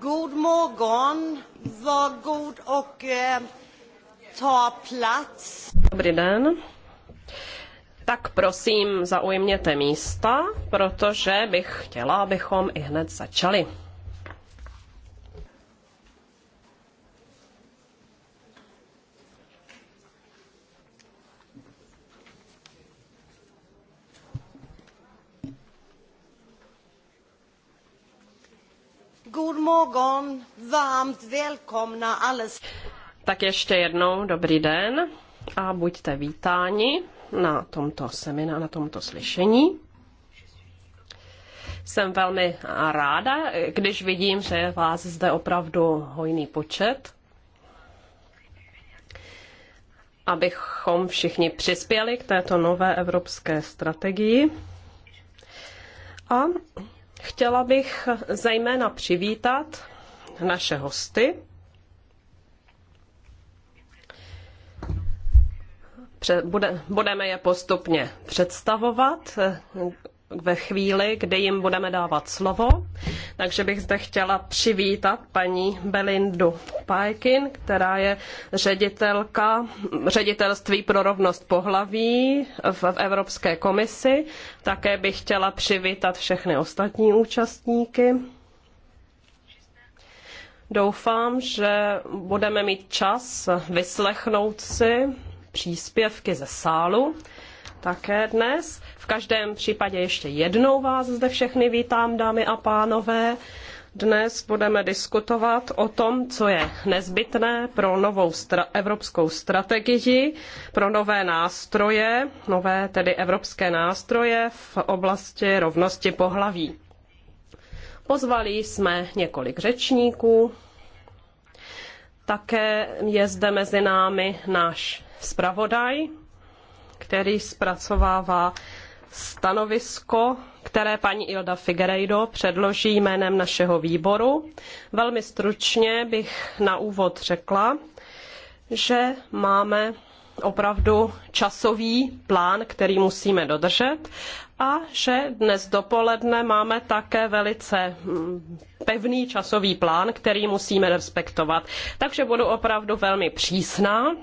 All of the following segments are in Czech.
God morgon, var god och eh, ta plats. Dobrý den. Tak prosím, zaujměte místa, protože bych chtěla, abychom i hned začali. välkomna alles. Tak ještě jednou dobrý den a buďte vítáni na tomto semináři, na tomto slyšení. Jsem velmi ráda, když vidím, že je vás zde opravdu hojný počet. Abychom všichni přispěli k této nové evropské strategii. A chtěla bych zejména přivítat naše hosty. budeme je postupně představovat eh, ve chvíli, kdy jim budeme dávat slovo. Takže bych zde chtěla přivítat paní Belindu Pajkin, která je ředitelka ředitelství pro rovnost pohlaví v, v Evropské komisi. Také bych chtěla přivítat všechny ostatní účastníky Doufám, že budeme mít čas vyslechnout si příspěvky ze sálu také dnes. V každém případě ještě jednou vás zde všechny vítám, dámy a pánové. Dnes budeme diskutovat o tom, co je nezbytné pro novou stra evropskou strategii, pro nové nástroje, nové tedy evropské nástroje v oblasti rovnosti pohlaví. Pozvali jsme několik řečníků. Také je zde mezi námi náš zpravodaj, který zpracovává stanovisko, které paní Ilda Figueiredo předloží jménem našeho výboru. Velmi stručně bych na úvod řekla, že máme opravdu časový plán, který musíme dodržet a že dnes dopoledne máme také velice hm, pevný časový plán, který musíme respektovat. Takže budu opravdu velmi přísná,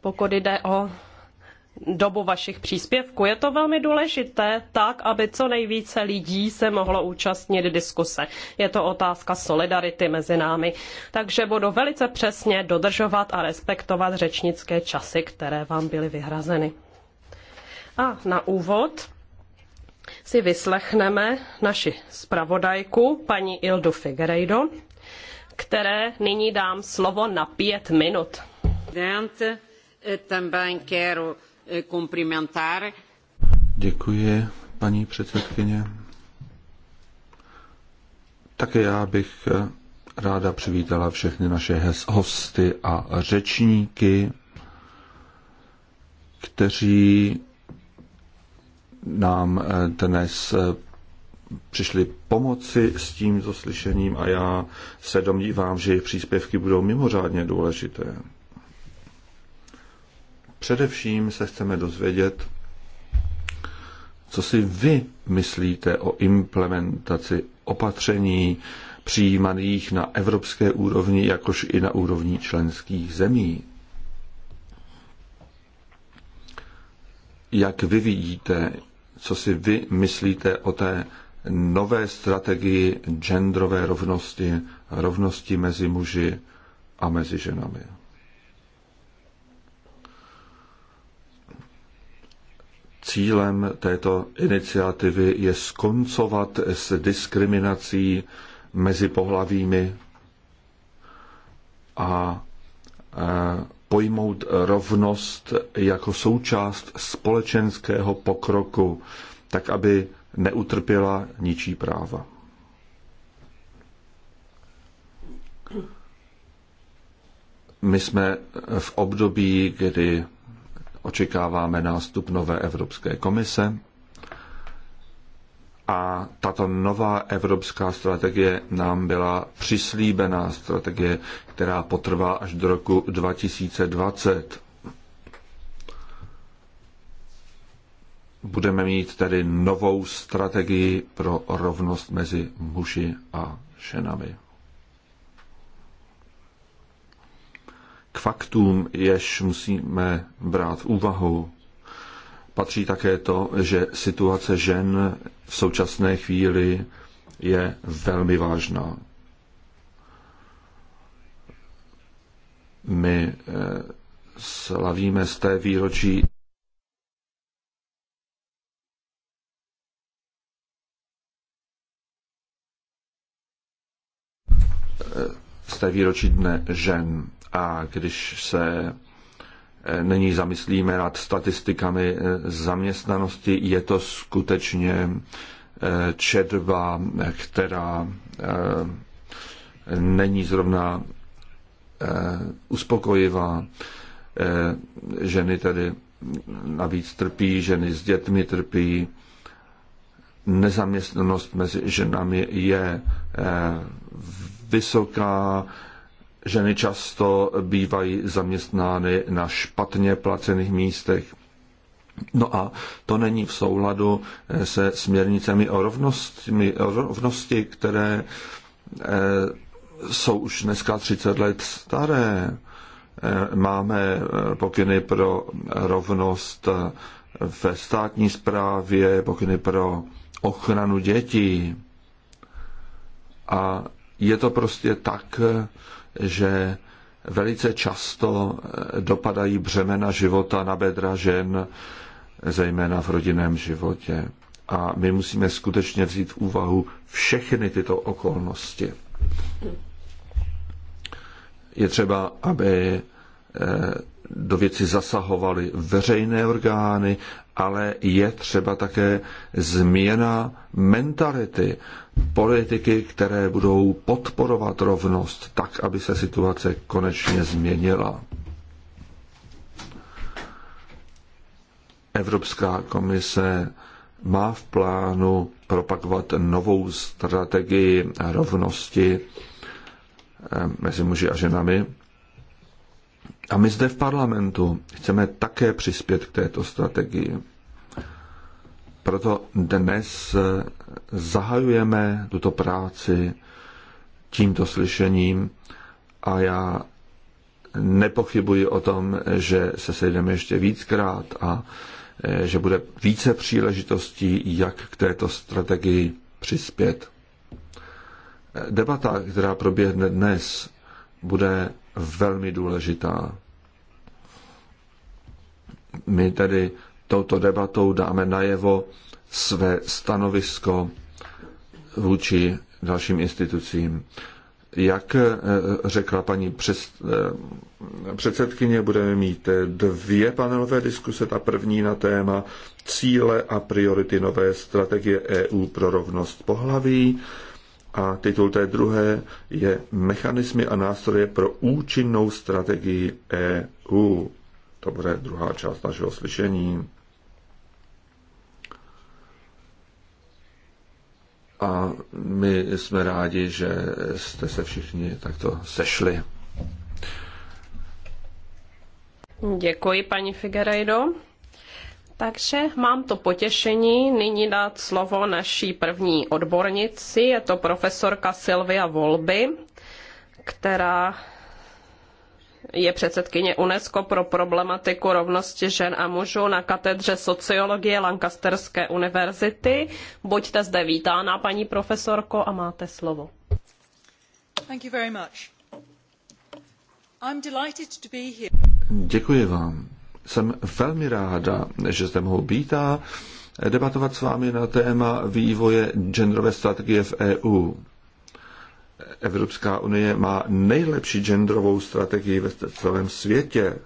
pokud jde o dobu vašich příspěvků. Je to velmi důležité tak, aby co nejvíce lidí se mohlo účastnit diskuse. Je to otázka solidarity mezi námi. Takže budu velice přesně dodržovat a respektovat řečnické časy, které vám byly vyhrazeny. A na úvod si vyslechneme naši zpravodajku, paní Ildu Figueiredo, které nyní dám slovo na pět minut. Eh, Děkuji, paní předsedkyně. Také já bych eh, ráda přivítala všechny naše hosty a řečníky, kteří nám eh, dnes eh, přišli pomoci s tímto slyšením a já se domnívám, že jejich příspěvky budou mimořádně důležité. Především se chceme dozvědět, co si vy myslíte o implementaci opatření přijímaných na evropské úrovni, jakož i na úrovni členských zemí. Jak vy vidíte co si vy myslíte o té nové strategii genderové rovnosti, rovnosti mezi muži a mezi ženami. Cílem této iniciativy je skoncovat s diskriminací mezi pohlavími a eh, pojmout rovnost jako součást společenského pokroku, tak aby neutrpěla ničí práva. My jsme v období, kdy očekáváme nástup nové Evropské komise a tato nová evropská strategie nám byla přislíbená strategie, která potrvá až do roku 2020. Budeme mít tedy novou strategii pro rovnost mezi muži a ženami. K faktům, jež musíme brát v úvahu, patří také to, že situace žen v současné chvíli je velmi vážná. My eh, slavíme z té výročí z té výročí dne žen. A když se nyní zamyslíme nad statistikami eh, zaměstnanosti, je to skutečně eh, četba, eh, která není zrovna uspokojivá. Ženy tedy navíc trpí, ženy s dětmi trpí. Nezaměstnanost mezi ženami je vysoká, ženy často bývají zaměstnány na špatně placených místech. No a to není v souladu eh, se směrnicemi o rovnosti, o rovnosti které eh, jsou už dneska 30 let staré. Eh, máme pokyny pro rovnost ve státní správě, pokyny pro ochranu dětí. A je to prostě tak, že velice často eh, dopadají břemena života na bedra žen, zejména v rodinném životě. A my musíme skutečně vzít v úvahu všechny tyto okolnosti. Je třeba, aby eh, do věci zasahovaly veřejné orgány, ale je třeba také změna mentality politiky, které budou podporovat rovnost tak, aby se situace konečně změnila. Evropská komise má v plánu propagovat novou strategii rovnosti eh, mezi muži a ženami. A my zde v parlamentu chceme také přispět k této strategii proto dnes eh, zahajujeme tuto práci tímto slyšením a já nepochybuji o tom, že se sejdeme ještě víckrát a eh, že bude více příležitostí, jak k této strategii přispět. Eh, debata, která proběhne dnes, bude velmi důležitá. My tedy touto debatou dáme najevo své stanovisko vůči dalším institucím. Jak eh, řekla paní eh, předsedkyně, budeme mít dvě panelové diskuse. Ta první na téma cíle a priority nové strategie EU pro rovnost pohlaví. A titul té druhé je Mechanismy a nástroje pro účinnou strategii EU. To bude druhá část našeho slyšení. a my jsme rádi, že jste se všichni takto sešli. Děkuji, paní Figueiredo. Takže mám to potěšení nyní dát slovo naší první odbornici, je to profesorka Silvia Volby, která je předsedkyně UNESCO pro problematiku rovnosti žen a mužů na katedře sociologie Lancasterské univerzity. Buďte zde vítána, paní profesorko, a máte slovo. Děkuji vám. Jsem velmi ráda, že zde mohu být a debatovat s vámi na téma vývoje genderové strategie v EU. Evropská unie má nejlepší genderovou strategii ve celém světě.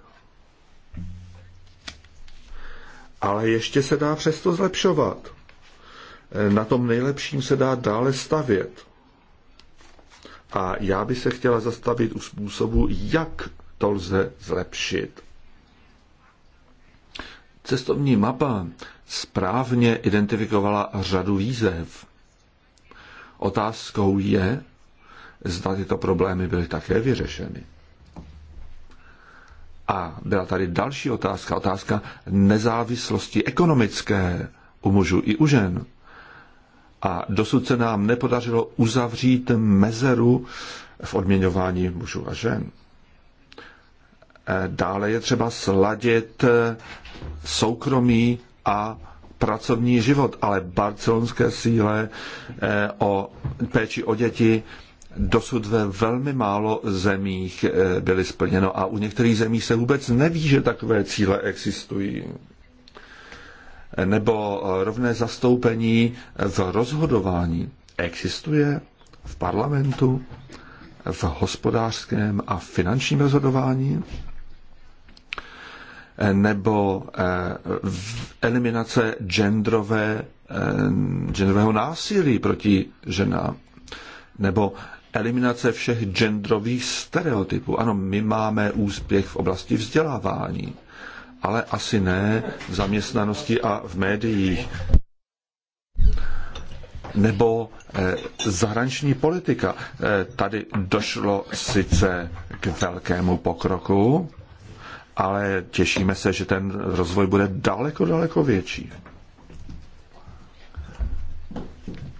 Ale ještě se dá přesto zlepšovat. Na tom nejlepším se dá dále stavět. A já bych se chtěla zastavit u způsobu, jak to lze zlepšit. Cestovní mapa správně identifikovala řadu výzev. Otázkou je, zda tyto problémy byly také vyřešeny. A byla tady další otázka, otázka nezávislosti ekonomické u mužů i u žen. A dosud se nám nepodařilo uzavřít mezeru v odměňování mužů a žen. Dále je třeba sladit soukromí a pracovní život, ale barcelonské síle eh, o péči o děti dosud ve velmi málo zemích eh, byly splněno a u některých zemí se vůbec neví, že takové cíle existují. Nebo rovné zastoupení v rozhodování existuje v parlamentu, v hospodářském a finančním rozhodování, nebo eh, eliminace genderové, eh, genderového násilí proti ženám, nebo eliminace všech genderových stereotypů. Ano, my máme úspěch v oblasti vzdělávání, ale asi ne v zaměstnanosti a v médiích. Nebo eh, zahraniční politika. Eh, tady došlo sice k velkému pokroku, ale těšíme se, že ten rozvoj bude daleko, daleko větší.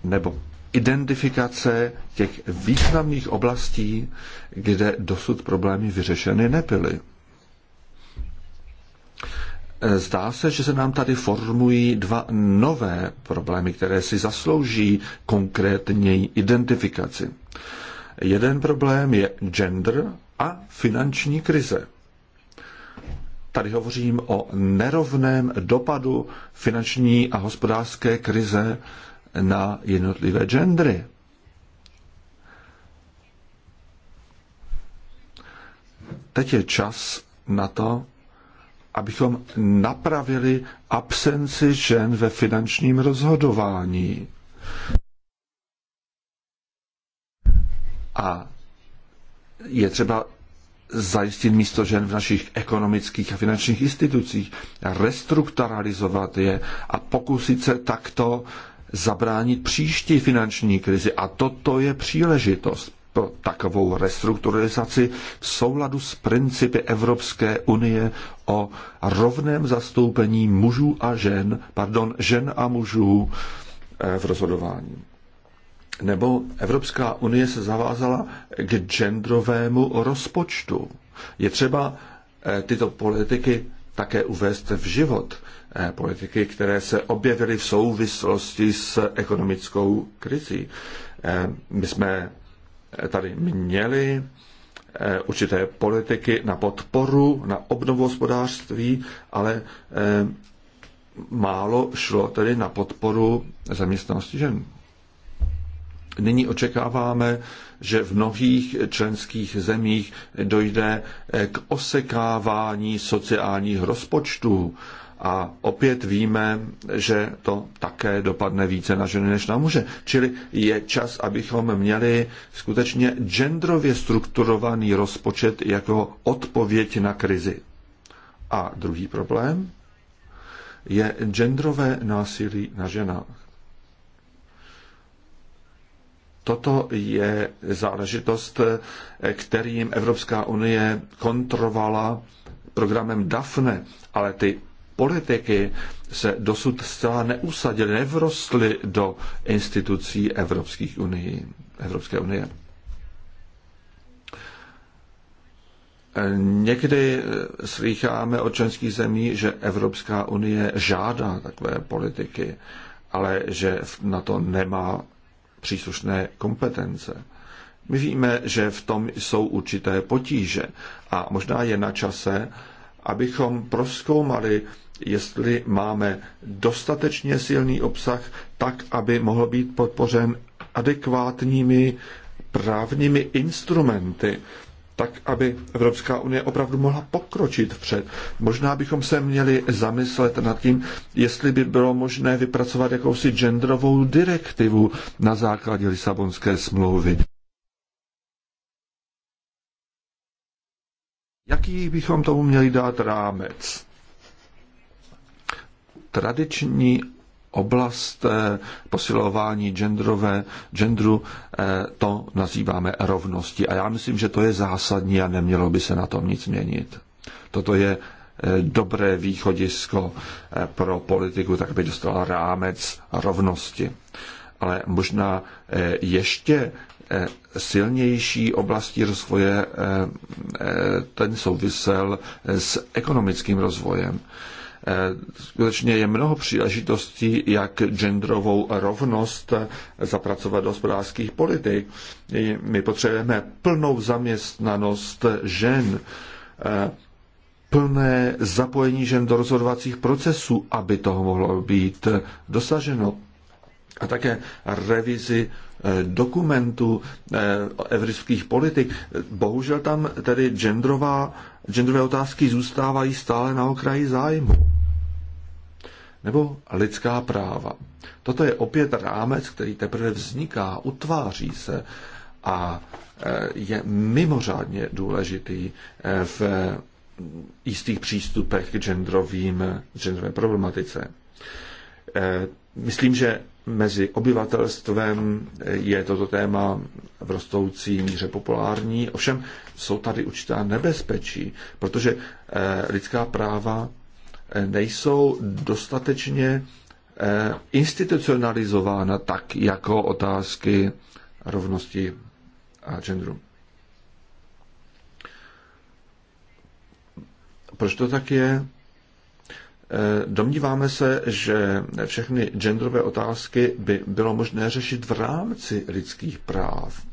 Nebo identifikace těch významných oblastí, kde dosud problémy vyřešeny nebyly. Zdá se, že se nám tady formují dva nové problémy, které si zaslouží konkrétněji identifikaci. Jeden problém je gender a finanční krize. Tady hovořím o nerovném dopadu finanční a hospodářské krize na jednotlivé gendry. Teď je čas na to, abychom napravili absenci žen ve finančním rozhodování. A je třeba zajistit místo žen v našich ekonomických a finančních institucích, restrukturalizovat je a pokusit se takto zabránit příští finanční krizi. A toto je příležitost pro takovou restrukturalizaci v souladu s principy Evropské unie o rovném zastoupení mužů a žen, pardon, žen a mužů eh, v rozhodování. Nebo Evropská unie se zavázala k genderovému rozpočtu. Je třeba eh, tyto politiky také uvést v život. Eh, politiky, které se objevily v souvislosti s ekonomickou krizí. Eh, my jsme tady měli eh, určité politiky na podporu, na obnovu hospodářství, ale málo šlo tedy na podporu zaměstnanosti žen. Nyní očekáváme, že v mnohých členských zemích dojde k osekávání sociálních rozpočtů a opět víme, že to také dopadne více na ženy než na muže. Čili je čas, abychom měli skutečně genderově strukturovaný rozpočet jako odpověď na krizi. A druhý problém je genderové násilí na ženách. Toto je záležitost, kterým Evropská unie kontrovala programem DAFNE, ale ty politiky se dosud zcela neusadili, nevrostly do institucí Evropských unii, Evropské unie. Někdy slycháme od členských zemí, že Evropská unie žádá takové politiky, ale že na to nemá příslušné kompetence. My víme, že v tom jsou určité potíže a možná je na čase, abychom proskoumali jestli máme dostatečně silný obsah, tak, aby mohl být podpořen adekvátními právními instrumenty, tak, aby Evropská unie opravdu mohla pokročit vpřed. Možná bychom se měli zamyslet nad tím, jestli by bylo možné vypracovat jakousi genderovou direktivu na základě Lisabonské smlouvy. Jaký bychom tomu měli dát rámec? tradiční oblast eh, posilování genderové, genderu, eh, to nazýváme rovnosti. A já myslím, že to je zásadní a nemělo by se na tom nic měnit. Toto je eh, dobré východisko pro politiku, tak by dostala rámec rovnosti. Ale možná ještě silnější oblastí rozvoje ten souvisel s ekonomickým rozvojem skutečně je mnoho příležitostí, jak genderovou rovnost zapracovat do hospodářských politik. My potřebujeme plnou zaměstnanost žen, plné zapojení žen do rozhodovacích procesů, aby toho mohlo být dosaženo. A také revizi eh, dokumentů eh, evropských politik. Bohužel tam tedy genderová genderové otázky zůstávají stále na okraji zájmu. Nebo lidská práva. Toto je opět rámec, který teprve vzniká, utváří se a e, je mimořádně důležitý e, v jistých přístupech k genderovým, genderové problematice. E, myslím, že mezi obyvatelstvem je toto téma v rostoucí míře populární, ovšem jsou tady určitá nebezpečí, protože eh, lidská práva eh, nejsou dostatečně eh, institucionalizována tak, jako otázky rovnosti a genderu. Proč to tak je? Domníváme se, že všechny genderové otázky by bylo možné řešit v rámci lidských práv.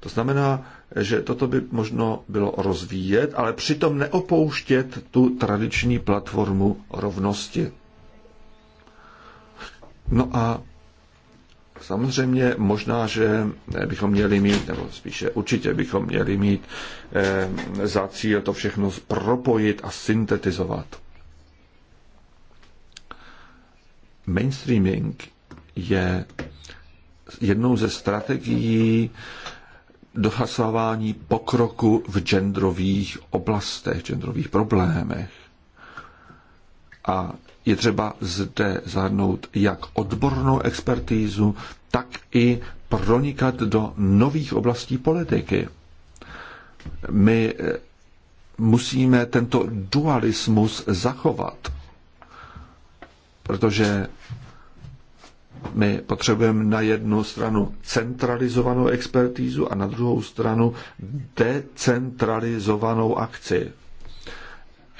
To znamená, že toto by možno bylo rozvíjet, ale přitom neopouštět tu tradiční platformu rovnosti. No a samozřejmě možná, že bychom měli mít, nebo spíše určitě bychom měli mít eh, za cíl to všechno propojit a syntetizovat. Mainstreaming je jednou ze strategií eh, dosávání pokroku v genderových oblastech, genderových problémech. A je třeba zde zahrnout jak odbornou expertízu, tak i pronikat do nových oblastí politiky. My eh, musíme tento dualismus zachovat, protože my potřebujeme na jednu stranu centralizovanou expertízu a na druhou stranu decentralizovanou akci.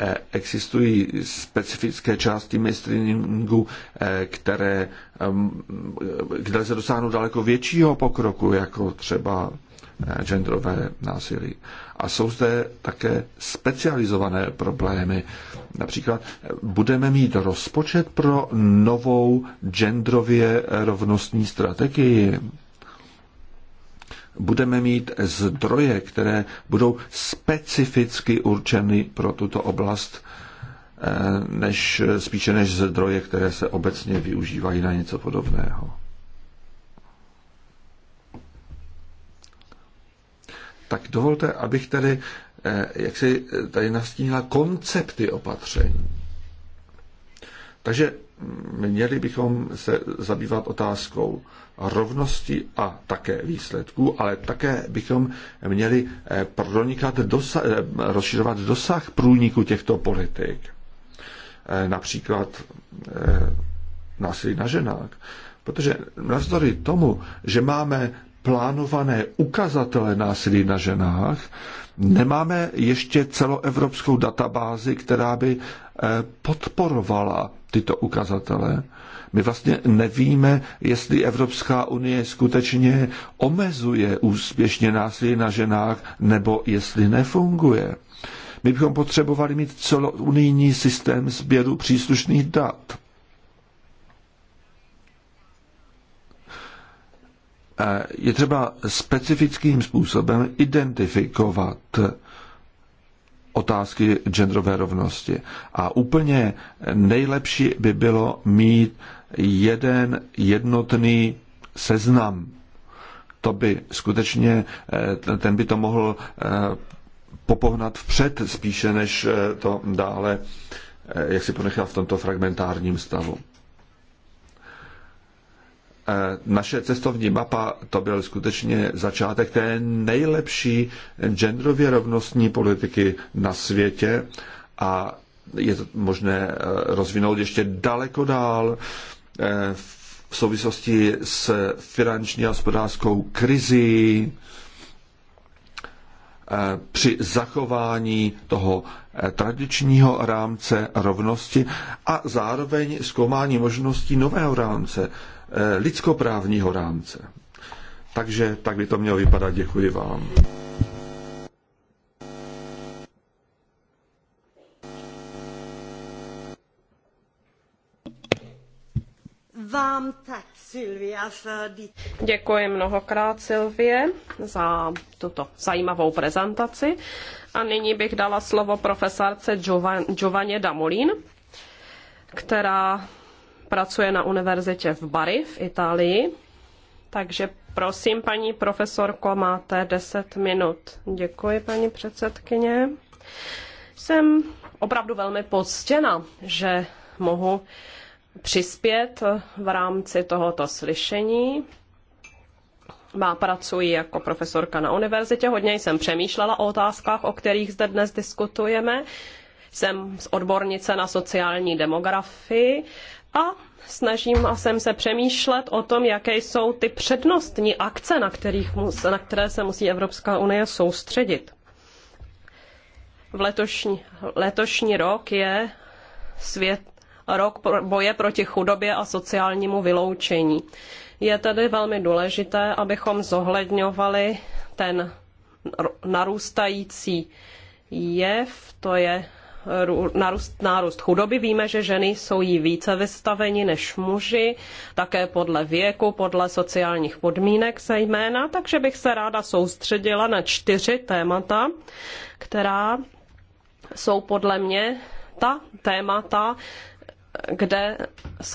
E, existují specifické části mainstreamingu, e, které, kde se dosáhnout daleko většího pokroku, jako třeba Eh, genderové násilí. A jsou zde také specializované problémy. Například eh, budeme mít rozpočet pro novou genderově rovnostní strategii. Budeme mít zdroje, které budou specificky určeny pro tuto oblast, eh, než, spíše než zdroje, které se obecně využívají na něco podobného. tak dovolte, abych tedy eh, jak si eh, tady nastínila koncepty opatření. Takže měli bychom se zabývat otázkou rovnosti a také výsledků, ale také bychom měli eh, pronikat dosa- rozšiřovat dosah průniku těchto politik. Například násilí na ženách. Protože navzdory tomu, že máme plánované ukazatele násilí na ženách, nemáme ještě celoevropskou databázi, která by eh, podporovala tyto ukazatele. My vlastně nevíme, jestli Evropská unie skutečně omezuje úspěšně násilí na ženách, nebo jestli nefunguje. My bychom potřebovali mít celounijní systém sběru příslušných dat. Eh, je třeba specifickým způsobem identifikovat otázky genderové rovnosti. A úplně nejlepší by bylo mít jeden jednotný seznam. To by skutečně, eh, ten by to mohl eh, popohnat vpřed spíše, než to dále, jak si ponechal v tomto fragmentárním stavu. Eh, naše cestovní mapa to byl skutečně začátek té nejlepší genderově rovnostní politiky na světě a je to možné eh, rozvinout ještě daleko dál eh, v souvislosti s finanční a hospodářskou krizí, při zachování toho tradičního rámce rovnosti a zároveň zkoumání možností nového rámce Eh, lidskoprávního rámce. Takže tak by to mělo vypadat. Děkuji vám. Vám tak, Silvia, Děkuji mnohokrát, Silvie, za tuto zajímavou prezentaci. A nyní bych dala slovo profesorce Giovanně Damolín, která pracuje na univerzitě v Bari v Itálii. Takže prosím, paní profesorko, máte 10 minut. Děkuji, paní předsedkyně. Jsem opravdu velmi poctěna, že mohu přispět v rámci tohoto slyšení. Má pracuji jako profesorka na univerzitě, hodně jsem přemýšlela o otázkách, o kterých zde dnes diskutujeme. Jsem odbornice na sociální demografii, a snažím a jsem se přemýšlet o tom, jaké jsou ty přednostní akce, na, kterých, na které se musí Evropská unie soustředit. V letošní, letošní rok je svět, rok boje proti chudobě a sociálnímu vyloučení. Je tedy velmi důležité, abychom zohledňovali ten narůstající jev, to je narůst, nárůst chudoby. Víme, že ženy jsou jí více vystaveni než muži, také podle věku, podle sociálních podmínek zejména, takže bych se ráda soustředila na čtyři témata, která jsou podle mě ta témata, kde,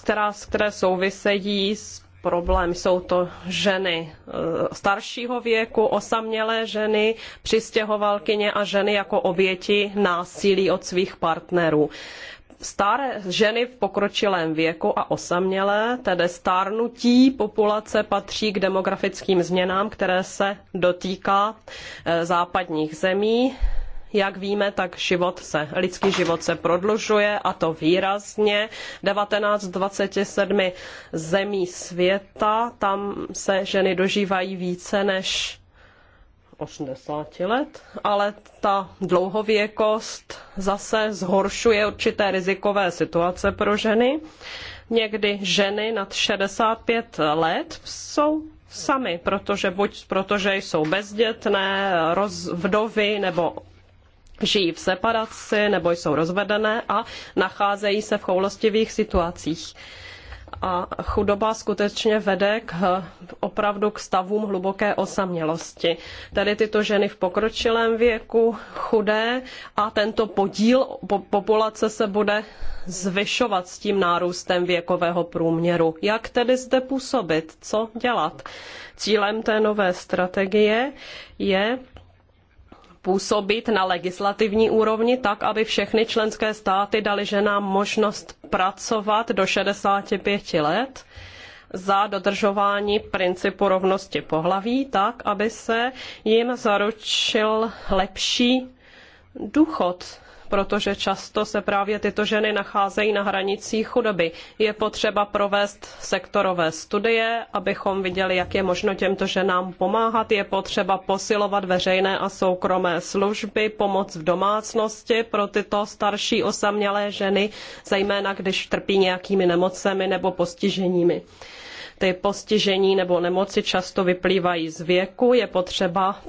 která, které souvisejí s problém. Jsou to ženy e, staršího věku, osamělé ženy, přistěhovalkyně a ženy jako oběti násilí od svých partnerů staré ženy v pokročilém věku a osamělé, tedy stárnutí populace patří k demografickým změnám, které se dotýká e, západních zemí. Jak víme, tak život se, lidský život se prodlužuje a to výrazně. 1927 zemí světa, tam se ženy dožívají více než 80 let, ale ta dlouhověkost zase zhoršuje určité rizikové situace pro ženy. Někdy ženy nad 65 let jsou samy, protože buď protože jsou bezdětné, roz, vdovy nebo žijí v separaci nebo jsou rozvedené a nacházejí se v choulostivých situacích. A chudoba skutečně vede k, opravdu k stavům hluboké osamělosti. Tedy tyto ženy v pokročilém věku, chudé a tento podíl populace se bude zvyšovat s tím nárůstem věkového průměru. Jak tedy zde působit? Co dělat? Cílem té nové strategie je působit na legislativní úrovni tak, aby všechny členské státy dali ženám možnost pracovat do 65 let za dodržování principu rovnosti pohlaví, tak, aby se jim zaručil lepší důchod protože často se právě tyto ženy nacházejí na hranicích chudoby. Je potřeba provést sektorové studie, abychom viděli, jak je možno těmto ženám pomáhat. Je potřeba posilovat veřejné a soukromé služby, pomoc v domácnosti pro tyto starší osamělé ženy, zejména když trpí nějakými nemocemi nebo postiženími ty postižení nebo nemoci často vyplývají z věku, je potřeba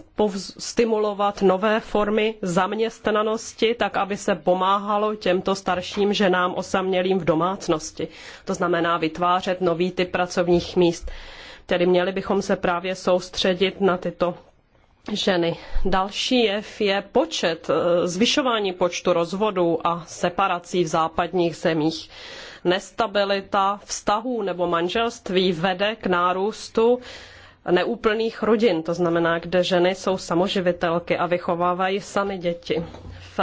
stimulovat nové formy zaměstnanosti, tak aby se pomáhalo těmto starším ženám osamělým v domácnosti. To znamená vytvářet nový typ pracovních míst. Tedy měli bychom se právě soustředit na tyto ženy. Další jev je počet, eh, zvyšování počtu rozvodů a separací v západních zemích nestabilita vztahů nebo manželství vede k nárůstu neúplných rodin, to znamená, kde ženy jsou samoživitelky a vychovávají sami děti. V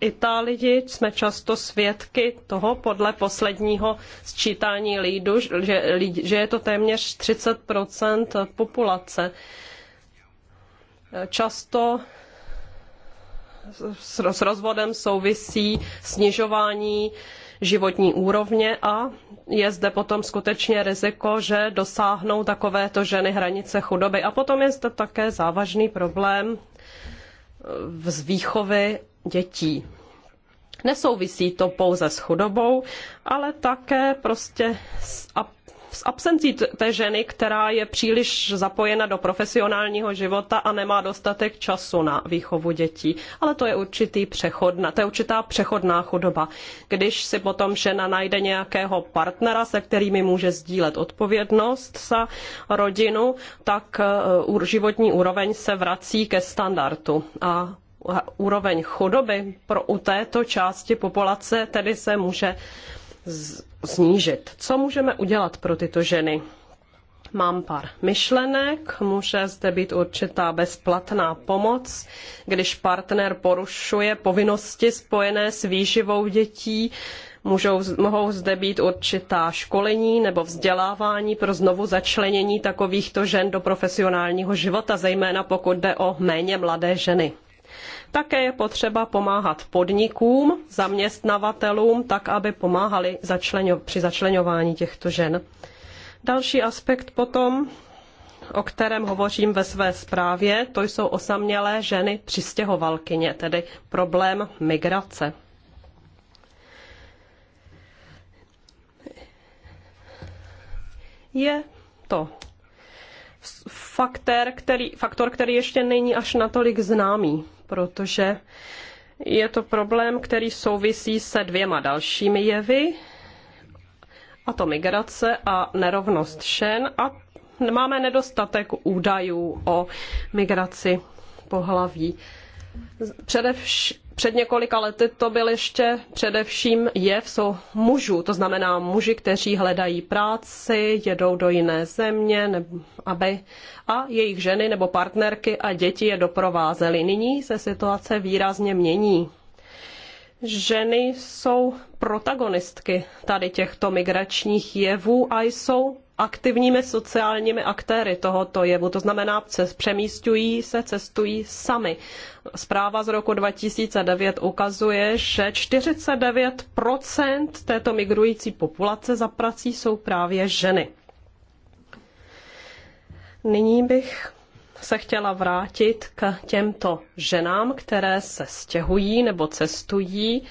Itálii jsme často svědky toho podle posledního sčítání lidu, že, že je to téměř 30 populace. Často s rozvodem souvisí snižování životní úrovně a je zde potom skutečně riziko, že dosáhnou takovéto ženy hranice chudoby. A potom je zde také závažný problém eh, z výchovy dětí. Nesouvisí to pouze s chudobou, ale také prostě s s absencí té ženy, která je příliš zapojena do profesionálního života a nemá dostatek času na výchovu dětí. Ale to je určitý přechodna, to je určitá přechodná chudoba. Když si potom žena najde nějakého partnera, se kterými může sdílet odpovědnost za rodinu, tak eh, životní úroveň se vrací ke standardu. A eh, úroveň chudoby pro u této části populace tedy se může snížit. Co můžeme udělat pro tyto ženy? Mám pár myšlenek, může zde být určitá bezplatná pomoc, když partner porušuje povinnosti spojené s výživou dětí, můžou, mohou zde být určitá školení nebo vzdělávání pro znovu začlenění takovýchto žen do profesionálního života, zejména pokud jde o méně mladé ženy. Také je potřeba pomáhat podnikům, zaměstnavatelům, tak aby pomáhali při začlenování těchto žen. Další aspekt potom, o kterém hovořím ve své zprávě, to jsou osamělé ženy přistěhovalkyně, tedy problém migrace. Je to faktor který, faktor, který ještě není až natolik známý protože je to problém, který souvisí se dvěma dalšími jevy, a to migrace a nerovnost šen a máme nedostatek údajů o migraci pohlaví. Především před několika lety to byl ještě především jev so mužů, to znamená muži, kteří hledají práci, jedou do jiné země nebo, aby, a jejich ženy nebo partnerky a děti je doprovázely. Nyní se situace výrazně mění. Ženy jsou protagonistky tady těchto migračních jevů a jsou aktivními sociálními aktéry tohoto jevu. To znamená, přemístují se, cestují sami. Zpráva z roku 2009 ukazuje, že 49 této migrující populace za prací jsou právě ženy. Nyní bych se chtěla vrátit k těmto ženám, které se stěhují nebo cestují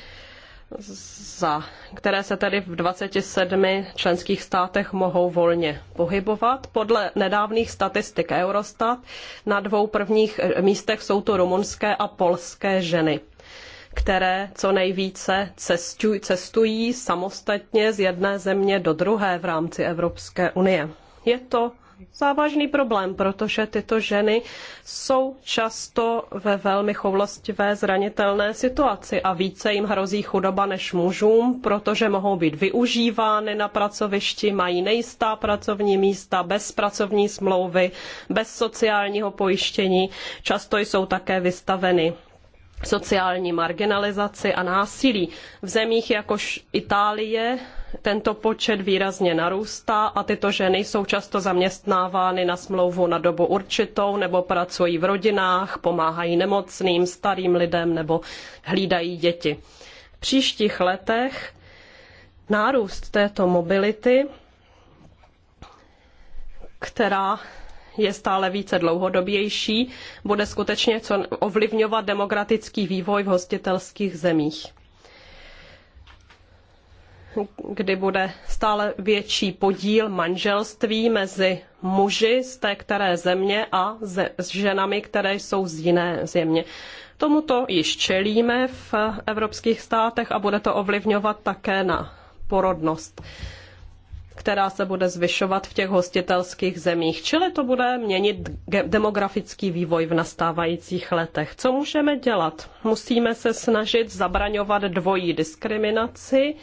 za které se tedy v 27 členských státech mohou volně pohybovat. Podle nedávných statistik Eurostat na dvou prvních místech jsou to rumunské a polské ženy které co nejvíce cestují, cestují samostatně z jedné země do druhé v rámci Evropské unie. Je to závažný problém, protože tyto ženy jsou často ve velmi choulostivé zranitelné situaci a více jim hrozí chudoba než mužům, protože mohou být využívány na pracovišti, mají nejistá pracovní místa, bez pracovní smlouvy, bez sociálního pojištění, často jsou také vystaveny sociální marginalizaci a násilí. V zemích jakož Itálie tento počet výrazně narůstá a tyto ženy jsou často zaměstnávány na smlouvu na dobu určitou nebo pracují v rodinách, pomáhají nemocným, starým lidem nebo hlídají děti. V příštích letech nárůst této mobility, která je stále více dlouhodobější, bude skutečně co ovlivňovat demokratický vývoj v hostitelských zemích kdy bude stále větší podíl manželství mezi muži z té které země a ze, s ženami, které jsou z jiné země. Tomuto již čelíme v evropských státech a bude to ovlivňovat také na porodnost která se bude zvyšovat v těch hostitelských zemích. Čili to bude měnit demografický vývoj v nastávajících letech. Co můžeme dělat? Musíme se snažit zabraňovat dvojí diskriminaci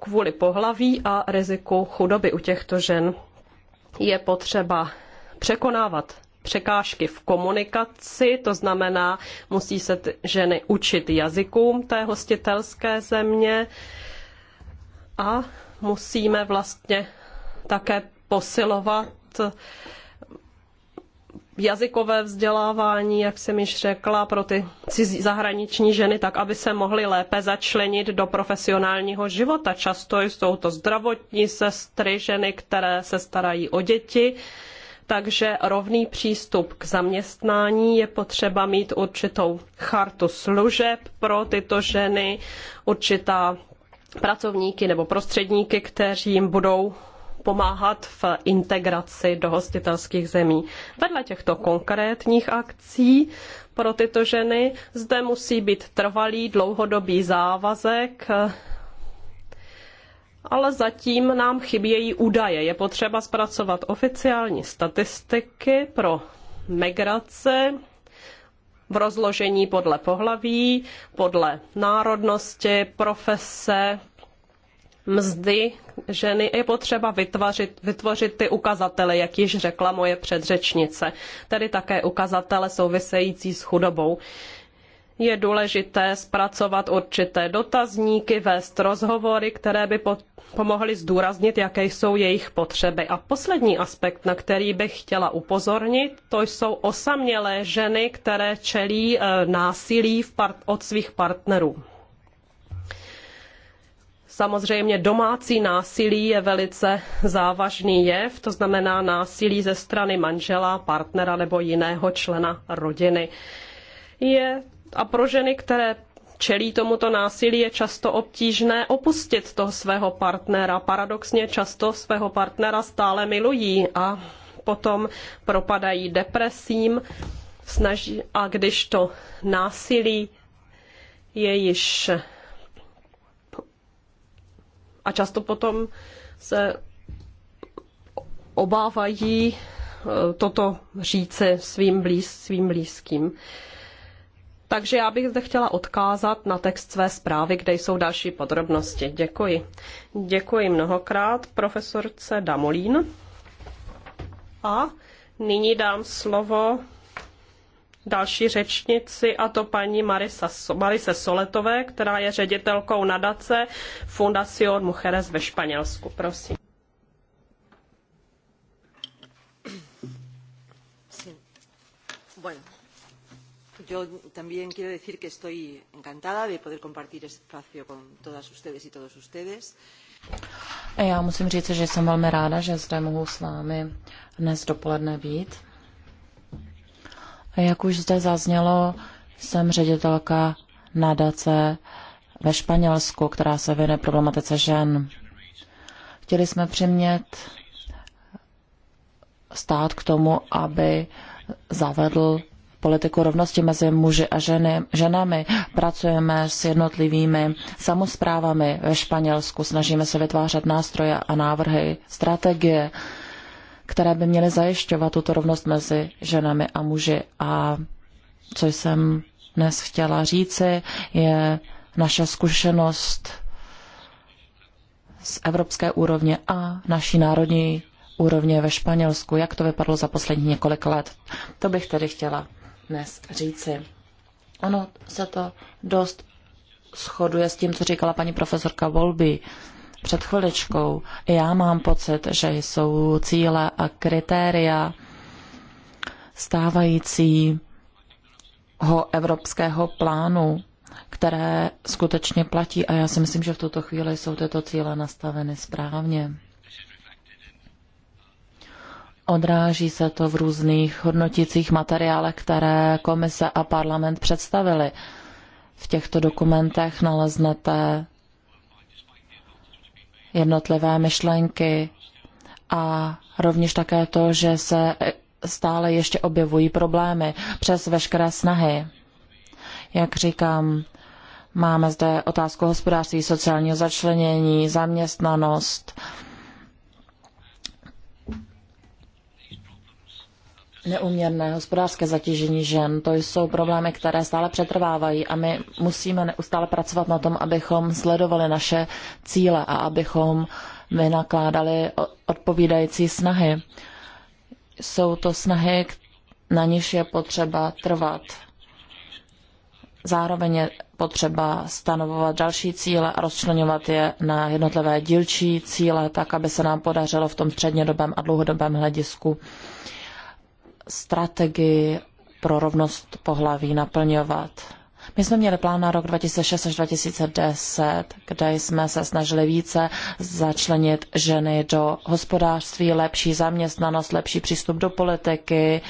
kvůli pohlaví a riziku chudoby u těchto žen. Je potřeba překonávat překážky v komunikaci, to znamená, musí se ženy učit jazykům té hostitelské země a musíme vlastně také posilovat jazykové vzdělávání, jak jsem již řekla, pro ty cizí zahraniční ženy, tak aby se mohly lépe začlenit do profesionálního života. Často jsou to zdravotní sestry, ženy, které se starají o děti, takže rovný přístup k zaměstnání je potřeba mít určitou chartu služeb pro tyto ženy, určitá pracovníky nebo prostředníky, kteří jim budou pomáhat v integraci do hostitelských zemí. Vedle těchto konkrétních akcí pro tyto ženy zde musí být trvalý dlouhodobý závazek ale zatím nám chybějí údaje. Je potřeba zpracovat oficiální statistiky pro migrace v rozložení podle pohlaví, podle národnosti, profese, mzdy ženy je potřeba vytvořit, vytvořit ty ukazatele, jak již řekla moje předřečnice, tedy také ukazatele související s chudobou je důležité zpracovat určité dotazníky, vést rozhovory, které by pomohly zdůraznit, jaké jsou jejich potřeby. A poslední aspekt, na který bych chtěla upozornit, to jsou osamělé ženy, které čelí eh, násilí od svých partnerů. Samozřejmě domácí násilí je velice závažný jev, to znamená násilí ze strany manžela, partnera nebo jiného člena rodiny. Je a pro ženy, které čelí tomuto násilí, je často obtížné opustit toho svého partnera. Paradoxně často svého partnera stále milují a potom propadají depresím snaží, a když to násilí je již a často potom se obávají eh, toto říci svým, blíz, svým blízkým. Takže já bych zde chtěla odkázat na text své zprávy, kde jsou další podrobnosti. Děkuji. Děkuji mnohokrát profesorce Damolín. A nyní dám slovo další řečnici, a to paní Marisa, Marise Soletové, která je ředitelkou nadace Fundación Mujeres ve Španělsku. Prosím. yo también quiero decir que estoy encantada de poder compartir este espacio con todas ustedes y todos ustedes. A eh, Já musím říct, že jsem velmi ráda, že zde mohu s vámi dnes dopoledne být. Jak už zde zaznělo, jsem ředitelka nadace ve Španělsku, která se věnuje problematice žen. Chtěli jsme přimět stát k tomu, aby zavedl politiku rovnosti mezi muži a ženy, ženami. Pracujeme s jednotlivými samozprávami ve Španělsku, snažíme se vytvářet nástroje a návrhy, strategie, které by měly zajišťovat tuto rovnost mezi ženami a muži. A co jsem dnes chtěla říci, je naše zkušenost z evropské úrovně a naší národní úrovně ve Španělsku, jak to vypadlo za poslední několik let. To bych tedy chtěla dnes říci. Ono se to dost shoduje s tím, co říkala paní profesorka Volby před chviličkou. Já mám pocit, že jsou cíle a kritéria stávajícího evropského plánu, které skutečně platí a já si myslím, že v tuto chvíli jsou tyto cíle nastaveny správně. Odráží se to v různých hodnoticích materiálech, které komise a parlament představili. V těchto dokumentech naleznete jednotlivé myšlenky a rovněž také to, že se stále ještě objevují problémy přes veškeré snahy. Jak říkám, máme zde otázku hospodářství, sociálního začlenění, zaměstnanost, neuměrné hospodářské zatížení žen, to jsou problémy, které stále přetrvávají a my musíme neustále pracovat na tom, abychom sledovali naše cíle a abychom vynakládali odpovídající snahy. Jsou to snahy, na niž je potřeba trvat. Zároveň je potřeba stanovovat další cíle a rozčlenovat je na jednotlivé dílčí cíle, tak aby se nám podařilo v tom střednědobém a dlouhodobém hledisku strategii pro rovnost pohlaví naplňovat. My jsme měli plán na rok 2006 až 2010, kde jsme se snažili více začlenit ženy do hospodářství, lepší zaměstnanost, lepší přístup do politiky,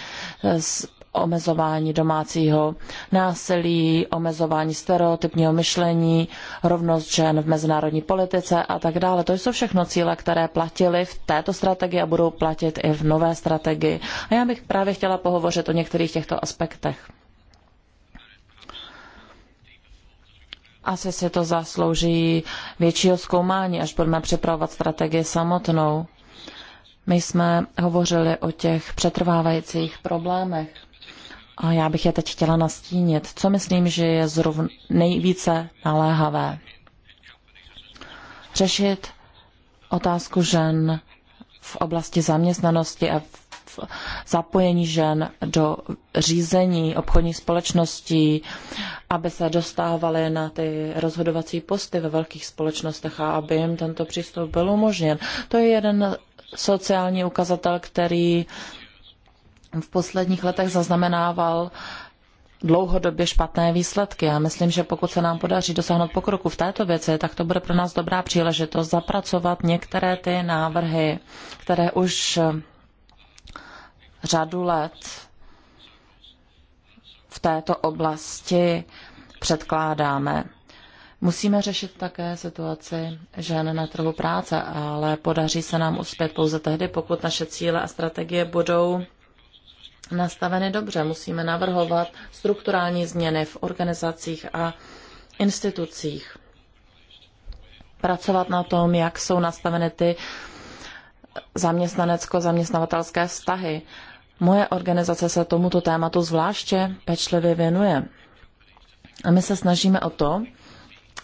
omezování domácího násilí, omezování stereotypního myšlení, rovnost žen v mezinárodní politice a tak dále. To jsou všechno cíle, které platily v této strategii a budou platit i v nové strategii. A já bych právě chtěla pohovořit o některých těchto aspektech. Asi si to zaslouží většího zkoumání, až budeme připravovat strategii samotnou. My jsme hovořili o těch přetrvávajících problémech a já bych je teď chtěla nastínit. Co myslím, že je zrovna nejvíce naléhavé? Řešit otázku žen v oblasti zaměstnanosti a v zapojení žen do řízení obchodních společností, aby se dostávaly na ty rozhodovací posty ve velkých společnostech a aby jim tento přístup byl umožněn. To je jeden sociální ukazatel, který uh, v posledních letech zaznamenával dlouhodobě špatné výsledky. Já myslím, že pokud se nám podaří dosáhnout pokroku v této věci, tak to bude pro nás dobrá příležitost zapracovat některé ty návrhy, které už eh, řadu let v této oblasti předkládáme. Musíme řešit také situaci žen na trhu práce, ale podaří se nám uspět pouze tehdy, pokud naše cíle a strategie budou nastaveny dobře. Musíme navrhovat strukturální změny v organizacích a institucích. Pracovat na tom, jak jsou nastaveny ty zaměstnanecko-zaměstnavatelské vztahy. Moje organizace se tomuto tématu zvláště pečlivě věnuje. A my se snažíme o to,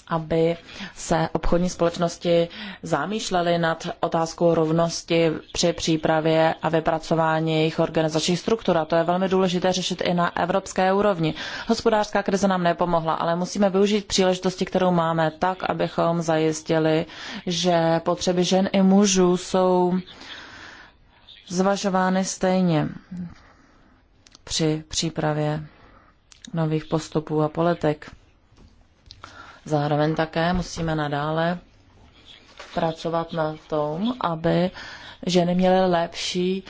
aby se obchodní společnosti zamýšlely nad otázkou rovnosti při přípravě a vypracování jejich organizačních struktur. A to je velmi důležité řešit i na evropské úrovni. Hospodářská krize nám nepomohla, ale musíme využít příležitosti, kterou máme, tak, abychom zajistili, že potřeby žen i mužů jsou zvažovány stejně při přípravě nových postupů a politik. Zároveň také musíme nadále pracovat na tom, aby ženy měly lepší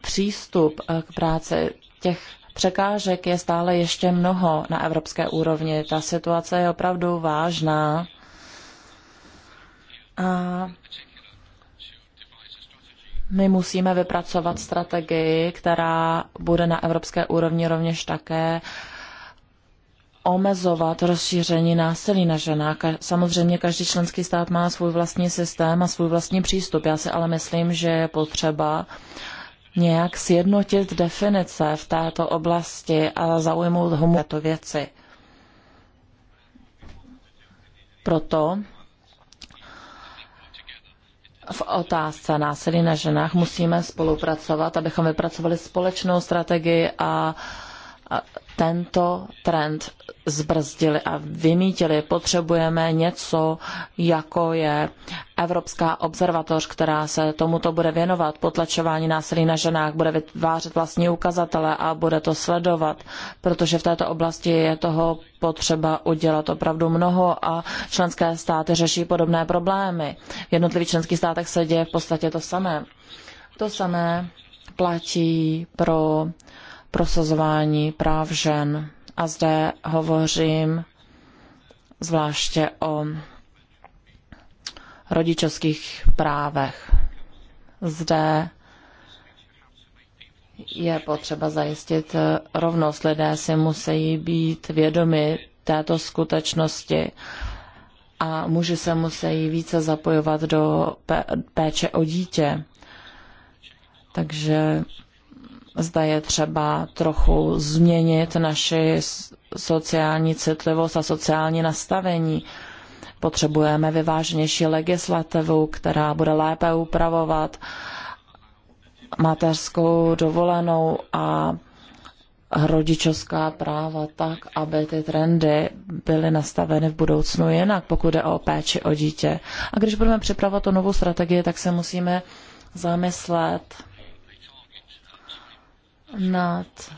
přístup k práci. Těch překážek je stále ještě mnoho na evropské úrovni. Ta situace je opravdu vážná. A my musíme vypracovat strategii, která bude na evropské úrovni rovněž také uh, omezovat rozšíření násilí na ženách. Samozřejmě každý členský stát má svůj vlastní systém a svůj vlastní přístup. Já si ale myslím, že je potřeba nějak sjednotit definice v této oblasti a zaujmout homo této věci. Proto v otázce násilí na ženách musíme spolupracovat, abychom vypracovali společnou strategii a uh, tento trend zbrzdili a vymítili. Potřebujeme něco, jako je Evropská observatoř, která se tomuto bude věnovat. Potlačování násilí na ženách bude vytvářet vlastní ukazatele a bude to sledovat, protože v této oblasti je toho potřeba udělat opravdu mnoho a členské státy řeší podobné problémy. V jednotlivých členských státech se děje v podstatě to samé. To samé platí pro prosazování práv žen. A zde hovořím zvláště o rodičovských právech. Zde je potřeba zajistit eh, rovnost. Lidé si musí být vědomi této skutečnosti a muži se musí více zapojovat do péče o dítě. Takže zda je třeba trochu změnit naši sociální citlivost a sociální nastavení. Potřebujeme vyváženější legislativu, která bude lépe upravovat mateřskou dovolenou a rodičovská práva tak, aby ty trendy byly nastaveny v budoucnu jinak, pokud jde o péči o dítě. A když budeme připravovat tu novou strategii, tak se musíme zamyslet nad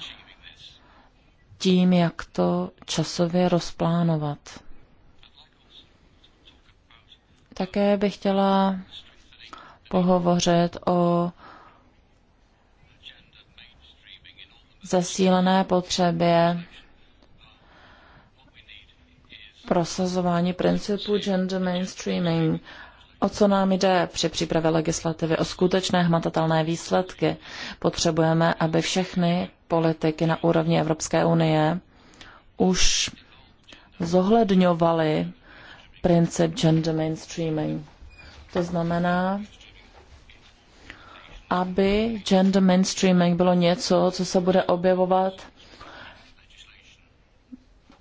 tím, jak to časově rozplánovat. Také bych chtěla pohovořit o zasílené potřebě prosazování principu gender mainstreaming. O co nám jde při přípravě legislativy? O skutečné hmatatelné výsledky. Potřebujeme, aby všechny politiky na úrovni Evropské unie už zohledňovaly princip gender mainstreaming. To znamená, aby gender mainstreaming bylo něco, co se bude objevovat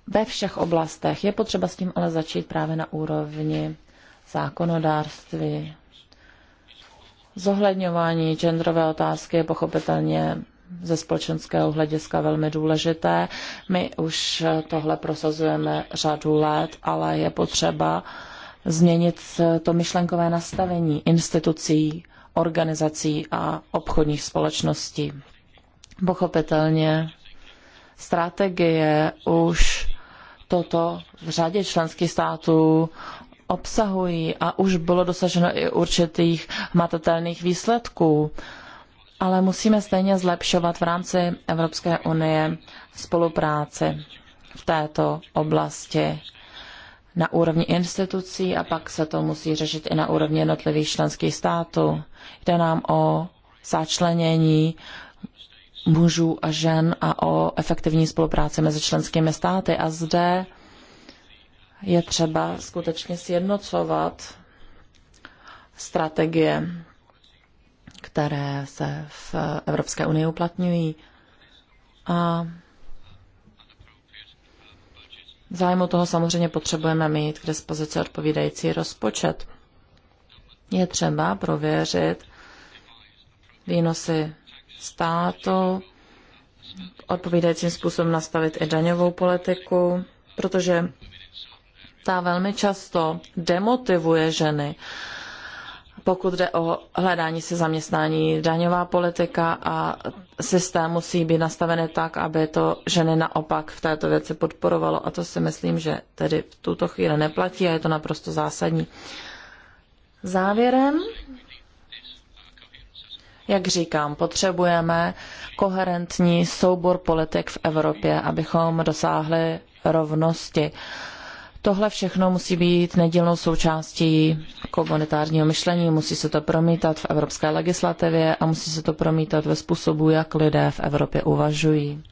ve všech oblastech. Je potřeba s tím ale začít právě na úrovni zákonodárství. Zohledňování genderové otázky je pochopitelně ze společenského hlediska velmi důležité. My už tohle prosazujeme řadu let, ale je potřeba změnit to myšlenkové nastavení institucí, organizací a obchodních společností. Pochopitelně strategie už toto v řadě členských států obsahují a už bylo dosaženo i určitých matatelných výsledků. Ale musíme stejně zlepšovat v rámci Evropské unie spolupráci v této oblasti na úrovni institucí a pak se to musí řešit i na úrovni jednotlivých členských států. Jde nám o začlenění mužů a žen a o efektivní spolupráci mezi členskými státy. A zde je třeba skutečně sjednocovat strategie, které se v Evropské unii uplatňují. A v zájmu toho samozřejmě potřebujeme mít k dispozici odpovídající rozpočet. Je třeba prověřit výnosy státu, odpovídajícím způsobem nastavit i daňovou politiku, protože ta velmi často demotivuje ženy. Pokud jde o hledání si zaměstnání, daňová politika a systém musí být nastaveny tak, aby to ženy naopak v této věci podporovalo. A to si myslím, že tedy v tuto chvíli neplatí a je to naprosto zásadní. Závěrem, jak říkám, potřebujeme koherentní soubor politik v Evropě, abychom dosáhli rovnosti. Tohle všechno musí být nedílnou součástí komunitárního myšlení, musí se to promítat v evropské legislativě a musí se to promítat ve způsobu, jak lidé v Evropě uvažují.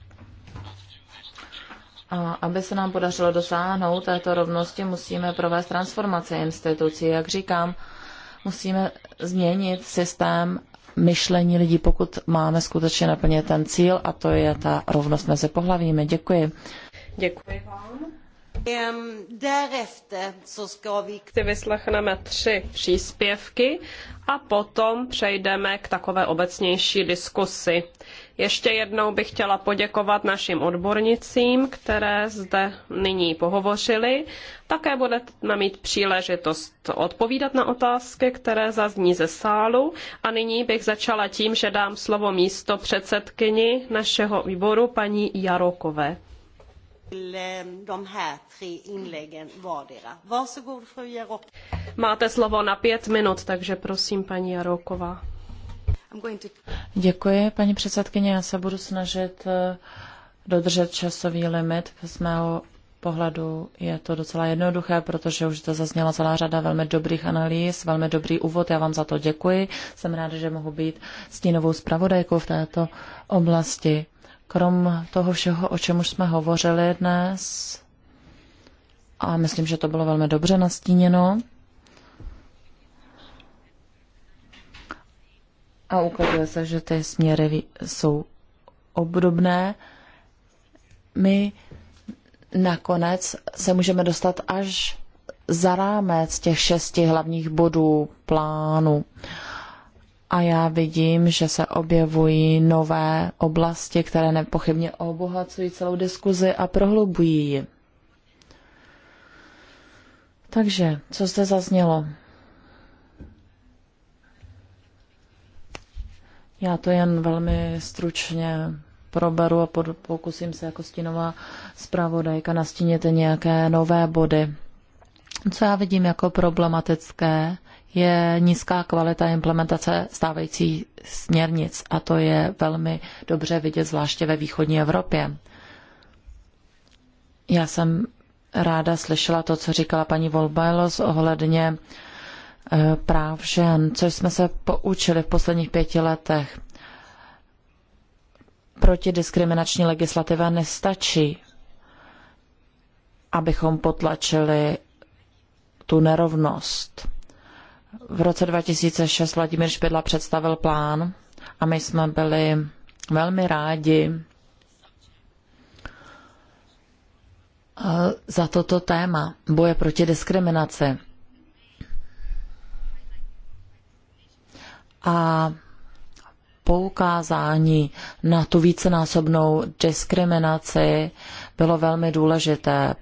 A aby se nám podařilo dosáhnout této rovnosti, musíme provést transformaci institucí. Jak říkám, musíme změnit systém myšlení lidí, pokud máme skutečně naplně ten cíl, a to je ta rovnost mezi pohlavími. Děkuji. Děkuji vám. Si vyslechneme tři příspěvky a potom přejdeme k takové obecnější diskusi. Ještě jednou bych chtěla poděkovat našim odbornicím, které zde nyní pohovořily. Také budeme mít příležitost odpovídat na otázky, které zazní ze sálu. A nyní bych začala tím, že dám slovo místo předsedkyni našeho výboru paní Jarokové. Eh, Máte slovo na pět minut, takže prosím, paní Jaroková. Děkuji, paní předsedkyně. Já se budu snažit eh, dodržet časový limit. Z mého pohledu je to docela jednoduché, protože už to zazněla celá řada velmi dobrých analýz, velmi dobrý úvod. Já vám za to děkuji. Jsem ráda, že mohu být stínovou zpravodajkou v této oblasti krom toho všeho, o čem už jsme hovořili dnes, a myslím, že to bylo velmi dobře nastíněno, a ukazuje se, že ty směry jsou obdobné, my nakonec se můžeme dostat až za rámec těch šesti hlavních bodů plánu. Uh, a já vidím, že se objevují nové oblasti, které nepochybně obohacují celou diskuzi a prohlubují ji. Takže, co zde zaznělo? Já to jen velmi stručně proberu a pod, pokusím se jako stínová zpravodajka nastínit nějaké nové body. Co já vidím jako problematické, je nízká kvalita implementace stávající směrnic a to je velmi dobře vidět, zvláště ve východní Evropě. Já jsem ráda slyšela to, co říkala paní Volbajlos ohledně eh, práv žen, což jsme se poučili v posledních pěti letech. Protidiskriminační legislativa nestačí, abychom potlačili tu nerovnost v roce 2006 Vladimír Špidla představil plán a my jsme byli velmi rádi eh, za toto téma boje proti diskriminaci. A poukázání na tu vícenásobnou diskriminaci bylo velmi důležité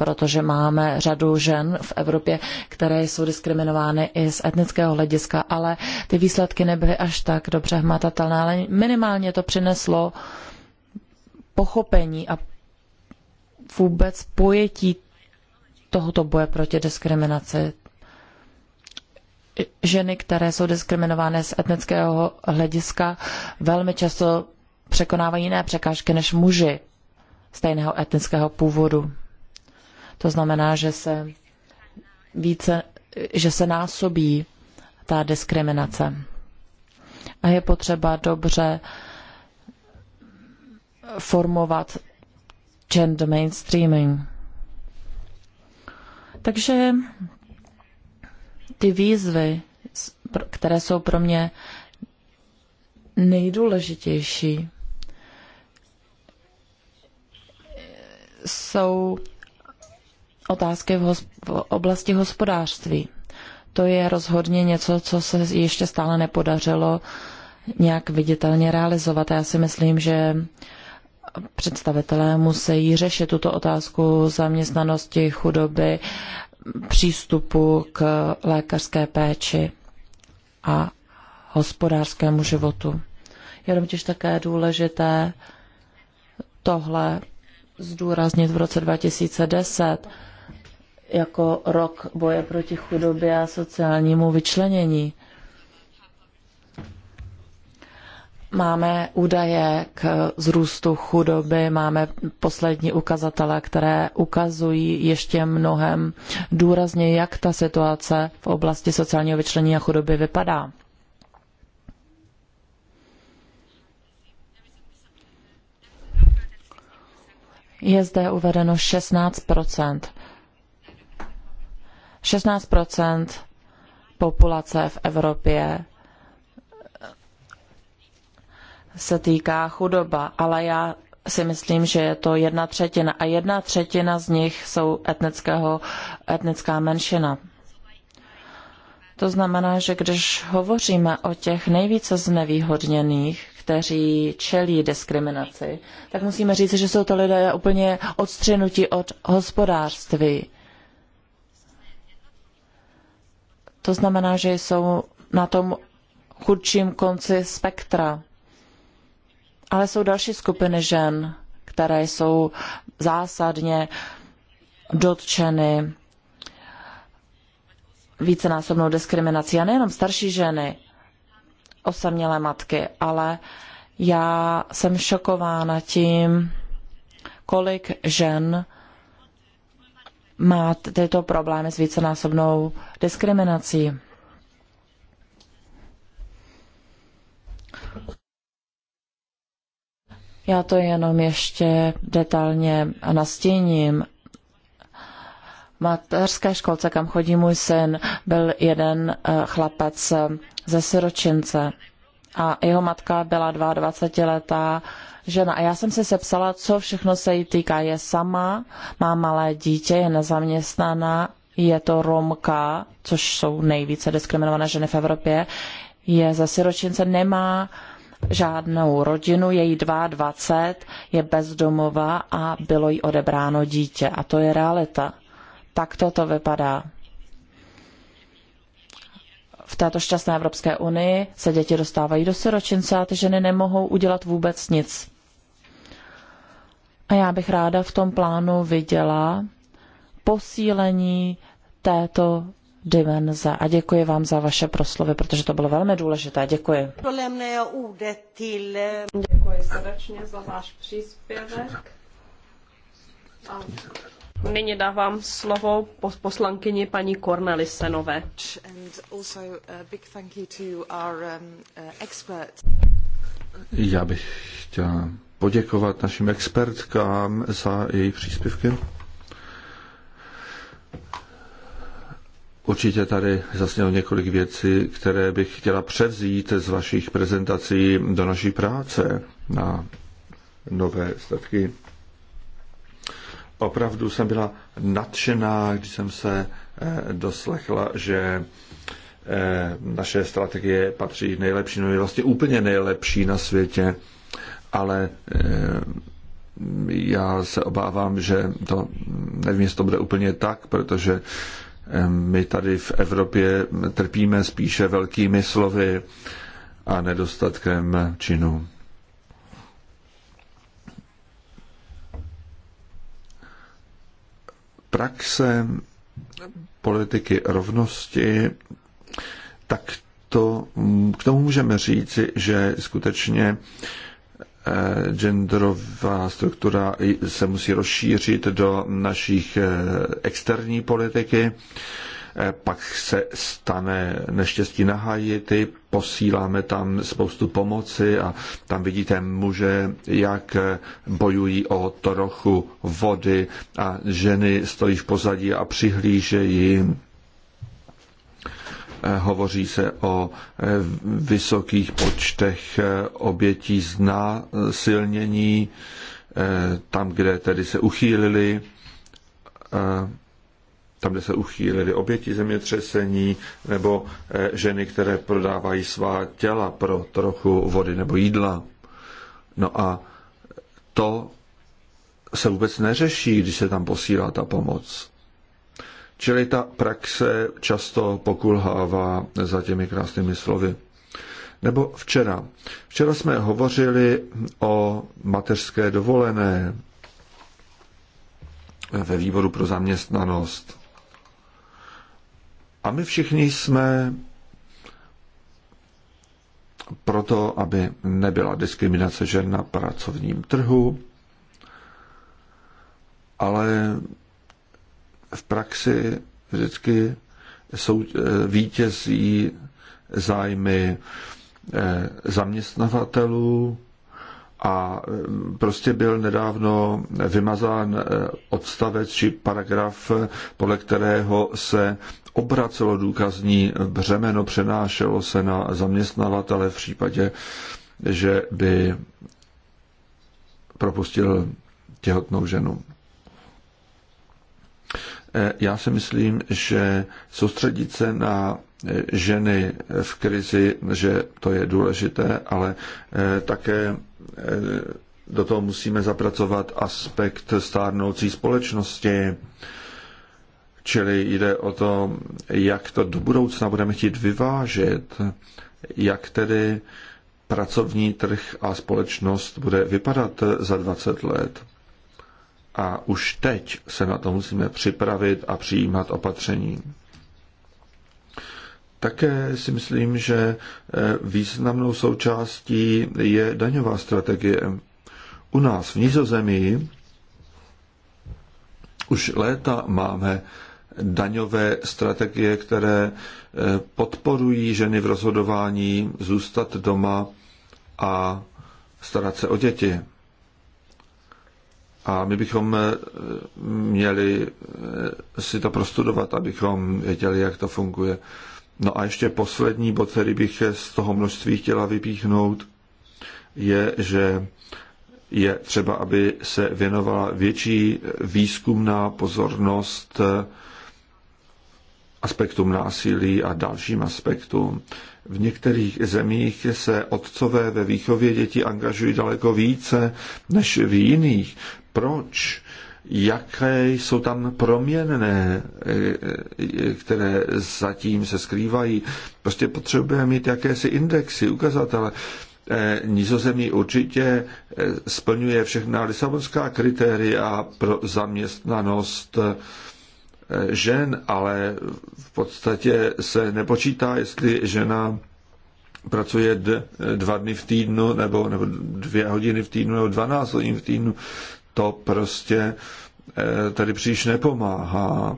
protože máme řadu žen v Evropě, které jsou diskriminovány i z etnického hlediska, ale ty výsledky nebyly až tak dobře hmatatelné, ale minimálně to přineslo pochopení a vůbec pojetí tohoto boje proti diskriminaci. Ženy, které jsou diskriminovány z etnického hlediska, velmi často překonávají jiné překážky než muži stejného etnického původu. To znamená, že se více, že se násobí ta diskriminace. A je potřeba dobře formovat gender mainstreaming. Takže ty výzvy, které jsou pro mě nejdůležitější, jsou otázky v, v oblasti hospodářství. To je rozhodně něco, co se ještě stále nepodařilo nějak viditelně realizovat. Já si myslím, že představitelé musí řešit tuto otázku zaměstnanosti, chudoby, přístupu k lékařské péči a hospodářskému životu. Je rovněž také důležité tohle zdůraznit v roce 2010 jako rok boje proti chudobě a sociálnímu vyčlenění. Máme údaje k zrůstu chudoby, máme poslední ukazatele, které ukazují ještě mnohem důrazně, jak ta situace v oblasti sociálního vyčlení a chudoby vypadá. Je zde uvedeno 16 16 populace v Evropě se týká chudoba, ale já si myslím, že je to jedna třetina a jedna třetina z nich jsou etnického, etnická menšina. To znamená, že když hovoříme o těch nejvíce znevýhodněných, kteří čelí diskriminaci, tak musíme říct, že jsou to lidé úplně odstřenutí od hospodářství. To znamená, že jsou na tom chudším konci spektra. Ale jsou další skupiny žen, které jsou zásadně dotčeny vícenásobnou diskriminací. A nejenom starší ženy, osamělé matky, ale já jsem šokována tím, kolik žen má tyto problémy s vícenásobnou diskriminací. Já to jenom ještě detailně nastíním. Mateřské školce, kam chodí můj syn, byl jeden eh, chlapec eh, ze Syročince a jeho matka byla 22-letá žena. A já jsem si sepsala, co všechno se jí týká. Je sama, má malé dítě, je nezaměstnaná, je to Romka, což jsou nejvíce diskriminované ženy v Evropě, je ze siročince, nemá žádnou rodinu, je jí 22, je bezdomová a bylo jí odebráno dítě. A to je realita. Tak to vypadá. V této šťastné Evropské unii se děti dostávají do siročince a ty ženy nemohou udělat vůbec nic. A já bych ráda v tom plánu viděla posílení této dimenze. A děkuji vám za vaše proslovy, protože to bylo velmi důležité. Děkuji. Eh, děkuji srdečně za váš příspěvek. A nyní dávám slovo poslankyni paní Korneli Senové. Um, uh, já bych chtěla poděkovat našim expertkám za její příspěvky. Určitě tady zasněl několik věcí, které bych chtěla převzít z vašich prezentací do naší práce na nové statky. Opravdu jsem byla nadšená, když jsem se eh, doslechla, že eh, naše strategie patří nejlepší, no je vlastně úplně nejlepší na světě ale eh, já se obávám, že to nevím, jestli to bude úplně tak, protože eh, my tady v Evropě trpíme spíše velkými slovy a nedostatkem činů. Praxe politiky rovnosti, tak to, k tomu můžeme říci, že skutečně eh, Eh, genderová struktura se musí rozšířit do našich eh, externí politiky. Eh, pak se stane neštěstí na Haiti, posíláme tam spoustu pomoci a tam vidíte muže, jak bojují o trochu vody a ženy stojí v pozadí a přihlížejí Eh, hovoří se o eh, vysokých počtech eh, obětí násilnění, tam, kde tedy se uchýlili tam, kde se uchýlili oběti zemětřesení, nebo ženy, které prodávají svá těla pro trochu vody nebo jídla. No a to se vůbec neřeší, když se tam posílá ta pomoc. Čili ta praxe často pokulhává za těmi krásnými slovy. Nebo včera. Včera jsme hovořili o mateřské dovolené ve výboru pro zaměstnanost. A my všichni jsme proto, aby nebyla diskriminace žen na pracovním trhu, ale v praxi vždycky jsou, eh, vítězí zájmy eh, zaměstnavatelů a eh, prostě byl nedávno vymazán odstavec či paragraf, podle kterého se obracelo důkazní břemeno, přenášelo se na zaměstnavatele v případě, že by propustil těhotnou ženu. Eh, já si myslím, že soustředit se na eh, ženy v krizi, že to je důležité, ale eh, také do toho musíme zapracovat aspekt stárnoucí společnosti. Čili jde o to, jak to do budoucna budeme chtít vyvážet, jak tedy pracovní trh a společnost bude vypadat za 20 let a už teď se na to musíme připravit a přijímat opatření. Také si myslím, že eh, významnou součástí je daňová strategie. U nás v Nizozemí už léta máme daňové strategie, které eh, podporují ženy v rozhodování zůstat doma a starat se o děti. A my bychom eh, měli eh, si to prostudovat, abychom věděli, jak to funguje. No a ještě poslední bod, který bych z toho množství chtěla vypíchnout, je, že je třeba, aby se věnovala větší eh, výzkumná pozornost aspektům násilí a dalším aspektům. V některých zemích se otcové ve výchově dětí angažují daleko více než v jiných. Proč? Jaké jsou tam proměnné, eh, které zatím se skrývají? Prostě potřebujeme mít jakési indexy, ukazatele. Eh, Nizozemí určitě eh, splňuje všechna lisabonská kritéria pro zaměstnanost žen, ale v podstatě se nepočítá, jestli žena pracuje dva dny v týdnu, nebo, nebo dvě hodiny v týdnu, nebo 12 hodin v týdnu. To prostě eh, tady příliš nepomáhá.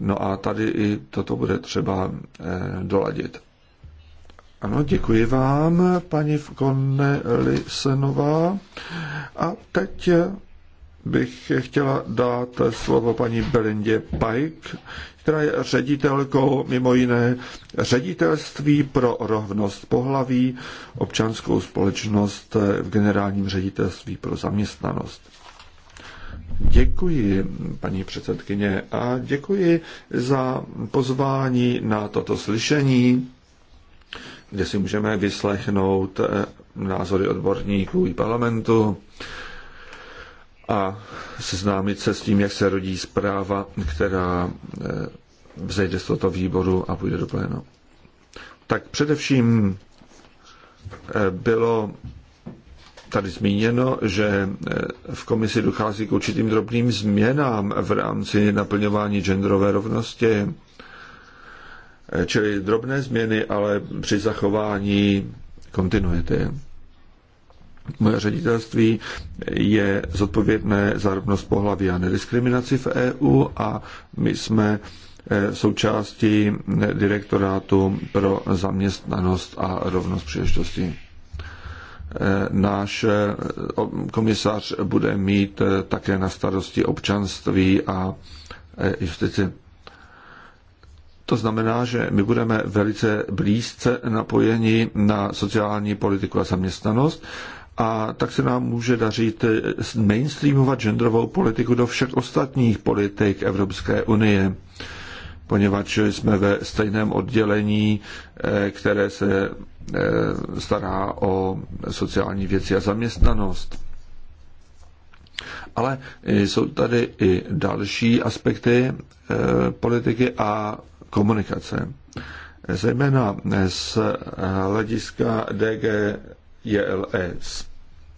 No a tady i toto bude třeba eh, doladit. Ano, děkuji vám, paní Konne Lisenová. A teď eh, bych chtěla dát slovo paní Belindě Pike, která je ředitelkou mimo jiné ředitelství pro rovnost pohlaví, občanskou společnost v generálním ředitelství pro zaměstnanost. Děkuji, paní předsedkyně, a děkuji za pozvání na toto slyšení, kde si můžeme vyslechnout názory odborníků i parlamentu a seznámit se s tím, jak se rodí zpráva, která eh, vzejde z tohoto výboru a půjde do pléna. Tak především eh, bylo tady zmíněno, že eh, v komisi dochází k určitým drobným změnám v rámci naplňování genderové rovnosti, čili drobné změny, ale při zachování kontinuity. Moje ředitelství je zodpovědné za rovnost pohlaví a nediskriminaci v EU a my jsme eh, součástí direktorátu pro zaměstnanost a rovnost příležitostí. Eh, náš eh, komisař bude mít také na starosti občanství a justici. To znamená, že my budeme velice blízce napojeni na sociální politiku a zaměstnanost a tak se nám může dařit eh, mainstreamovat genderovou politiku do všech ostatních politik Evropské unie, poněvadž jsme ve stejném oddělení, eh, které se eh, stará o sociální věci a zaměstnanost. Ale jsou tady i další aspekty politiky a komunikace. Zejména z hlediska DG JLS.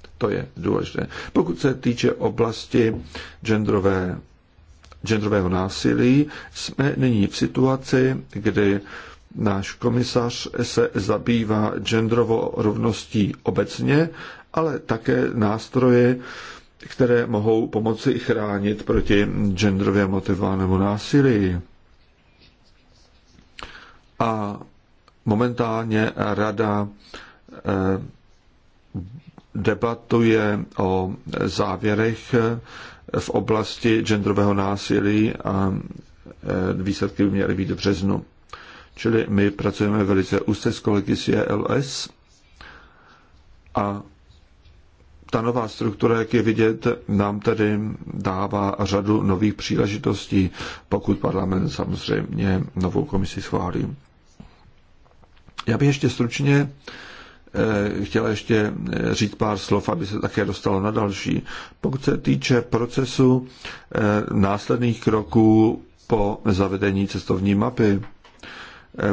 E to je důležité. Pokud se týče oblasti genderové, genderového násilí, jsme nyní v situaci, kdy náš komisař se zabývá genderovou rovností obecně, ale také nástroje, které mohou pomoci chránit proti genderově motivovanému násilí. A momentálně rada eh, debatuje o závěrech v oblasti genderového násilí a e, výsledky by měly být v březnu. Čili my pracujeme velice úzce s kolegy CLS e a ta nová struktura, jak je vidět, nám tedy dává řadu nových příležitostí, pokud parlament samozřejmě novou komisi schválí. Já bych ještě stručně eh, Eh, chtěla ještě eh, říct pár slov, aby se také dostalo na další. Pokud se týče procesu eh, následných kroků po zavedení cestovní mapy,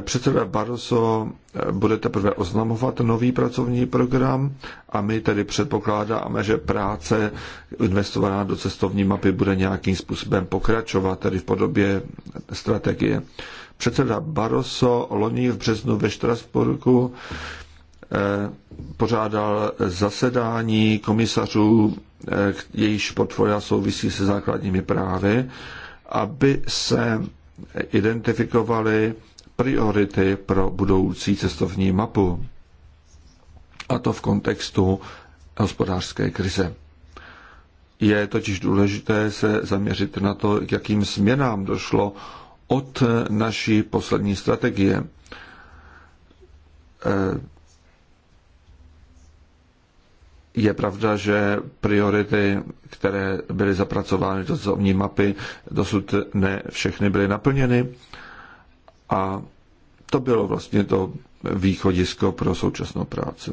Předseda Barroso bude teprve oznamovat nový pracovní program a my tedy předpokládáme, že práce investovaná do cestovní mapy bude nějakým způsobem pokračovat, tedy v podobě strategie. Předseda Barroso loni v březnu ve Štrasburku Eh, pořádal zasedání komisařů, eh, jejíž portfolia souvisí se základními právy, aby se identifikovaly priority pro budoucí cestovní mapu. A to v kontextu hospodářské krize. Je totiž důležité se zaměřit na to, k jakým změnám došlo od naší poslední strategie eh, je pravda, že priority, které byly zapracovány do cestovní mapy, dosud ne všechny byly naplněny. A to bylo vlastně to východisko pro současnou práci.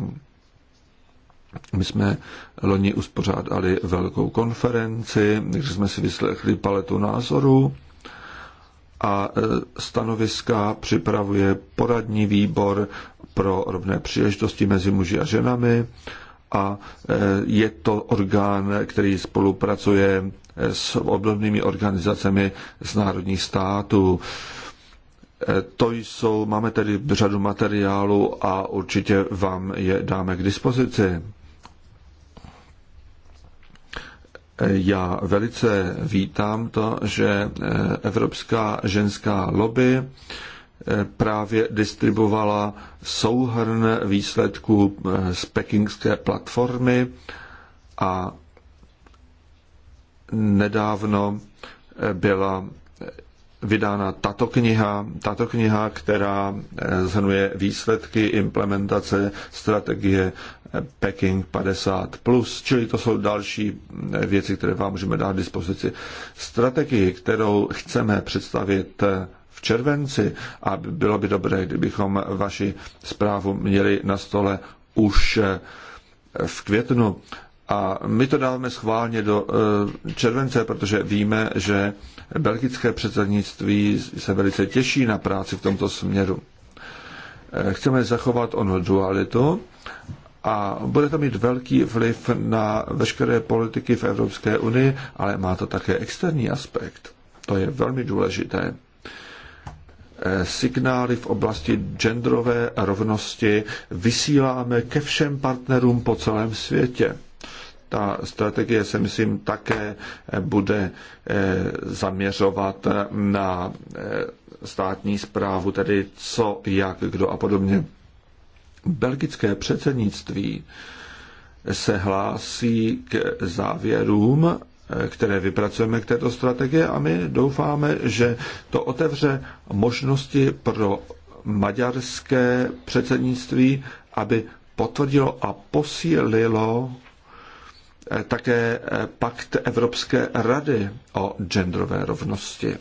My jsme loni uspořádali velkou konferenci, kde jsme si vyslechli paletu názorů a e, stanoviska připravuje poradní výbor pro rovné příležitosti mezi muži a ženami a e, je to orgán, který spolupracuje e, s obdobnými organizacemi z národních států. E, to jsou, máme tedy řadu materiálu a určitě vám je dáme k dispozici. Já velice vítám to, že Evropská ženská lobby Eh, právě distribuovala souhrn výsledků eh, z pekingské platformy a nedávno eh, byla vydána tato kniha, tato kniha, která zhrnuje výsledky implementace strategie Peking 50+, čili to jsou další věci, které vám můžeme dát dispozici. Strategii, kterou chceme představit v červenci a bylo by dobré, kdybychom vaši zprávu měli na stole už eh, v květnu. A my to dáváme schválně do eh, července, protože víme, že belgické předsednictví se velice těší na práci v tomto směru. Eh, chceme zachovat ono dualitu a bude to mít velký vliv na veškeré politiky v Evropské unii, ale má to také externí aspekt. To je velmi důležité. Eh, signály v oblasti genderové rovnosti vysíláme ke všem partnerům po celém světě. Ta strategie se, myslím, také eh, bude eh, zaměřovat na státní zprávu, tedy co, jak, kdo a podobně. Belgické předsednictví se hlásí k závěrům které vypracujeme k této strategii a my doufáme, že to otevře možnosti pro maďarské předsednictví, aby potvrdilo a posílilo eh, také eh, pakt Evropské rady o genderové rovnosti.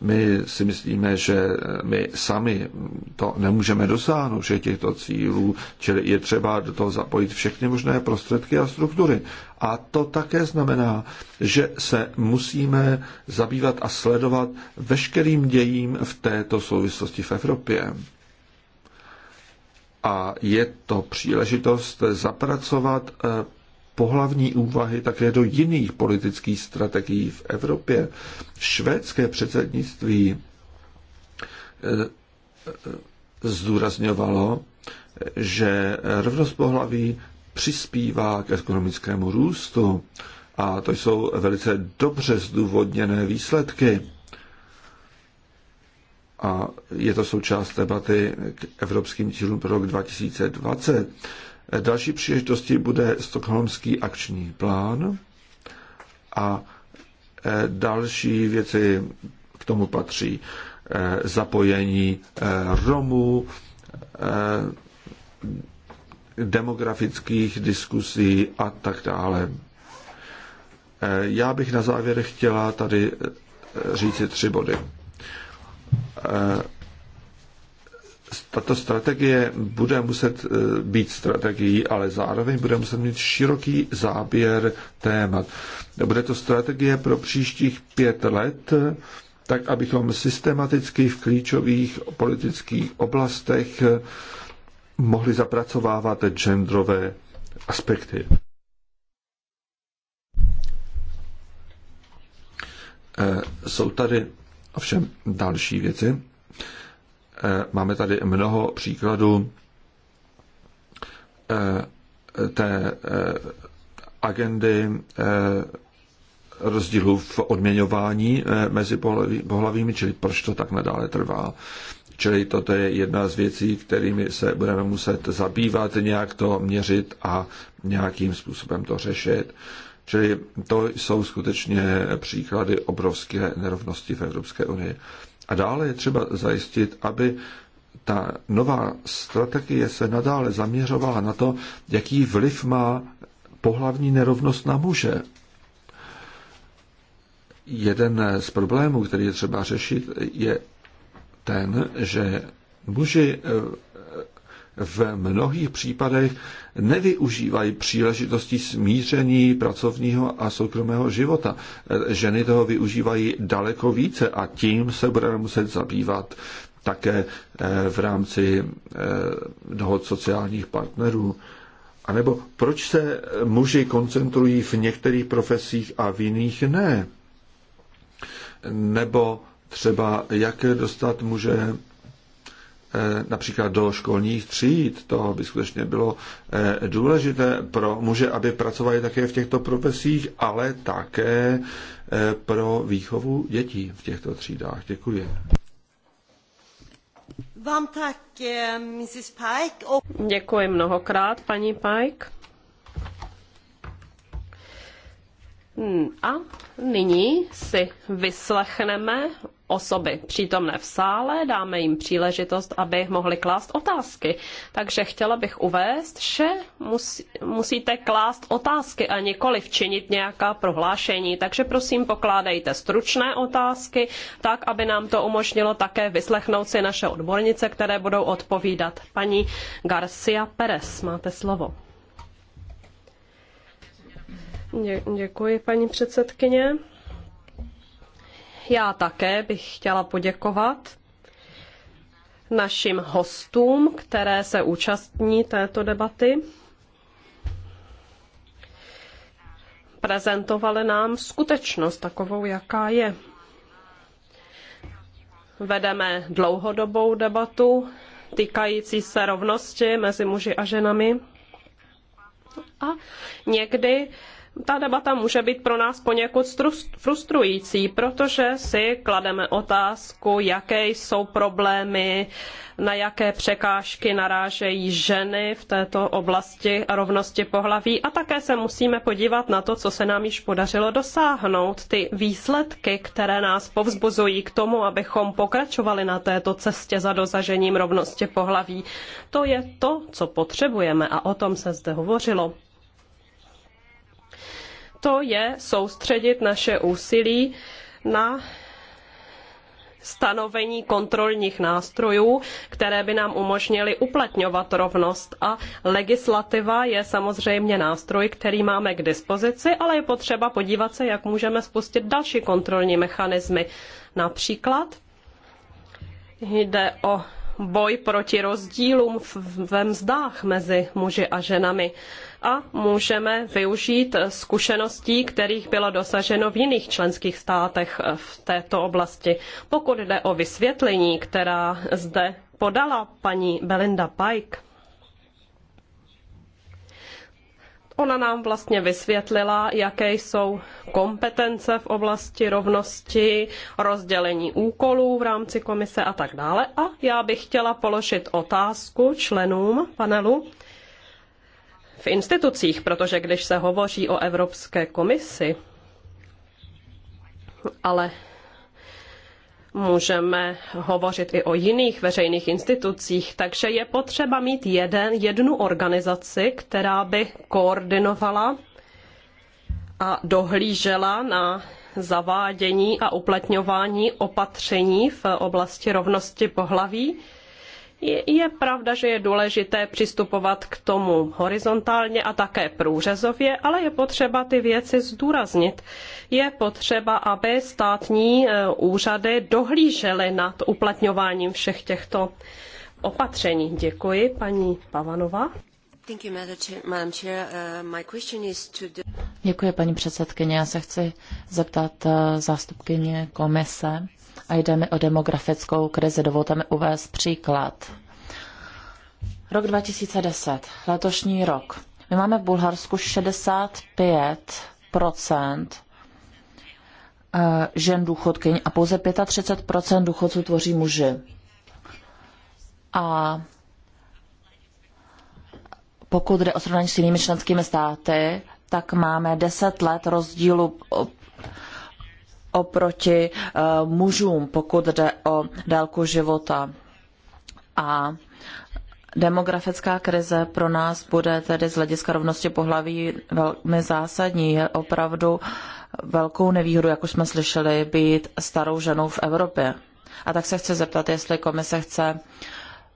My si myslíme, že my sami to nemůžeme dosáhnout že těchto cílů, čili je třeba do toho zapojit všechny možné prostředky a struktury. A to také znamená, že se musíme zabývat a sledovat veškerým dějím v této souvislosti v Evropě a je to příležitost zapracovat eh, pohlavní úvahy také do jiných politických strategií v Evropě. Švédské předsednictví eh, eh, zdůrazňovalo, že rovnost pohlaví přispívá k ekonomickému růstu a to jsou velice dobře zdůvodněné výsledky. A je to součást debaty k evropským cílům pro rok 2020. Další příležitostí bude Stockholmský akční plán a e, další věci k tomu patří e, zapojení e, Romů, demografických diskusí a tak dále. Já bych na závěr chtěla tady říci tři body tato strategie bude muset e, být strategií, ale zároveň bude muset mít široký záběr témat. Bude to strategie pro příštích pět let, tak abychom systematicky v klíčových politických oblastech mohli zapracovávat genderové aspekty. E, jsou tady ovšem další věci Eh, máme tady mnoho příkladů eh, té eh, agendy rozdílů v odměňování mezi pohlavími, čili proč to tak nadále trvá. Čili toto je jedna z věcí, kterými se budeme muset zabývat, nějak to měřit a nějakým způsobem to řešit. Čili to jsou skutečně příklady obrovské nerovnosti v Evropské unii. A dále je třeba zajistit, aby ta nová strategie se nadále zaměřovala na to, jaký vliv má pohlavní nerovnost na muže. Jeden z problémů, který je třeba řešit, je ten, že muži eh, v mnohých případech nevyužívají příležitosti smíření pracovního a soukromého života. Ženy toho využívají daleko více a tím se budeme muset zabývat také eh, v rámci eh, dohod sociálních partnerů. A nebo proč se muži koncentrují v některých profesích a v jiných ne? Nebo třeba jak dostat muže Eh, například do školních tříd. To by skutečně bylo eh, důležité pro muže, aby pracovali také v těchto profesích, ale také eh, pro výchovu dětí v těchto třídách. Děkuji. Vám tak, Mrs. Pike. Děkuji mnohokrát, paní Pike. Hmm, a nyní si vyslechneme osoby přítomné v sále, dáme jim příležitost, aby mohli klást otázky. Takže chtěla bych uvést, že musí, musíte klást otázky a nikoli včinit nějaká prohlášení. Takže prosím, pokládejte stručné otázky, tak, aby nám to umožnilo také vyslechnout si naše odbornice, které budou odpovídat. Paní Garcia Perez, máte slovo děkuji, paní předsedkyně. Já také bych chtěla poděkovat našim hostům, které se účastní této debaty. Prezentovali nám skutečnost takovou, jaká je. Vedeme dlouhodobou debatu týkající se rovnosti mezi muži a ženami. A někdy ta debata může být pro nás poněkud frustrující, protože si klademe otázku, jaké jsou problémy, na jaké překážky narážejí ženy v této oblasti rovnosti pohlaví a také se musíme podívat na to, co se nám již podařilo dosáhnout, ty výsledky, které nás povzbuzují k tomu, abychom pokračovali na této cestě za dosažením rovnosti pohlaví. To je to, co potřebujeme a o tom se zde hovořilo to je soustředit naše úsilí na stanovení kontrolních nástrojů, které by nám umožnily uplatňovat rovnost. A legislativa je samozřejmě nástroj, který máme k dispozici, ale je potřeba podívat se, jak můžeme spustit další kontrolní mechanismy. Například jde o boj proti rozdílům ve mzdách mezi muži a ženami a můžeme využít zkušeností, kterých bylo dosaženo v jiných členských státech eh, v této oblasti. Pokud jde o vysvětlení, která zde podala paní Belinda Pike, Ona nám vlastně vysvětlila, jaké jsou kompetence v oblasti rovnosti, rozdělení úkolů v rámci komise a tak dále. A já bych chtěla položit otázku členům panelu v institucích, protože když se hovoří o Evropské komisi, ale můžeme hovořit i o jiných veřejných institucích, takže je potřeba mít jeden, jednu organizaci, která by koordinovala a dohlížela na zavádění a uplatňování opatření v oblasti rovnosti pohlaví je, pravda, že je důležité přistupovat k tomu horizontálně a také průřezově, ale je potřeba ty věci zdůraznit. Je potřeba, aby státní eh, úřady dohlížely nad uplatňováním všech těchto opatření. Děkuji, paní Pavanova. Uh, Děkuji, paní předsedkyně. Já se chci zeptat eh, zástupkyně komise a jde mi o demografickou krizi. Dovolte mi uvést příklad. Rok 2010, letošní rok. My máme v Bulharsku 65 eh, žen důchodkyň a pouze 35 důchodců tvoří muži. A pokud jde o srovnání s jinými členskými státy, tak máme 10 let rozdílu eh, oproti eh, mužům, pokud jde o délku života. A Demografická krize pro nás bude tedy z hlediska rovnosti pohlaví velmi zásadní. Je opravdu velkou nevýhodu, jak už jsme slyšeli, být starou ženou v Evropě. A tak se chci zeptat, jestli komise chce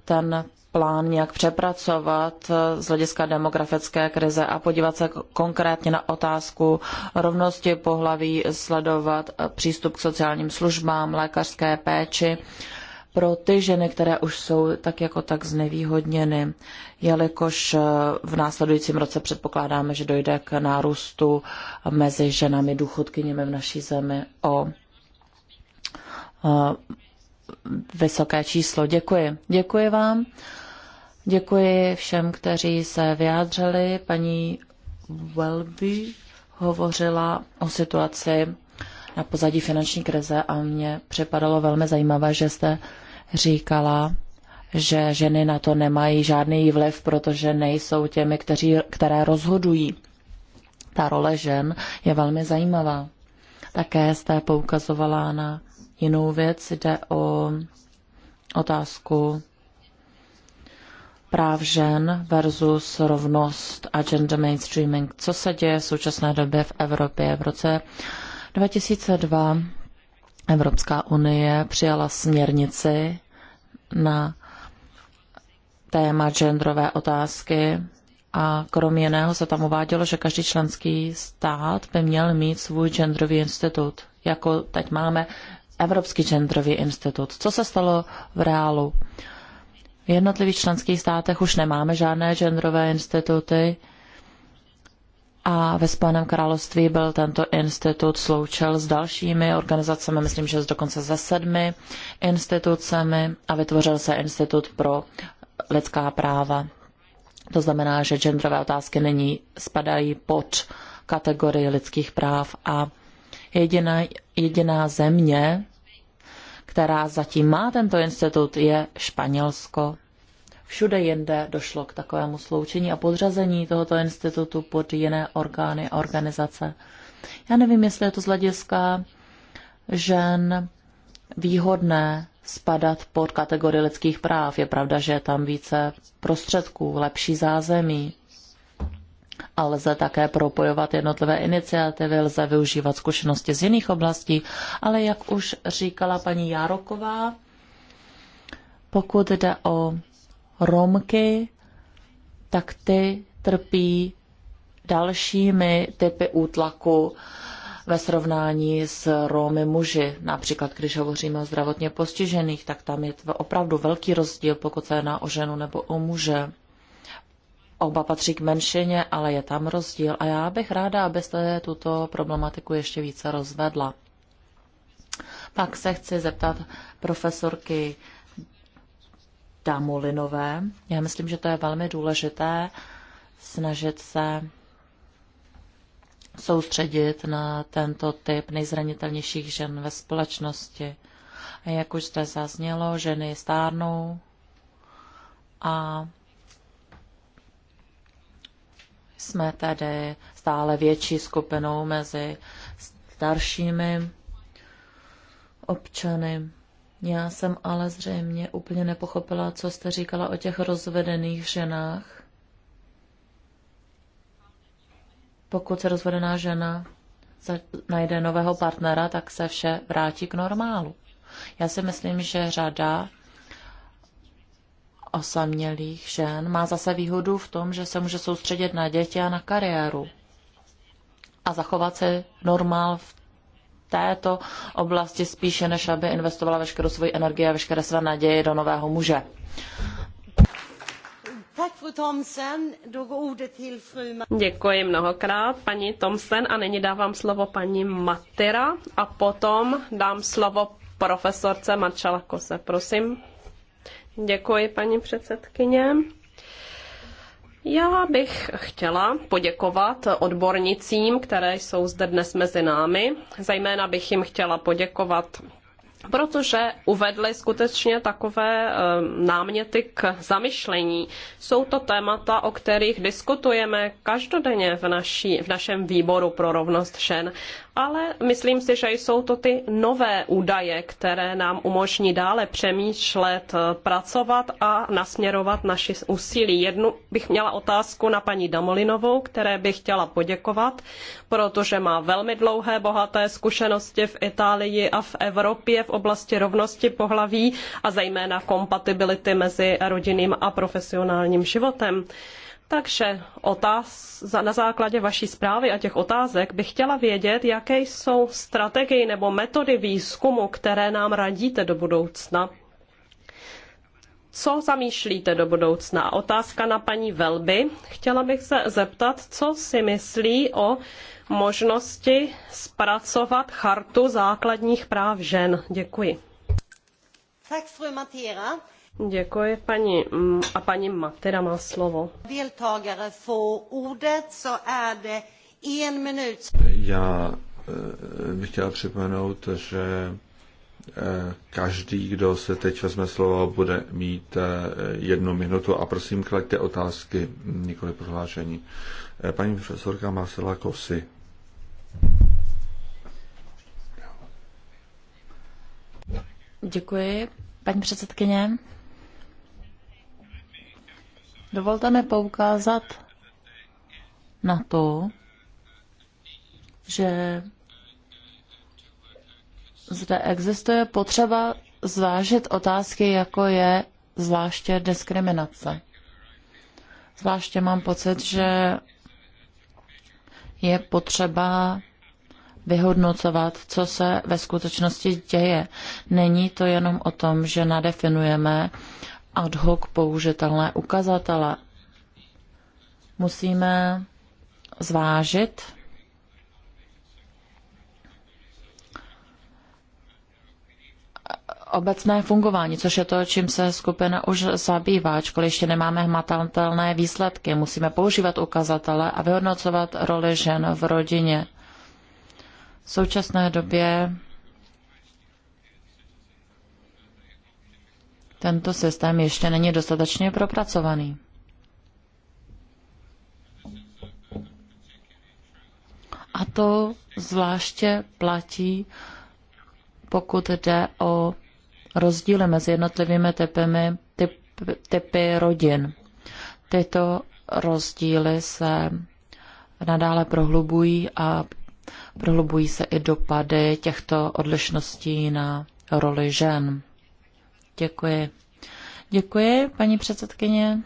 ten plán nějak přepracovat eh, z hlediska demografické krize a podívat se konkrétně na otázku rovnosti pohlaví, sledovat eh, přístup k sociálním službám, lékařské péči pro ty ženy, které už jsou tak jako tak znevýhodněny, jelikož eh, v následujícím roce předpokládáme, že dojde k nárůstu mezi ženami důchodkyněmi v naší zemi o vysoké číslo. Děkuji. Děkuji vám. Děkuji všem, kteří se vyjádřili. Paní Welby hovořila o situaci na pozadí finanční krize a mně připadalo velmi zajímavé, že jste říkala, že ženy na to nemají žádný vliv, protože nejsou těmi, kteří, které rozhodují. Ta role žen je velmi zajímavá. Také jste poukazovala na jinou věc, jde o otázku práv žen versus rovnost a gender mainstreaming. Co se děje v současné době v Evropě? V roce 2002 Evropská unie přijala směrnici na téma genderové otázky a kromě jiného se tam uvádělo, že každý členský stát by měl mít svůj genderový institut. Jako teď máme Evropský genderový institut. Co se stalo v reálu? v jednotlivých členských státech už nemáme žádné genderové instituty a ve Spojeném království byl tento institut sloučil s dalšími organizacemi, myslím, že dokonce se sedmi institucemi a vytvořil se institut pro lidská práva. To znamená, že genderové otázky nyní spadají pod kategorii lidských práv a jediná, jediná země která zatím má tento institut, je Španělsko. Všude jinde došlo k takovému sloučení a podřazení tohoto institutu pod jiné orgány a organizace. Já nevím, jestli je to z hlediska žen výhodné spadat pod kategorii lidských práv. Je pravda, že je tam více prostředků, lepší zázemí, a lze také propojovat jednotlivé iniciativy, lze využívat zkušenosti z jiných oblastí, ale jak už říkala paní Jároková, pokud jde o Romky, tak ty trpí dalšími typy útlaku ve srovnání s Romy muži. Například, když hovoříme o zdravotně postižených, tak tam je opravdu velký rozdíl, pokud se jedná o ženu nebo o muže. Oba patří k menšině, ale je tam rozdíl a já bych ráda, abyste tuto problematiku ještě více rozvedla. Pak se chci zeptat profesorky Damolinové. Já myslím, že to je velmi důležité snažit se soustředit na tento typ nejzranitelnějších žen ve společnosti. A jak už zde zaznělo, ženy stárnou a jsme tedy stále větší skupinou mezi staršími občany. Já jsem ale zřejmě úplně nepochopila, co jste říkala o těch rozvedených ženách. Pokud se rozvedená žena najde nového partnera, tak se vše vrátí k normálu. Já si myslím, že řada osamělých žen má zase výhodu v tom, že se může soustředit na děti a na kariéru a zachovat se normál v této oblasti spíše, než aby investovala veškerou svoji energii a veškeré své naděje do nového muže. Děkuji mnohokrát, paní Thomsen, a nyní dávám slovo paní Matera a potom dám slovo profesorce Kose. Prosím. Děkuji, paní předsedkyně. Já bych chtěla poděkovat odbornicím, které jsou zde dnes mezi námi. Zajména bych jim chtěla poděkovat protože uvedly skutečně takové eh, náměty k zamyšlení. Jsou to témata, o kterých diskutujeme každodenně v, naší, v našem výboru pro rovnost žen ale myslím si, že jsou to ty nové údaje, které nám umožní dále přemýšlet, eh, pracovat a nasměrovat naši úsilí. Jednu bych měla otázku na paní Damolinovou, které bych chtěla poděkovat, protože má velmi dlouhé, bohaté zkušenosti v Itálii a v Evropě v oblasti rovnosti pohlaví a zejména kompatibility mezi rodinným a profesionálním životem. Takže otáz, na základě vaší zprávy a těch otázek bych chtěla vědět, jaké jsou strategie nebo metody výzkumu, které nám radíte do budoucna. Co zamýšlíte do budoucna? Otázka na paní Velby. Chtěla bych se zeptat, co si myslí o možnosti zpracovat chartu základních práv žen. Děkuji. Tak, Děkuji paní a paní Matera má slovo. Deltagare får ordet så är det en minut. Já eh, bych chtěla připomenout, že eh, každý, kdo se teď vezme slovo, bude mít eh, jednu minutu a prosím, klaďte otázky, nikoli prohlášení. Paní profesorka Marcela Kosy. Děkuji, paní předsedkyně. Dovolte mi poukázat na to, že zde existuje potřeba zvážit otázky, jako je zvláště diskriminace. Zvláště mám pocit, že je potřeba vyhodnocovat, co se ve skutečnosti děje. Není to jenom o tom, že nadefinujeme uh, ad hoc použitelné ukazatele. Musíme zvážit, obecné fungování, což je to, čím se skupina už zabývá, ačkoliv ještě nemáme hmatatelné výsledky. Musíme používat ukazatele a vyhodnocovat roli žen v rodině. V současné době Tento systém ještě není dostatečně propracovaný. A to zvláště platí, pokud jde o rozdíly mezi jednotlivými typy, typy rodin. Tyto rozdíly se nadále prohlubují a prohlubují se i dopady těchto odlišností na roli žen. Děkuji. Děkuji, paní předsedkyně.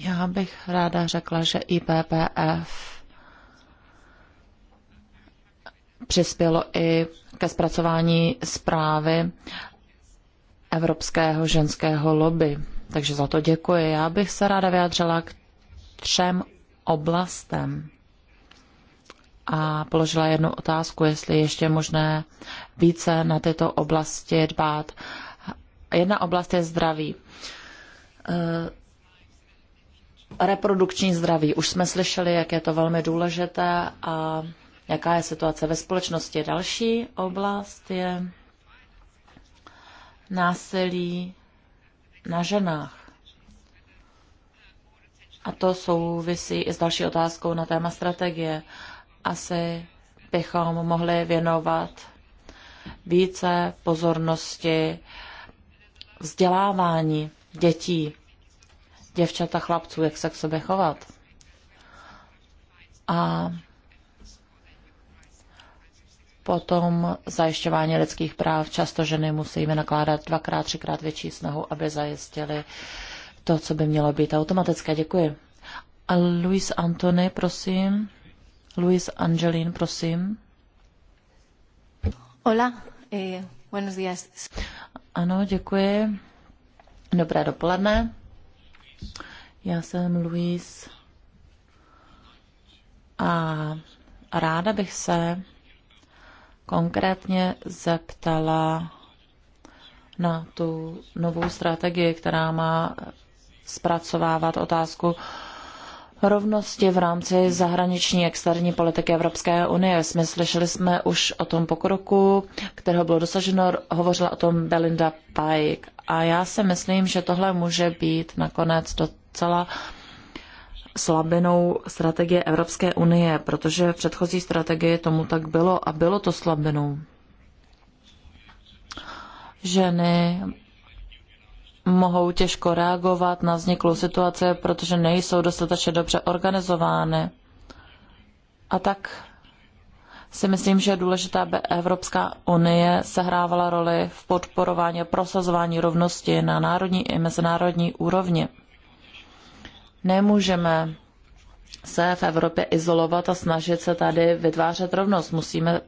Já bych ráda řekla, že IPPF přispělo i ke zpracování zprávy Evropského ženského lobby. Takže za to děkuji. Já bych se ráda vyjádřila k třem oblastem a položila jednu otázku, jestli ještě možné více na tyto oblasti dbát. Jedna oblast je zdraví. Eh, reprodukční zdraví. Už jsme slyšeli, jak je to velmi důležité a jaká je situace ve společnosti. Další oblast je násilí na ženách. A to souvisí i s další otázkou na téma strategie asi bychom mohli věnovat více pozornosti vzdělávání dětí, děvčat a chlapců, jak se k sobě chovat. A potom zajišťování lidských práv. Často ženy musí nakládat dvakrát, třikrát větší snahu, aby zajistili to, co by mělo být automatické. Děkuji. A Luis Antony, prosím. Luis Angelin, prosím. Hola, eh, buenos días. Ano, děkuji. Dobré dopoledne. Já jsem Luis a ráda bych se konkrétně zeptala na tu novou strategii, která má zpracovávat otázku rovnosti v rámci zahraniční externí politiky Evropské unie. Jsme slyšeli jsme už o tom pokroku, kterého bylo dosaženo, hovořila o tom Belinda Pike. A já si myslím, že tohle může být nakonec docela slabinou strategie Evropské unie, protože v předchozí strategii tomu tak bylo a bylo to slabinou. Ženy mohou těžko reagovat na vzniklou situaci, protože nejsou dostatečně dobře organizovány. A tak si myslím, že je důležité, aby Evropská unie sehrávala roli v podporování a prosazování rovnosti na národní i mezinárodní úrovni. Nemůžeme se v Evropě izolovat a snažit se tady vytvářet rovnost. Musíme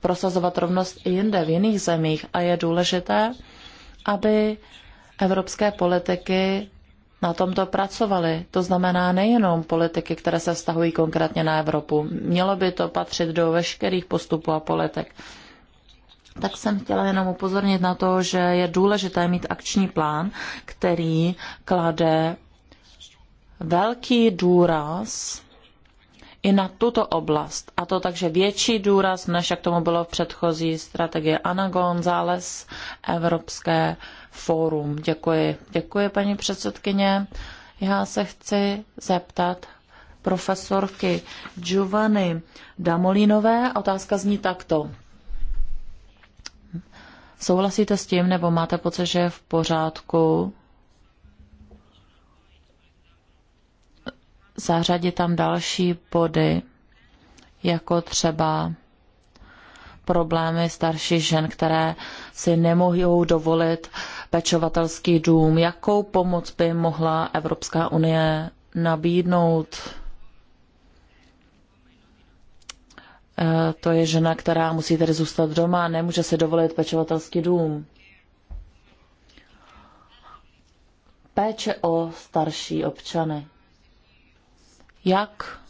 prosazovat rovnost i jinde, v jiných zemích. A je důležité, aby evropské politiky na tomto pracovaly. To znamená nejenom politiky, které se vztahují konkrétně na Evropu. Mělo by to patřit do veškerých postupů a politik. Tak jsem chtěla jenom upozornit na to, že je důležité mít akční plán, který klade velký důraz i na tuto oblast. A to takže větší důraz, než jak tomu bylo v předchozí strategie Anagon, González, Evropské uh, fórum. Děkuji. Děkuji, paní předsedkyně. Já se chci zeptat profesorky Giovanni Damolínové. Otázka zní takto. Souhlasíte s tím, nebo máte pocit, že je v pořádku zařadit tam další body, jako třeba problémy starších žen, které si nemohou dovolit pečovatelský dům. Jakou pomoc by mohla Evropská unie nabídnout? E, to je žena, která musí tedy zůstat doma, nemůže si dovolit pečovatelský dům. Péče o starší občany. Jak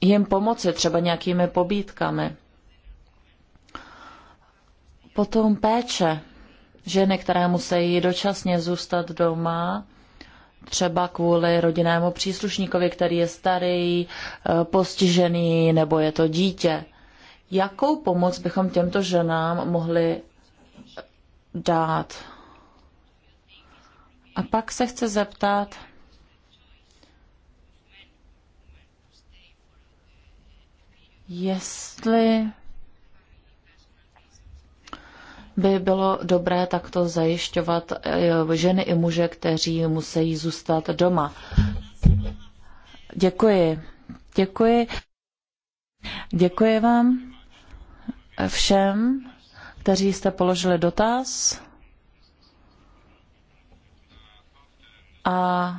jim pomoci třeba nějakými pobídkami? Potom péče. Ženy, které musí dočasně zůstat doma, třeba kvůli rodinnému příslušníkovi, který je starý, eh, postižený nebo je to dítě. Jakou pomoc bychom těmto ženám mohli dát? A pak se chce zeptat, jestli by bylo dobré takto zajišťovat eh, ženy i muže, kteří musí zůstat doma. Děkuji. Děkuji. Děkuji vám všem, kteří jste položili dotaz. A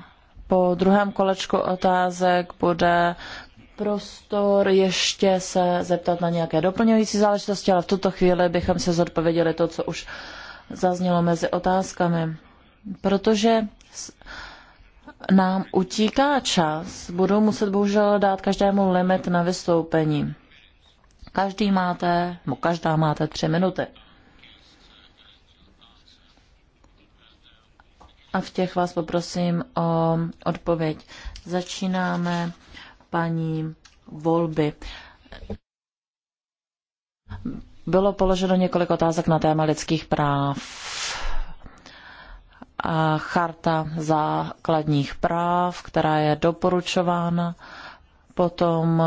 po druhém kolečku otázek bude prostor ještě se zeptat na nějaké doplňující záležitosti, ale v tuto chvíli bychom se zodpověděli to, co už zaznělo mezi otázkami. Protože nám utíká čas, Budu muset bohužel dát každému limit na vystoupení. Každý máte, nebo každá máte tři minuty. A v těch vás poprosím o odpověď. Začínáme paní Volby. Bylo položeno několik otázek na téma lidských práv. A charta základních práv, která je doporučována, potom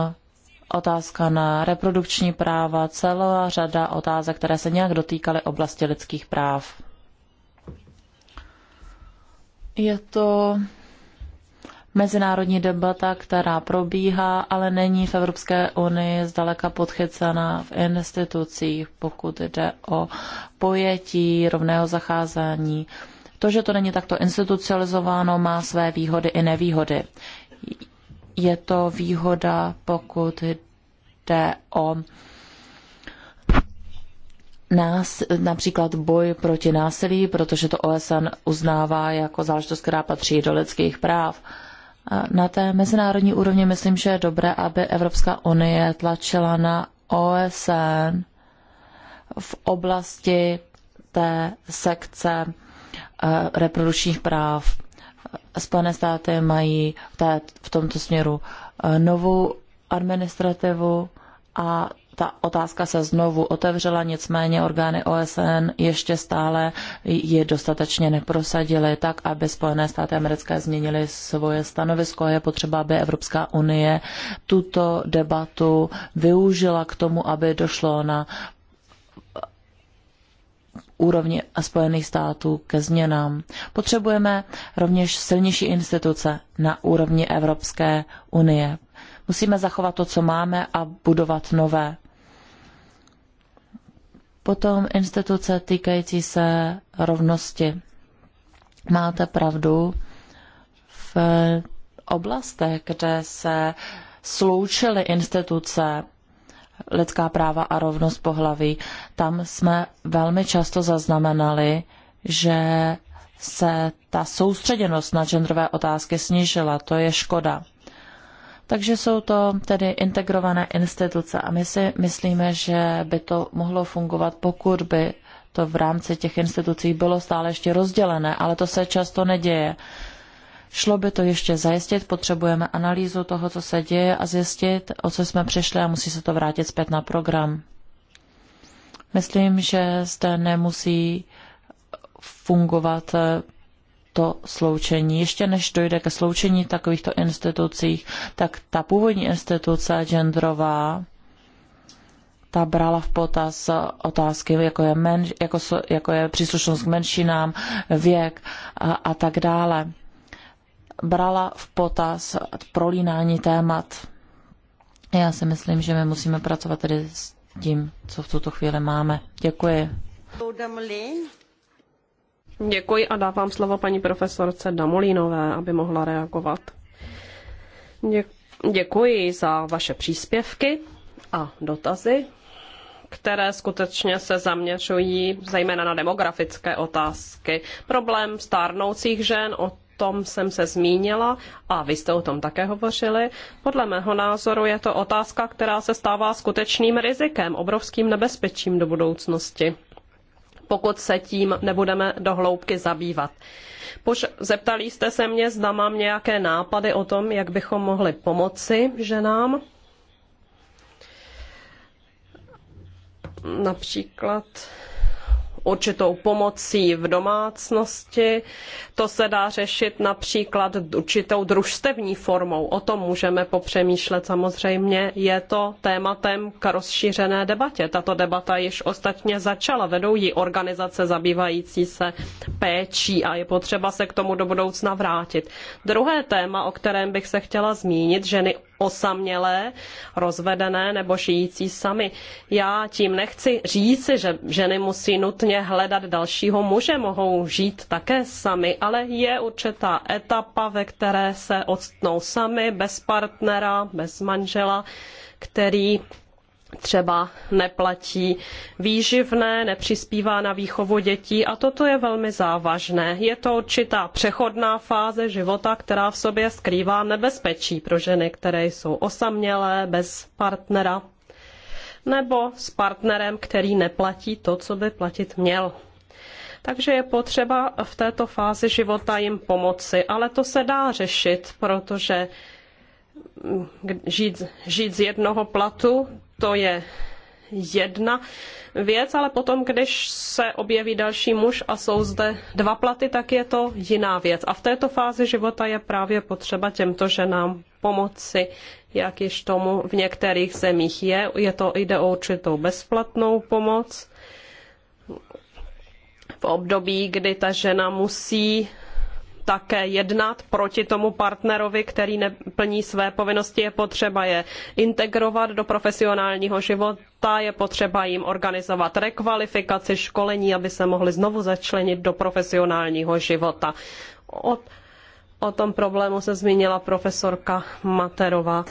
otázka na reprodukční práva, celá řada otázek, které se nějak dotýkaly oblasti lidských práv. Je to mezinárodní debata, která probíhá, ale není v Evropské unii zdaleka podchycená v institucích, pokud jde o pojetí rovného zacházení. To, že to není takto institucionalizováno, má své výhody i nevýhody. Je to výhoda, pokud jde o nás, například boj proti násilí, protože to OSN uznává jako záležitost, která patří do lidských práv na té mezinárodní úrovni myslím, že je dobré, aby Evropská unie tlačila na OSN v oblasti té sekce eh, reprodukčních práv. Spojené státy mají v, té, v tomto směru eh, novou administrativu a ta otázka se znovu otevřela, nicméně orgány OSN ještě stále je dostatečně neprosadily tak, aby Spojené státy americké změnily svoje stanovisko. Je potřeba, aby Evropská unie tuto debatu využila k tomu, aby došlo na úrovni Spojených států ke změnám. Potřebujeme rovněž silnější instituce na úrovni Evropské unie Musíme zachovat to, co máme a budovat nové. Potom instituce týkající se rovnosti. Máte pravdu, v oblastech, kde se sloučily instituce lidská práva a rovnost pohlaví, tam jsme velmi často zaznamenali, že se ta soustředěnost na genderové otázky snížila. To je škoda. Takže jsou to tedy integrované instituce a my si myslíme, že by to mohlo fungovat, pokud by to v rámci těch institucí bylo stále ještě rozdělené, ale to se často neděje. Šlo by to ještě zajistit, potřebujeme analýzu toho, co se děje a zjistit, o co jsme přišli a musí se to vrátit zpět na program. Myslím, že zde nemusí fungovat to sloučení. Ještě než dojde ke sloučení takovýchto institucích, tak ta původní instituce genderová, ta brala v potaz otázky, jako je, menš, jako, jako je příslušnost k menšinám, věk a, a tak dále. Brala v potaz prolínání témat. Já si myslím, že my musíme pracovat tedy s tím, co v tuto chvíli máme. Děkuji. Děkuji a dávám slovo paní profesorce Damolínové, aby mohla reagovat. Děkuji za vaše příspěvky a dotazy, které skutečně se zaměřují zejména na demografické otázky. Problém stárnoucích žen, o tom jsem se zmínila a vy jste o tom také hovořili. Podle mého názoru je to otázka, která se stává skutečným rizikem, obrovským nebezpečím do budoucnosti pokud se tím nebudeme do hloubky zabývat. Pož- zeptali jste se mě, zda mám nějaké nápady o tom, jak bychom mohli pomoci ženám. Například určitou pomocí v domácnosti. To se dá řešit například určitou družstevní formou. O tom můžeme popřemýšlet samozřejmě. Je to tématem k rozšířené debatě. Tato debata již ostatně začala. Vedou ji organizace zabývající se péčí a je potřeba se k tomu do budoucna vrátit. Druhé téma, o kterém bych se chtěla zmínit, ženy osamělé, rozvedené nebo žijící sami. Já tím nechci říci, že ženy musí nutně hledat dalšího muže, mohou žít také sami, ale je určitá etapa, ve které se odstnou sami, bez partnera, bez manžela, který třeba neplatí výživné, nepřispívá na výchovu dětí a toto je velmi závažné. Je to určitá přechodná fáze života, která v sobě skrývá nebezpečí pro ženy, které jsou osamělé, bez partnera nebo s partnerem, který neplatí to, co by platit měl. Takže je potřeba v této fázi života jim pomoci, ale to se dá řešit, protože mm, žít, žít z jednoho platu, to je jedna věc, ale potom, když se objeví další muž a jsou zde dva platy, tak je to jiná věc. A v této fázi života je právě potřeba těmto ženám pomoci, jak již tomu v některých zemích je. je to, jde o určitou bezplatnou pomoc v období, kdy ta žena musí také jednat proti tomu partnerovi, který neplní své povinnosti. Je potřeba je integrovat do profesionálního života, je potřeba jim organizovat rekvalifikaci, školení, aby se mohli znovu začlenit do profesionálního života. O, o tom problému se zmínila profesorka Materová.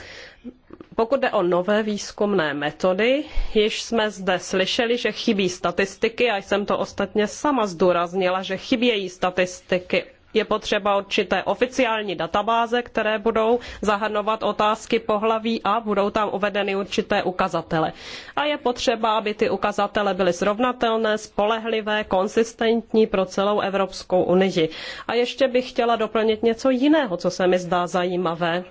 Pokud jde o nové výzkumné metody, již jsme zde slyšeli, že chybí statistiky a jsem to ostatně sama zdůraznila, že chybějí statistiky je potřeba určité oficiální databáze, které budou zahrnovat otázky pohlaví a budou tam uvedeny určité ukazatele. A je potřeba, aby ty ukazatele byly srovnatelné, spolehlivé, konsistentní pro celou Evropskou unii. A ještě bych chtěla doplnit něco jiného, co se mi zdá zajímavé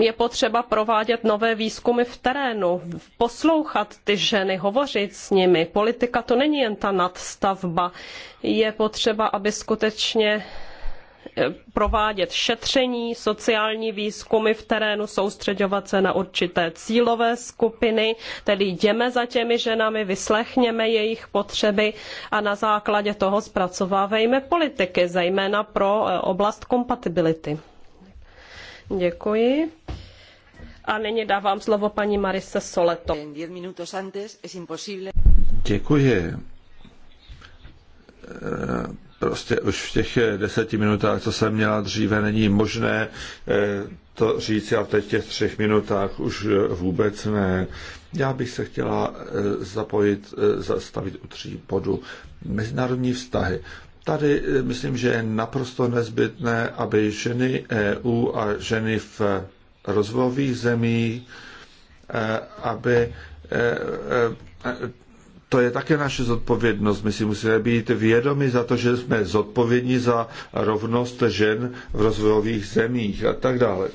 je potřeba provádět nové výzkumy v terénu, poslouchat ty ženy, hovořit s nimi. Politika to není jen ta nadstavba. Je potřeba, aby skutečně e, provádět šetření, sociální výzkumy v terénu, soustředovat se na určité cílové skupiny, tedy jdeme za těmi ženami, vyslechněme jejich potřeby a na základě toho zpracovávejme politiky, zejména pro e, oblast kompatibility. Děkuji. A nyní dávám slovo paní Marise Soleto. Děkuji. Eh, prostě už v těch eh, deseti minutách, co jsem měla dříve, není možné eh, to říct a teď v těch třech minutách už vůbec ne. Já bych se chtěla zapojit, zastavit u tří bodů. Mezinárodní vztahy. Tady myslím, že je naprosto nezbytné, aby ženy EU a ženy v rozvojových zemí, eh, aby eh, eh, to je také naše zodpovědnost. My si musíme být vědomi za to, že jsme zodpovědní za rovnost žen v rozvojových zemích a tak dále.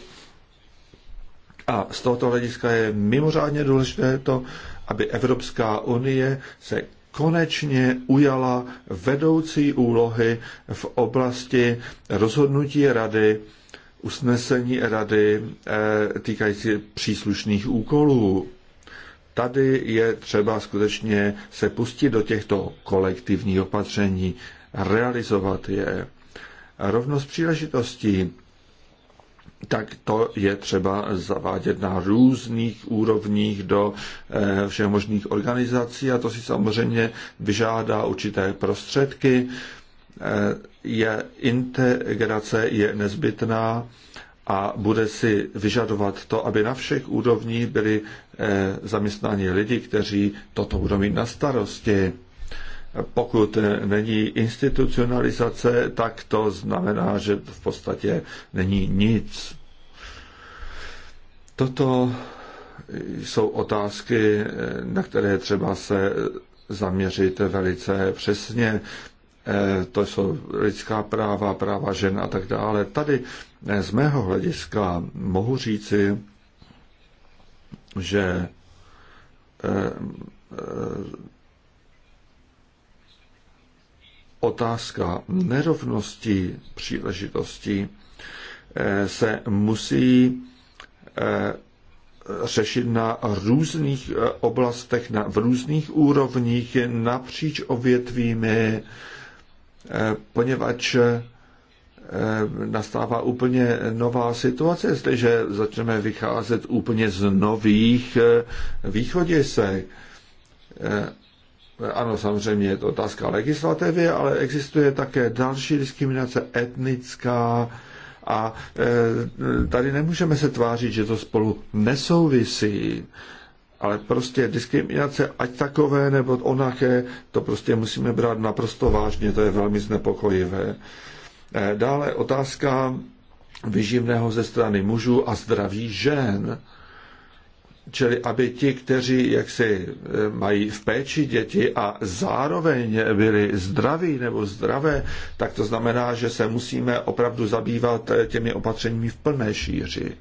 A z tohoto hlediska je mimořádně důležité to, aby Evropská unie se konečně ujala vedoucí úlohy v oblasti rozhodnutí rady usnesení rady eh, týkající příslušných úkolů. Tady je třeba skutečně se pustit do těchto kolektivních opatření, realizovat je. A rovnost příležitostí, tak to je třeba zavádět na různých úrovních do eh, všech možných organizací a to si samozřejmě vyžádá určité prostředky eh, je integrace je nezbytná a bude si vyžadovat to, aby na všech úrovních byli eh, zaměstnáni lidi, kteří toto budou mít na starosti. Pokud eh, není institucionalizace, tak to znamená, že v podstatě není nic. Toto jsou otázky, eh, na které třeba se zaměřit velice přesně. Eh, to jsou lidská práva, práva žen a tak dále. Tady eh, z mého hlediska mohu říci, že eh, otázka nerovnosti příležitostí se musí řešit na různých oblastech, na, v různých úrovních, napříč ovětvími, Eh, poněvadž eh, nastává úplně nová situace, jestliže začneme vycházet úplně z nových eh, východisek. Ano, samozřejmě je to otázka legislativy, ale existuje také další diskriminace etnická a tady nemůžeme se tvářit, že to spolu nesouvisí ale prostě diskriminace, ať takové nebo onaké, to prostě musíme brát naprosto vážně, to je velmi znepokojivé. Eh, dále otázka vyživného ze strany mužů a zdraví žen. Čili aby ti, kteří jaksi eh, mají v péči děti a zároveň byli zdraví nebo zdravé, tak to znamená, že se musíme opravdu zabývat eh, těmi opatřeními v plné šíři.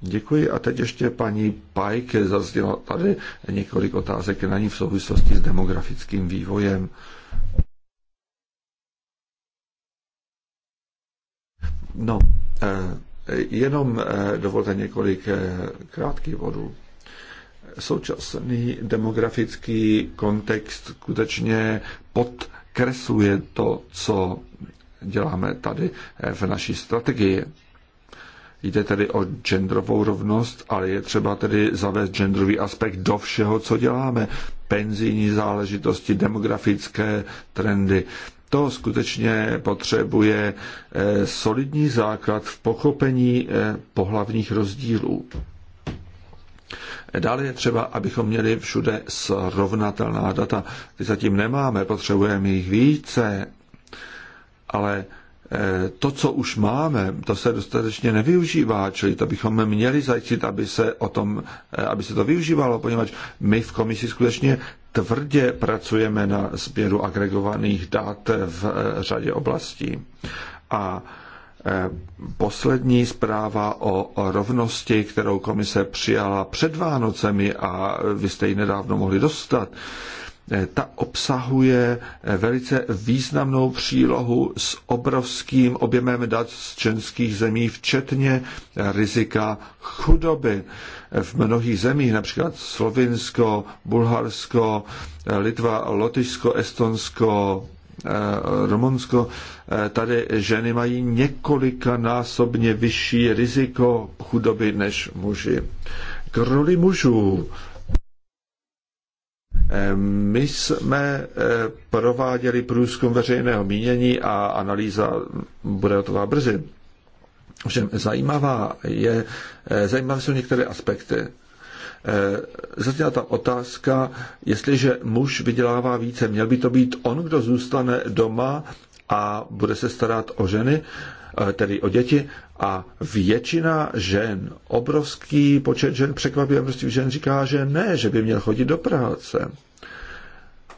Děkuji a teď ještě paní Pajk zazděla tady několik otázek na ní v souvislosti s demografickým vývojem. No, eh, jenom eh, dovolte několik eh, krátkých vodů. Současný demografický kontext skutečně podkresluje to, co děláme tady v naší strategii. Jde tedy o genderovou rovnost, ale je třeba tedy zavést genderový aspekt do všeho, co děláme. Penzijní záležitosti, demografické trendy. To skutečně potřebuje eh, solidní základ v pochopení eh, pohlavních rozdílů. Dále je třeba, abychom měli všude srovnatelná data. Ty zatím nemáme, potřebujeme jich více, ale Eh, to, co už máme, to se dostatečně nevyužívá, čili to bychom měli zajistit, aby se, o tom, eh, aby se to využívalo, poněvadž my v komisi skutečně tvrdě pracujeme na sběru agregovaných dat v eh, řadě oblastí. A poslední zpráva o rovnosti, kterou komise přijala před Vánocemi a vy jste ji nedávno mohli dostat, Eh, ta obsahuje eh, velice významnou přílohu s obrovským objemem dat z členských zemí, včetně eh, rizika chudoby. V mnohých zemích, například Slovinsko, Bulharsko, Litva, Lotyšsko, Estonsko, Rumunsko, tady ženy mají několika násobně vyšší riziko chudoby než muži. K roli mužů Ehm, my jsme eh, prováděli průzkum veřejného mínění a analýza bude hotová brzy. Všem zajímavá je, eh, zajímavé jsou některé aspekty. Eh, zazněla ta otázka, jestliže muž vydělává více, měl by to být on, kdo zůstane doma a bude se starat o ženy, tedy o děti, a většina žen, obrovský počet žen, překvapivé množství žen říká, že ne, že by měl chodit do práce.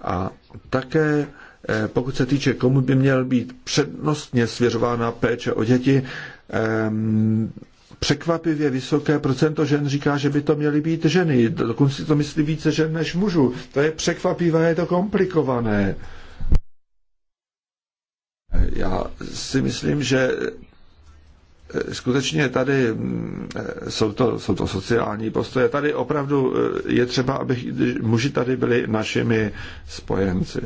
A také eh, pokud se týče, komu by měl být přednostně svěřována péče o děti, ehm, překvapivě vysoké procento žen říká, že by to měly být ženy. Dokonce to myslí více žen než mužů. To je překvapivé, je to komplikované. Já si myslím, že Eh, skutečně tady mm, eh, jsou to, jsou to sociální postoje. Tady opravdu eh, je třeba, aby muži tady byli našimi spojenci.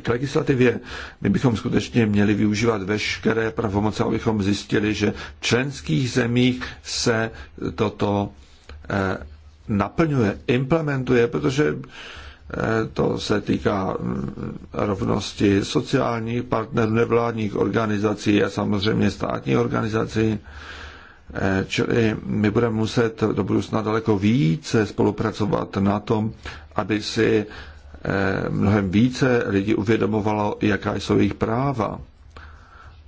K legislativě my bychom skutečně měli využívat veškeré pravomoce, abychom zjistili, že v členských zemích se toto naplňuje, implementuje, protože Eh, to se týká mm, rovnosti sociálních partnerů, nevládních organizací a samozřejmě státní organizací. Eh, čili my budeme muset do budoucna daleko více spolupracovat na tom, aby si eh, mnohem více lidí uvědomovalo, jaká jsou jejich práva.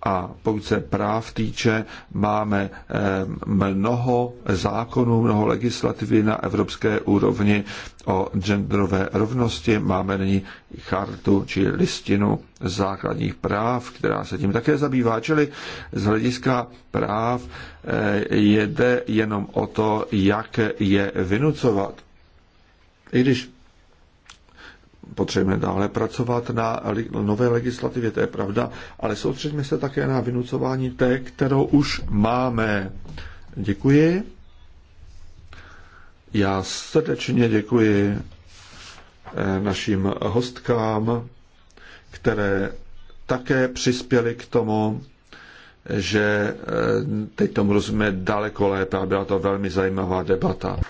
A pokud se práv týče, máme eh, mnoho zákonů, mnoho legislativy na evropské úrovni o genderové rovnosti. Máme nyní chartu či listinu základních práv, která se tím také zabývá. Čili z hlediska práv eh, jde jenom o to, jak je vynucovat. I když potřebujeme dále pracovat na nové legislativě, to je pravda, ale soustředíme se také na vynucování té, kterou už máme. Děkuji. Já srdečně děkuji eh, našim hostkám, které také přispěly k tomu, že eh, teď tomu rozumíme daleko lépe a byla to velmi zajímavá debata.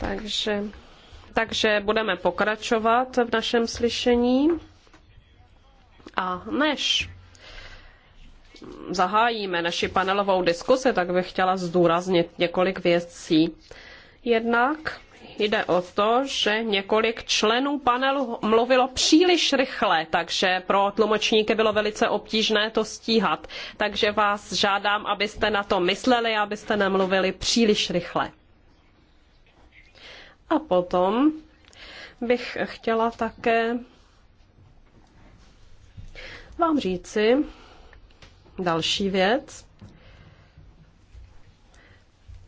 Takže, takže budeme pokračovat v našem slyšení. A než zahájíme naši panelovou diskusi, tak bych chtěla zdůraznit několik věcí. Jednak jde o to, že několik členů panelu mluvilo příliš rychle, takže pro tlumočníky bylo velice obtížné to stíhat. Takže vás žádám, abyste na to mysleli, abyste nemluvili příliš rychle. A potom bych chtěla také vám říci další věc.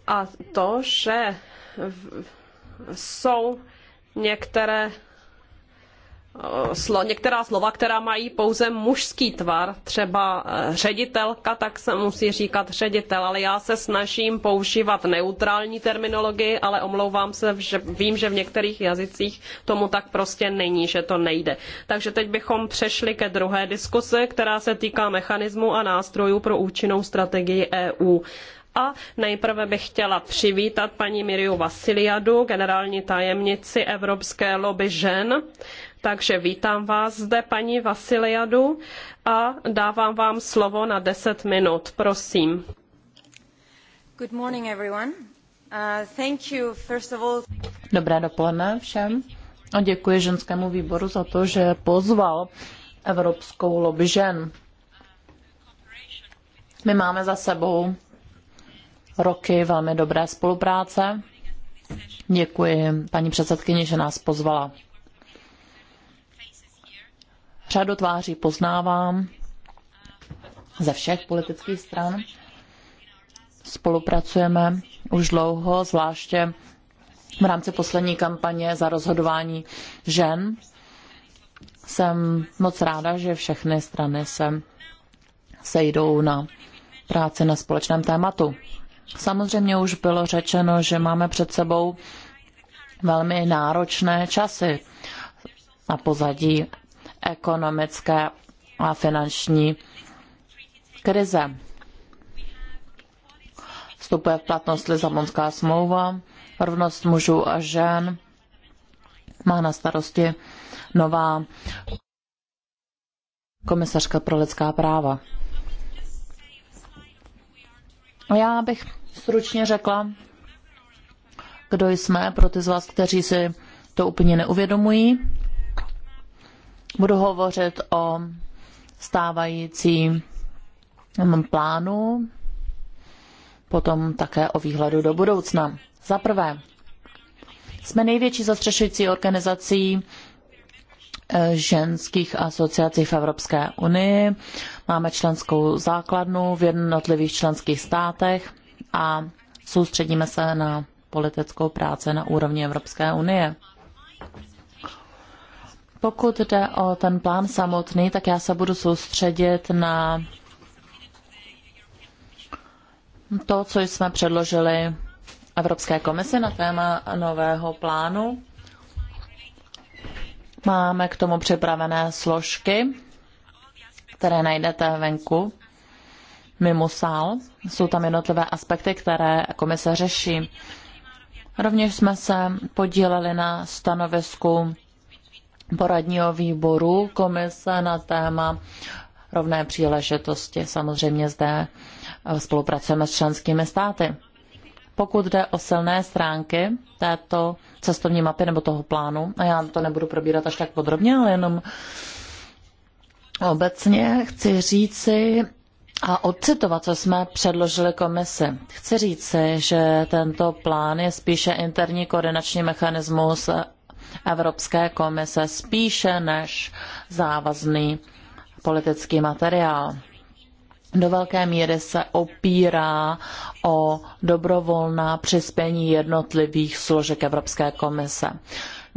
A to, že v jsou některé eh, slo, některá slova, která mají pouze mužský tvar, třeba eh, ředitelka, tak se musí říkat ředitel, ale já se snažím používat neutrální terminologii, ale omlouvám se, že vím, že v některých jazycích tomu tak prostě není, že to nejde. Takže teď bychom přešli ke druhé diskuse, která se týká mechanismu a nástrojů pro účinnou strategii EU. A nejprve bych chtěla přivítat paní Miriu Vasiliadu, generální tajemnici Evropské lobby žen. Takže vítám vás zde, paní Vasiliadu, a dávám vám slovo na 10 minut. Prosím. Good morning, everyone. Uh, thank you, first of all... Dobré dopoledne všem. A děkuji ženskému výboru za to, že pozval Evropskou lobby žen. My máme za sebou roky velmi dobré spolupráce. Děkuji paní předsedkyni, že nás pozvala. Řadu tváří poznávám ze všech politických stran. Spolupracujeme už dlouho, zvláště v rámci poslední kampaně za rozhodování žen. Jsem moc ráda, že všechny strany se sejdou na práci na společném tématu. Samozřejmě už bylo řečeno, že máme před sebou velmi náročné časy na pozadí ekonomické a finanční krize. Vstupuje v platnost Lizabonská smlouva, rovnost mužů a žen, má na starosti nová komisařka pro lidská práva. Já bych stručně řekla, kdo jsme pro ty z vás, kteří si to úplně neuvědomují. Budu hovořit o stávajícím plánu, potom také o výhledu do budoucna. Za prvé, jsme největší zastřešující organizací eh, ženských asociací v Evropské unii. Máme členskou základnu v jednotlivých členských státech a soustředíme se na politickou práci na úrovni Evropské unie. Pokud jde o ten plán samotný, tak já se budu soustředit na to, co jsme předložili Evropské komisi na téma nového plánu. Máme k tomu připravené složky které najdete venku, mimo sál. Jsou tam jednotlivé aspekty, které komise řeší. Rovněž jsme se podíleli na stanovisku poradního výboru komise na téma rovné příležitosti. Samozřejmě zde eh, spolupracujeme s členskými státy. Pokud jde o silné stránky této cestovní mapy nebo toho plánu, a já to nebudu probírat až tak podrobně, ale jenom Obecně chci říci a odcitovat, co jsme předložili komisi. Chci říci, že tento plán je spíše interní koordinační mechanismus Evropské komise spíše než závazný politický materiál. Do velké míry se opírá o dobrovolná přispění jednotlivých složek Evropské komise.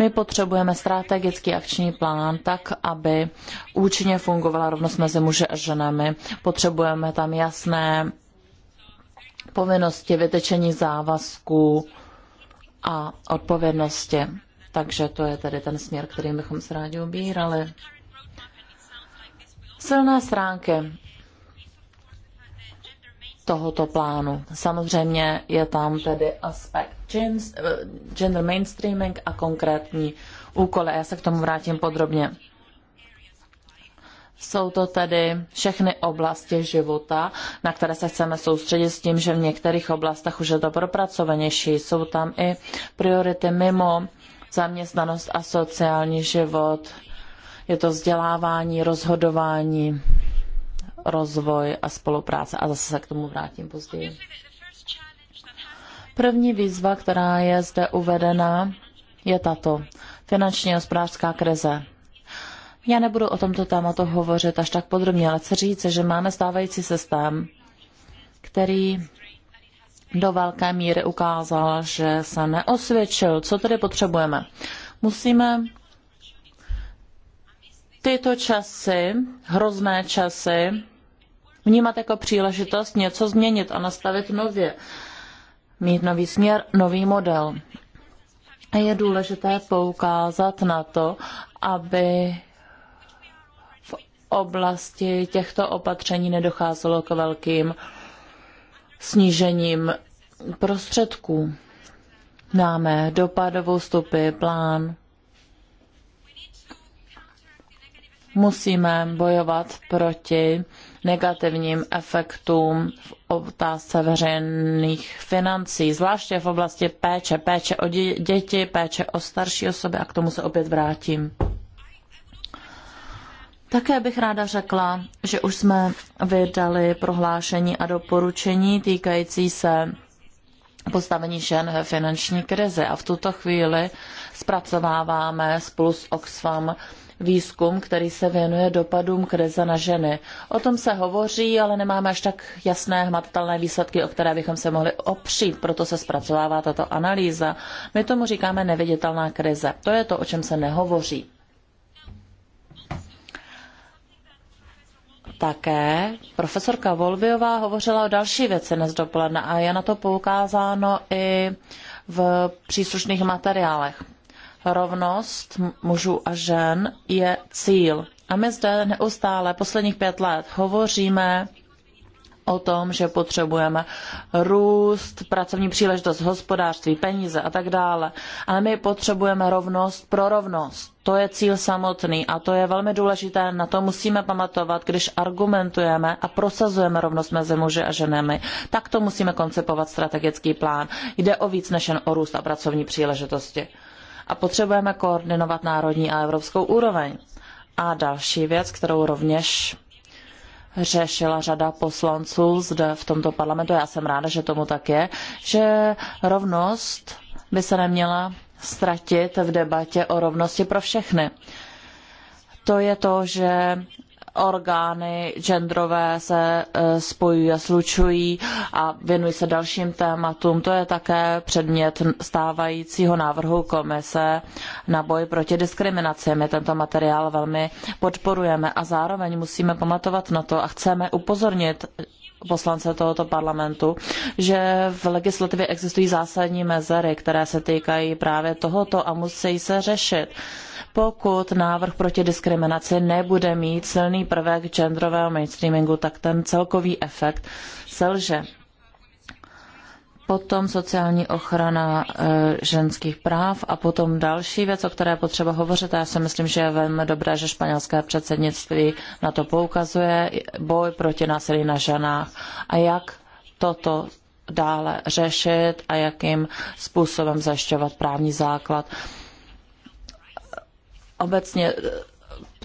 My potřebujeme strategický akční plán tak, aby účinně fungovala rovnost mezi muži a ženami. Potřebujeme tam jasné povinnosti, vytečení závazků a odpovědnosti. Takže to je tedy ten směr, kterým bychom se rádi ubírali. Silné stránky tohoto plánu. Samozřejmě je tam tedy aspekt eh, gender mainstreaming a konkrétní úkoly. Já se k tomu vrátím podrobně. Jsou to tedy všechny oblasti života, na které se chceme soustředit s tím, že v některých oblastech už je to propracovanější. Jsou tam i priority mimo zaměstnanost a sociální život. Je to vzdělávání, rozhodování, rozvoj a spolupráce a zase se k tomu vrátím později. První výzva, která je zde uvedena, je tato. Finanční a hospodářská krize. Já nebudu o tomto tématu hovořit až tak podrobně, ale chci říct, že máme stávající systém, který do velké míry ukázal, že se neosvědčil. Co tedy potřebujeme? Musíme tyto časy, hrozné časy, vnímat jako příležitost něco změnit a nastavit nově, mít nový směr, nový model. A je důležité poukázat na to, aby v oblasti těchto opatření nedocházelo k velkým snížením prostředků. Máme dopadovou stupy, plán. Musíme bojovat proti negativním efektům v otázce veřejných financí, zvláště v oblasti péče, péče o děti, péče o starší osoby a k tomu se opět vrátím. Také bych ráda řekla, že už jsme vydali prohlášení a doporučení týkající se postavení žen ve finanční krizi a v tuto chvíli zpracováváme spolu s Oxfam výzkum, který se věnuje dopadům krize na ženy. O tom se hovoří, ale nemáme až tak jasné hmatatelné výsledky, o které bychom se mohli opřít, proto se zpracovává tato analýza. My tomu říkáme neviditelná krize. To je to, o čem se nehovoří. Také profesorka Volviová hovořila o další věci dnes dopoledne a je na to poukázáno i v příslušných materiálech rovnost mužů a žen je cíl. A my zde neustále posledních pět let hovoříme o tom, že potřebujeme růst, pracovní příležitost, hospodářství, peníze a tak dále. Ale my potřebujeme rovnost pro rovnost. To je cíl samotný a to je velmi důležité. Na to musíme pamatovat, když argumentujeme a prosazujeme rovnost mezi muži a ženami. Tak to musíme koncipovat strategický plán. Jde o víc než jen o růst a pracovní příležitosti a potřebujeme koordinovat národní a evropskou úroveň. A další věc, kterou rovněž řešila řada poslanců zde v tomto parlamentu, já jsem ráda, že tomu tak je, že rovnost by se neměla ztratit v debatě o rovnosti pro všechny. To je to, že orgány genderové se e, spojují a slučují a věnují se dalším tématům. To je také předmět stávajícího návrhu komise na boj proti diskriminaci. My tento materiál velmi podporujeme a zároveň musíme pamatovat na to a chceme upozornit poslance tohoto parlamentu, že v legislativě existují zásadní mezery, které se týkají právě tohoto a musí se řešit. Pokud návrh proti diskriminaci nebude mít silný prvek genderového mainstreamingu, tak ten celkový efekt selže. Potom sociální ochrana eh, ženských práv a potom další věc, o které je potřeba hovořit. A já si myslím, že je velmi dobré, že španělské předsednictví na to poukazuje. Boj proti násilí na ženách a jak toto dále řešit a jakým způsobem zajišťovat právní základ obecně eh,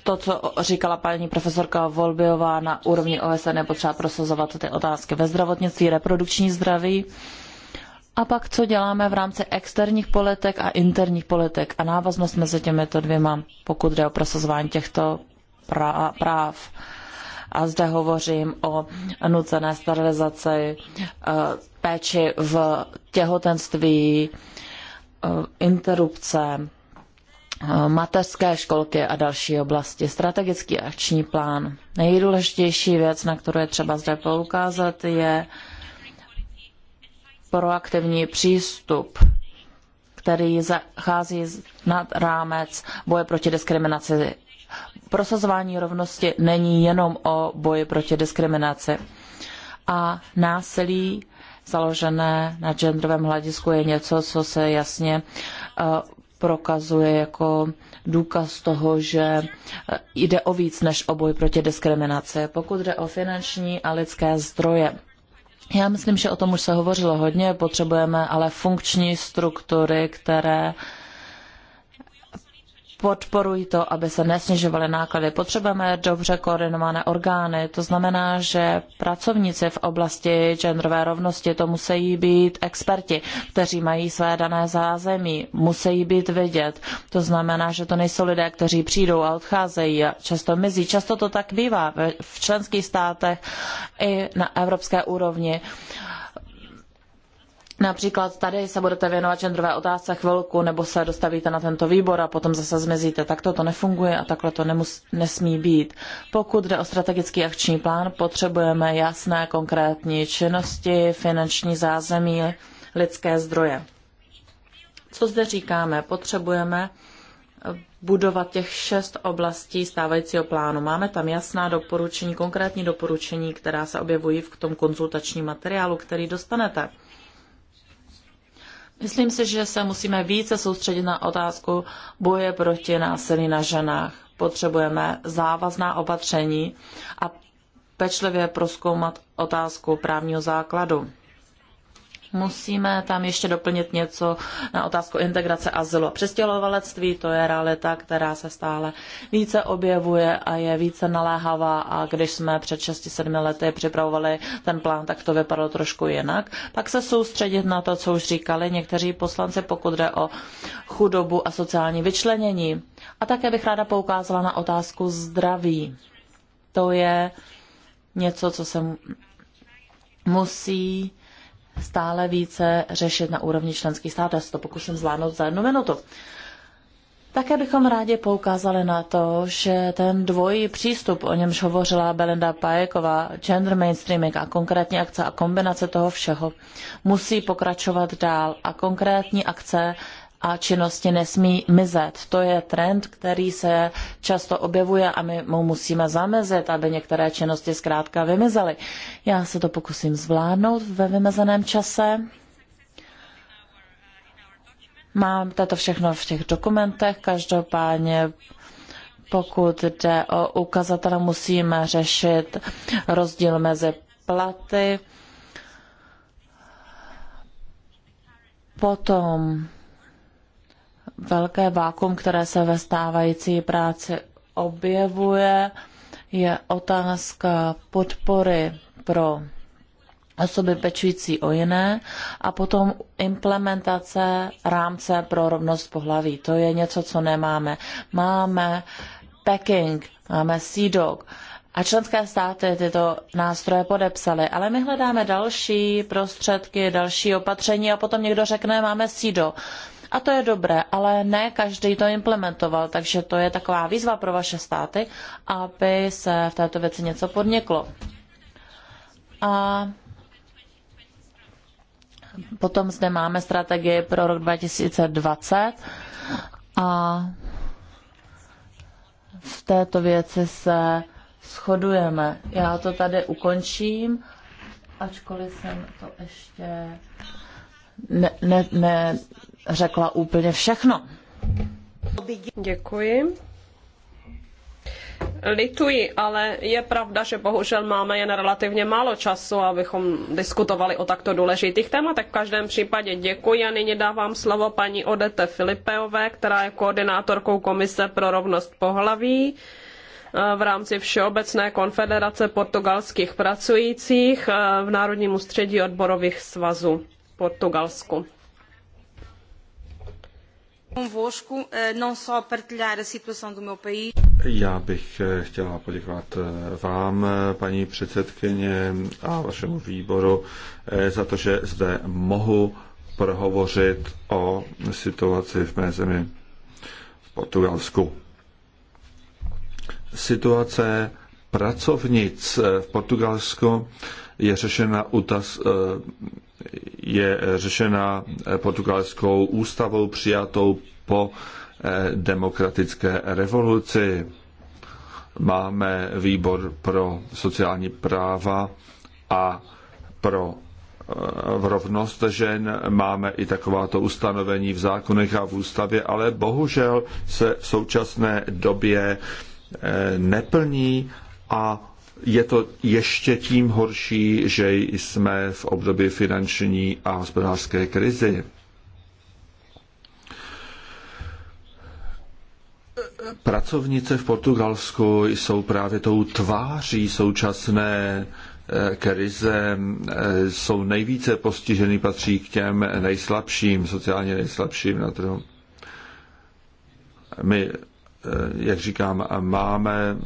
to, co říkala paní profesorka Volbiová na úrovni OSN, je potřeba prosazovat ty otázky ve zdravotnictví, reprodukční zdraví. A pak, co děláme v rámci externích politik a interních politik a návaznost mezi těmito dvěma, pokud jde o prosazování těchto práv. A zde hovořím o nucené sterilizaci, eh, péči v těhotenství, eh, interrupce, Eh, mateřské školky a další oblasti. Strategický akční plán. Nejdůležitější věc, na kterou je třeba zde poukázat, je proaktivní přístup, který zachází nad rámec boje proti diskriminaci. Prosazování rovnosti není jenom o boji proti diskriminaci. A násilí založené na genderovém hledisku je něco, co se jasně eh, prokazuje jako důkaz toho, že e, jde o víc než o boj proti diskriminaci, pokud jde o finanční a lidské zdroje. Já myslím, že o tom už se hovořilo hodně, potřebujeme ale funkční struktury, které podporují to, aby se nesnižovaly náklady. Potřebujeme dobře koordinované orgány, to znamená, že pracovníci v oblasti genderové rovnosti to musí být experti, kteří mají své dané zázemí, musí být vidět. To znamená, že to nejsou lidé, kteří přijdou a odcházejí a často mizí. Často to tak bývá v členských státech i na evropské úrovni. Uh, Například tady se budete věnovat genderové otázce chvilku, nebo se dostavíte na tento výbor a potom zase zmizíte. Takto to nefunguje a takhle to nemus, nesmí být. Pokud jde o strategický akční plán, potřebujeme jasné konkrétní činnosti, finanční zázemí, lidské zdroje. Co zde říkáme? Potřebujeme budovat těch šest oblastí stávajícího plánu. Máme tam jasná doporučení, konkrétní doporučení, která se objevují v tom konzultačním materiálu, který dostanete. Myslím si, že se musíme více soustředit na otázku boje proti násilí na ženách. Potřebujeme závazná opatření a pečlivě proskoumat otázku právního základu musíme tam ještě doplnit něco na otázku integrace azylu a přestěhovalectví. To je realita, která se stále více objevuje a je více naléhavá a když jsme před 6-7 lety připravovali ten plán, tak to vypadalo trošku jinak. Pak se soustředit na to, co už říkali někteří poslanci, pokud jde o chudobu a sociální vyčlenění. A také bych ráda poukázala na otázku zdraví. To je něco, co se musí stále více řešit na úrovni členských států. Já se to pokusím zvládnout za jednu minutu. Také bychom rádi poukázali na to, že ten dvojí přístup, o němž hovořila Belinda Pajeková, gender mainstreaming a konkrétní akce a kombinace toho všeho, musí pokračovat dál a konkrétní akce a činnosti nesmí mizet. To je trend, který se často objevuje a my mu musíme zamezit, aby některé činnosti zkrátka vymizely. Já se to pokusím zvládnout ve vymezeném čase. Mám to všechno v těch dokumentech, každopádně pokud jde o ukazatele, musíme řešit rozdíl mezi platy, potom velké vákum, které se ve stávající práci objevuje, je otázka podpory pro osoby pečující o jiné a potom implementace rámce pro rovnost pohlaví. To je něco, co nemáme. Máme Peking, máme CDOG a členské státy tyto nástroje podepsaly, ale my hledáme další prostředky, další opatření a potom někdo řekne, máme CDO. A to je dobré, ale ne každý to implementoval, takže to je taková výzva pro vaše státy, aby se v této věci něco podniklo. A potom zde máme strategii pro rok 2020 a v této věci se shodujeme. Já to tady ukončím, ačkoliv jsem to ještě ne, ne, ne, řekla úplně všechno. Děkuji. Lituji, ale je pravda, že bohužel máme jen relativně málo času, abychom diskutovali o takto důležitých tématech. V každém případě děkuji a nyní dávám slovo paní Odete Filipeové, která je koordinátorkou Komise pro rovnost pohlaví eh, v rámci Všeobecné konfederace portugalských pracujících eh, v Národním ústředí odborových svazů Portugalsku. Eh, Já bych eh, chtěla poděkovat eh, vám, paní předsedkyně, a vašemu výboru za to, že zde mohu prohovořit o situaci v mé zemi v Portugalsku. Situace pracovnic eh, v Portugalsku je řešena, utaz, eh, je řešena eh, portugalskou ústavou přijatou po demokratické revoluci. Máme výbor pro sociální práva a pro v rovnost žen, máme i takováto ustanovení v zákonech a v ústavě, ale bohužel se v současné době neplní a je to ještě tím horší, že jsme v období finanční a hospodářské krizi. Pracovnice v Portugalsku jsou právě tou tváří současné eh, krize, eh, jsou nejvíce postiženy, patří k těm nejslabším, sociálně nejslabším na trhu. My, eh, jak říkám, máme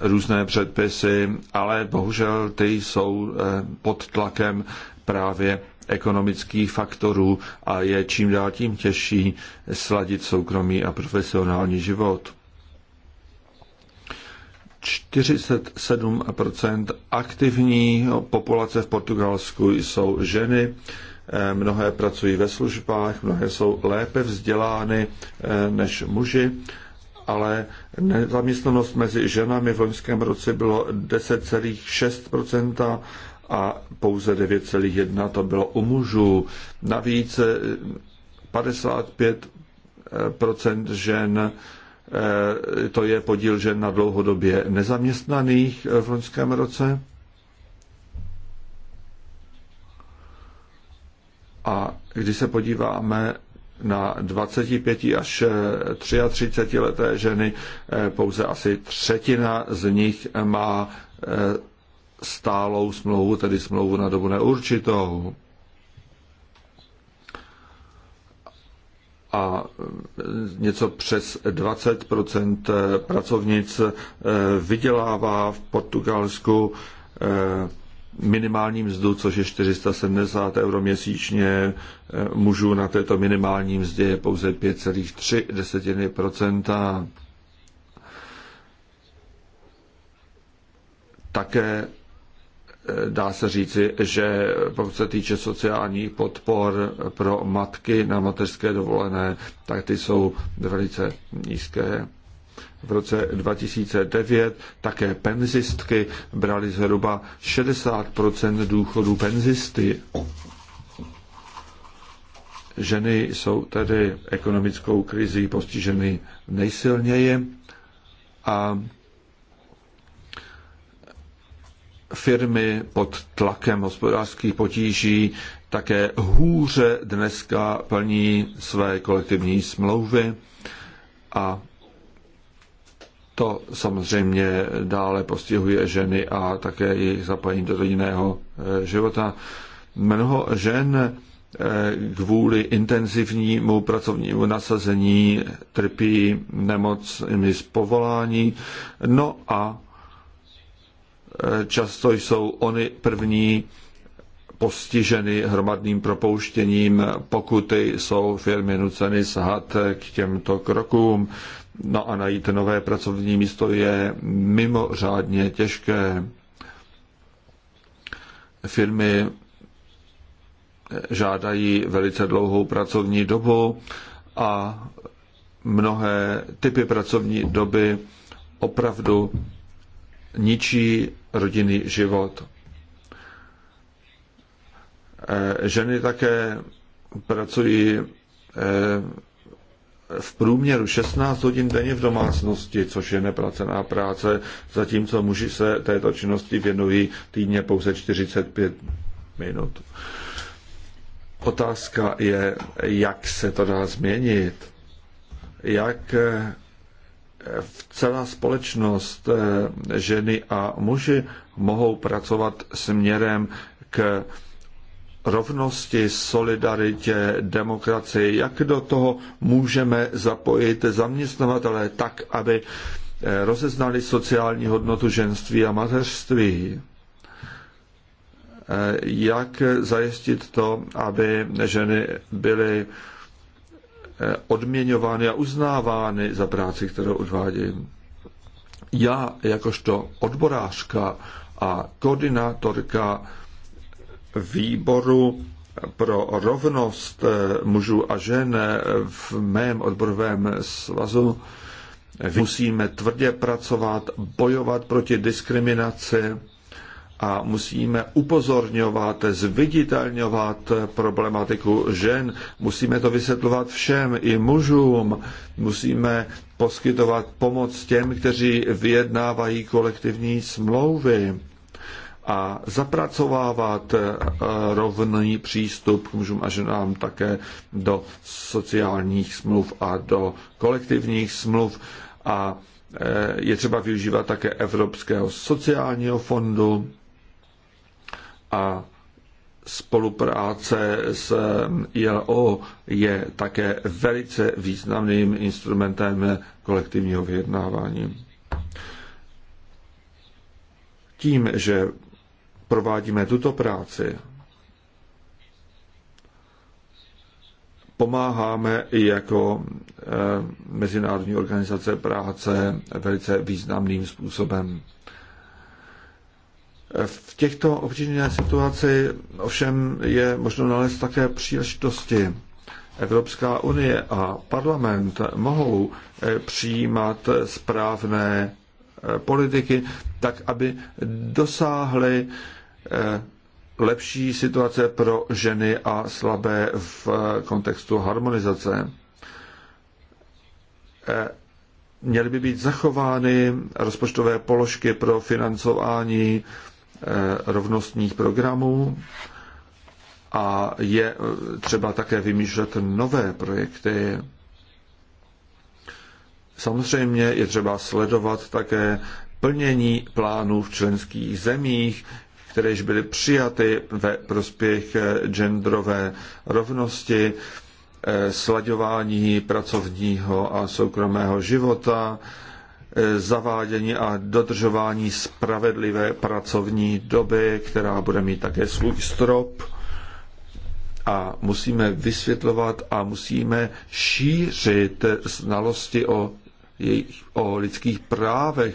různé předpisy, ale bohužel ty jsou eh, pod tlakem právě ekonomických faktorů a je čím dál tím těžší sladit soukromý a profesionální život. 47 aktivní populace v Portugalsku jsou ženy, eh, mnohé pracují ve službách, mnohé jsou lépe vzdělány eh, než muži, ale Nezaměstnanost mezi ženami v loňském roce bylo 10,6% a pouze 9,1% to bylo u mužů. Navíc 55% eh, žen eh, to je podíl žen na dlouhodobě nezaměstnaných eh, v loňském roce. A když se podíváme na 25 až 33 eh, leté ženy eh, pouze asi třetina z nich má eh, stálou smlouvu, tedy smlouvu na dobu neurčitou. a něco přes 20 pracovnic vydělává v Portugalsku minimální mzdu, což je 470 euro měsíčně, eh, mužů na této minimální mzdě je pouze 5,3 Také eh, dá se říci, že pokud se týče sociálních podpor pro matky na mateřské dovolené, tak ty jsou velice nízké v roce 2009 také penzistky brali zhruba 60 důchodu penzisty. Ženy jsou tedy ekonomickou krizí postiženy nejsilněji a firmy pod tlakem hospodářských potíží také hůře dneska plní své kolektivní smlouvy a to samozřejmě dále postihuje ženy a také jejich zapojení do rodinného eh, života. Mnoho žen eh, kvůli intenzivnímu pracovnímu nasazení trpí nemocmi z povolání. No a eh, často jsou oni první postiženy hromadným propouštěním, pokud jsou firmy nuceny sahat k těmto krokům. No a najít nové pracovní místo je mimořádně těžké. Firmy žádají velice dlouhou pracovní dobu a mnohé typy pracovní doby opravdu ničí rodinný život. Eh, ženy také pracují eh, v průměru 16 hodin denně v domácnosti, což je nepracená práce, zatímco muži se této činnosti věnují týdně pouze 45 minut. Otázka je, jak se to dá změnit, jak eh, v celá společnost eh, ženy a muži mohou pracovat směrem k rovnosti, solidaritě, demokracii, jak do toho můžeme zapojit zaměstnavatele tak, aby eh, rozeznali sociální hodnotu ženství a mateřství. Eh, jak zajistit to, aby ženy byly eh, odměňovány a uznávány za práci, kterou odvádějí. Já, jakožto odborářka a koordinátorka výboru pro rovnost eh, mužů a žen eh, v mém odborovém svazu musíme tvrdě pracovat, bojovat proti diskriminaci a musíme upozorňovat, zviditelňovat problematiku žen. Musíme to vysvětlovat všem, i mužům. Musíme poskytovat pomoc těm, kteří vyjednávají kolektivní smlouvy a zapracovávat eh, rovný přístup k mužům a ženám také do sociálních smluv a do kolektivních smluv a eh, je třeba využívat také Evropského sociálního fondu a spolupráce s ILO je také velice významným instrumentem kolektivního vyjednávání. Tím, že provádíme tuto práci, pomáháme i jako e, Mezinárodní organizace práce velice významným způsobem. V těchto obtížné situaci ovšem je možno nalézt také příležitosti. Evropská unie a parlament mohou e, přijímat správné e, politiky tak, aby dosáhly Eh, lepší situace pro ženy a slabé v kontextu harmonizace. Eh, měly by být zachovány rozpočtové položky pro financování eh, rovnostních programů a je třeba také vymýšlet nové projekty. Samozřejmě je třeba sledovat také plnění plánů v členských zemích, které již byly přijaty ve prospěch eh, genderové rovnosti, eh, slaďování pracovního a soukromého života, eh, zavádění a dodržování spravedlivé pracovní doby, která bude mít také svůj strop. A musíme vysvětlovat a musíme šířit znalosti o, jejich, o lidských právech,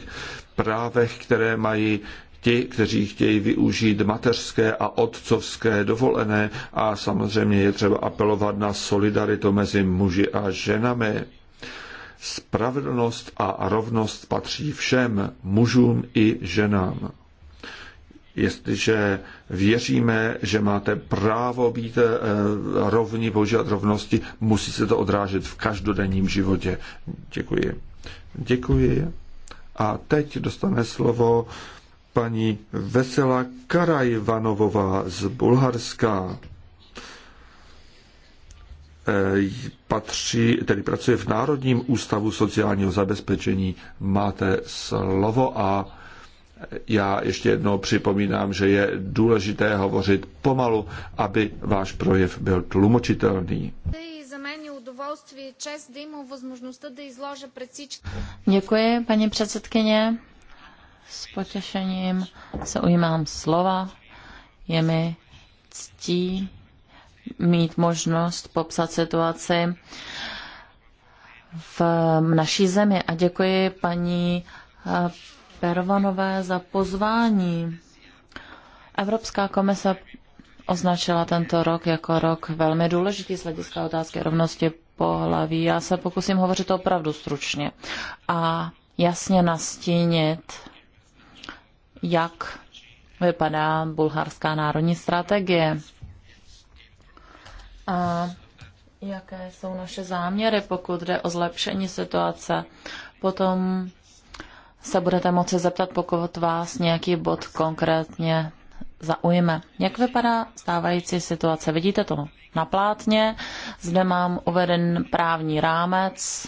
právech, které mají ti, kteří chtějí využít mateřské a otcovské dovolené a samozřejmě je třeba apelovat na solidaritu mezi muži a ženami. Spravedlnost a rovnost patří všem, mužům i ženám. Jestliže věříme, že máte právo být eh, rovní, používat rovnosti, musí se to odrážet v každodenním životě. Děkuji. Děkuji. A teď dostane slovo paní Vesela Karajvanovová z Bulharska. E, patří, tedy pracuje v Národním ústavu sociálního zabezpečení. Máte slovo a já ještě jednou připomínám, že je důležité hovořit pomalu, aby váš projev byl tlumočitelný. Děkuji, paní předsedkyně. S potěšením se ujímám slova. Je mi ctí mít možnost popsat situaci v naší zemi a děkuji paní eh, Pervanové za pozvání. Evropská komise označila tento rok jako rok velmi důležitý z hlediska otázky rovnosti pohlaví. Já se pokusím hovořit opravdu stručně a jasně nastínit jak vypadá bulharská národní strategie a jaké jsou naše záměry, pokud jde o zlepšení situace. Potom se budete moci zeptat, pokud vás nějaký bod konkrétně zaujme. Jak vypadá stávající situace? Vidíte to na plátně. Zde mám uveden právní rámec,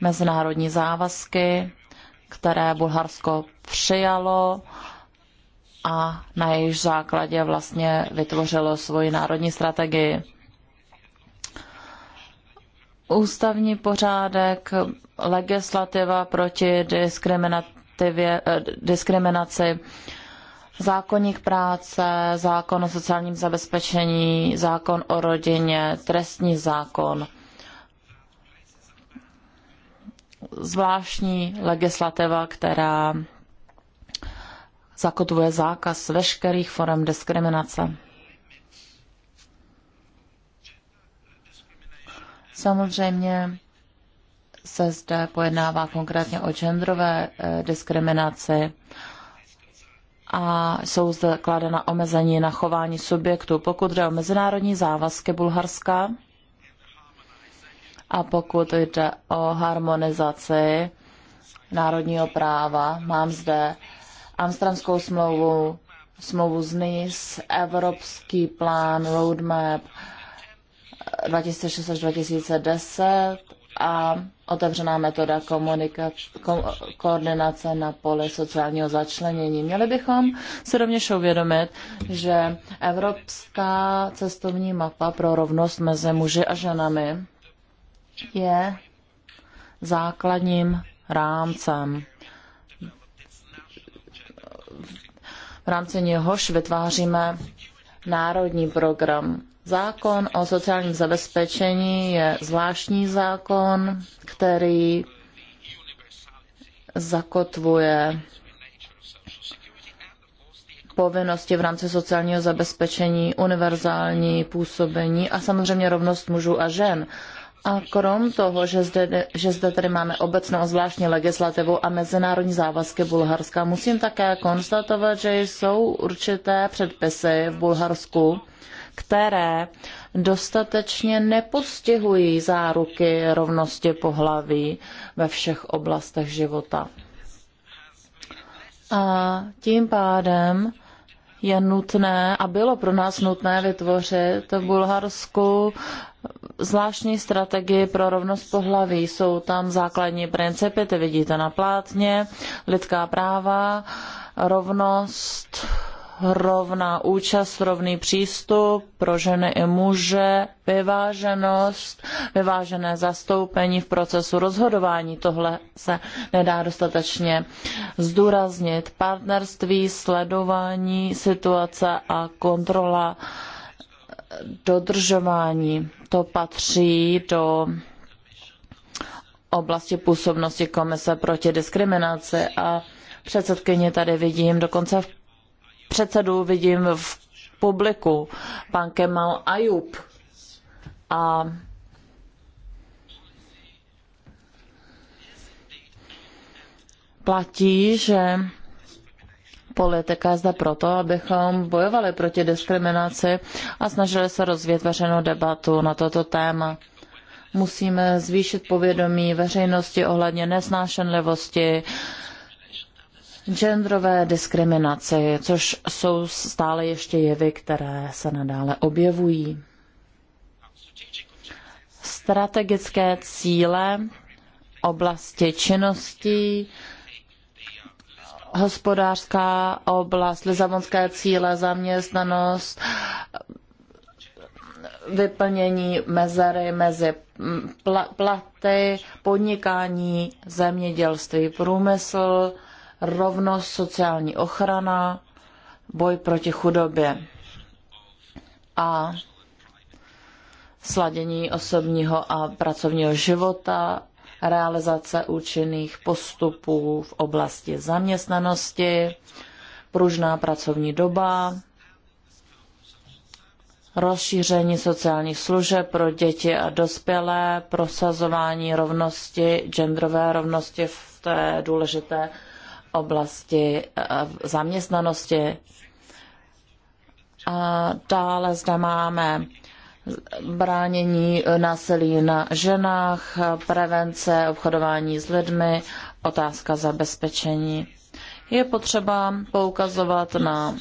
mezinárodní závazky, které Bulharsko přijalo a na jejich základě vlastně vytvořilo svoji národní strategii. Ústavní pořádek, legislativa proti eh, diskriminaci, zákonník práce, zákon o sociálním zabezpečení, zákon o rodině, trestní zákon, zvláštní legislativa, která zakotvuje zákaz veškerých forem diskriminace. Samozřejmě se zde pojednává konkrétně o genderové eh, diskriminaci a jsou zde kladena omezení na chování subjektů. Pokud jde o mezinárodní závazky Bulharska a pokud jde o harmonizaci národního práva, mám zde Amsterdamskou smlouvu, smlouvu z NIS, Evropský plán Roadmap eh, 2006 až 2010 a otevřená metoda ko, koordinace na poli sociálního začlenění. Měli bychom se rovněž uvědomit, že Evropská cestovní mapa pro rovnost mezi muži a ženami je základním rámcem v rámci něhož vytváříme národní program. Zákon o sociálním zabezpečení je zvláštní zákon, který zakotvuje povinnosti v rámci sociálního zabezpečení, univerzální působení a samozřejmě rovnost mužů a žen. A krom toho, že zde, že zde tady máme obecnou a zvláštní legislativu a mezinárodní závazky Bulharska, musím také konstatovat, že jsou určité předpisy v Bulharsku, které dostatečně nepostihují záruky rovnosti pohlaví ve všech oblastech života. A tím pádem je nutné a bylo pro nás nutné vytvořit v Bulharsku zvláštní strategii pro rovnost pohlaví. Jsou tam základní principy, ty vidíte na plátně, lidská práva, rovnost, rovná účast, rovný přístup pro ženy i muže, vyváženost, vyvážené zastoupení v procesu rozhodování. Tohle se nedá dostatečně zdůraznit. Partnerství, sledování situace a kontrola dodržování. To patří do oblasti působnosti Komise proti diskriminaci a předsedkyni tady vidím, dokonce v předsedu vidím v publiku, pan Kemal Ayub. A platí, že politika zde proto, abychom bojovali proti diskriminaci a snažili se rozvíjet veřejnou debatu na toto téma. Musíme zvýšit povědomí veřejnosti ohledně nesnášenlivosti, genderové diskriminaci, což jsou stále ještě jevy, které se nadále objevují. Strategické cíle oblasti činností hospodářská oblast, Lizabonské cíle, zaměstnanost, vyplnění mezery mezi platy, podnikání, zemědělství, průmysl, rovnost, sociální ochrana, boj proti chudobě a sladění osobního a pracovního života realizace účinných postupů v oblasti zaměstnanosti, pružná pracovní doba, rozšíření sociálních služeb pro děti a dospělé, prosazování rovnosti, genderové rovnosti v té důležité oblasti eh, zaměstnanosti. A dále zde máme bránění e, násilí na ženách, prevence obchodování s lidmi, otázka zabezpečení. Je potřeba poukazovat na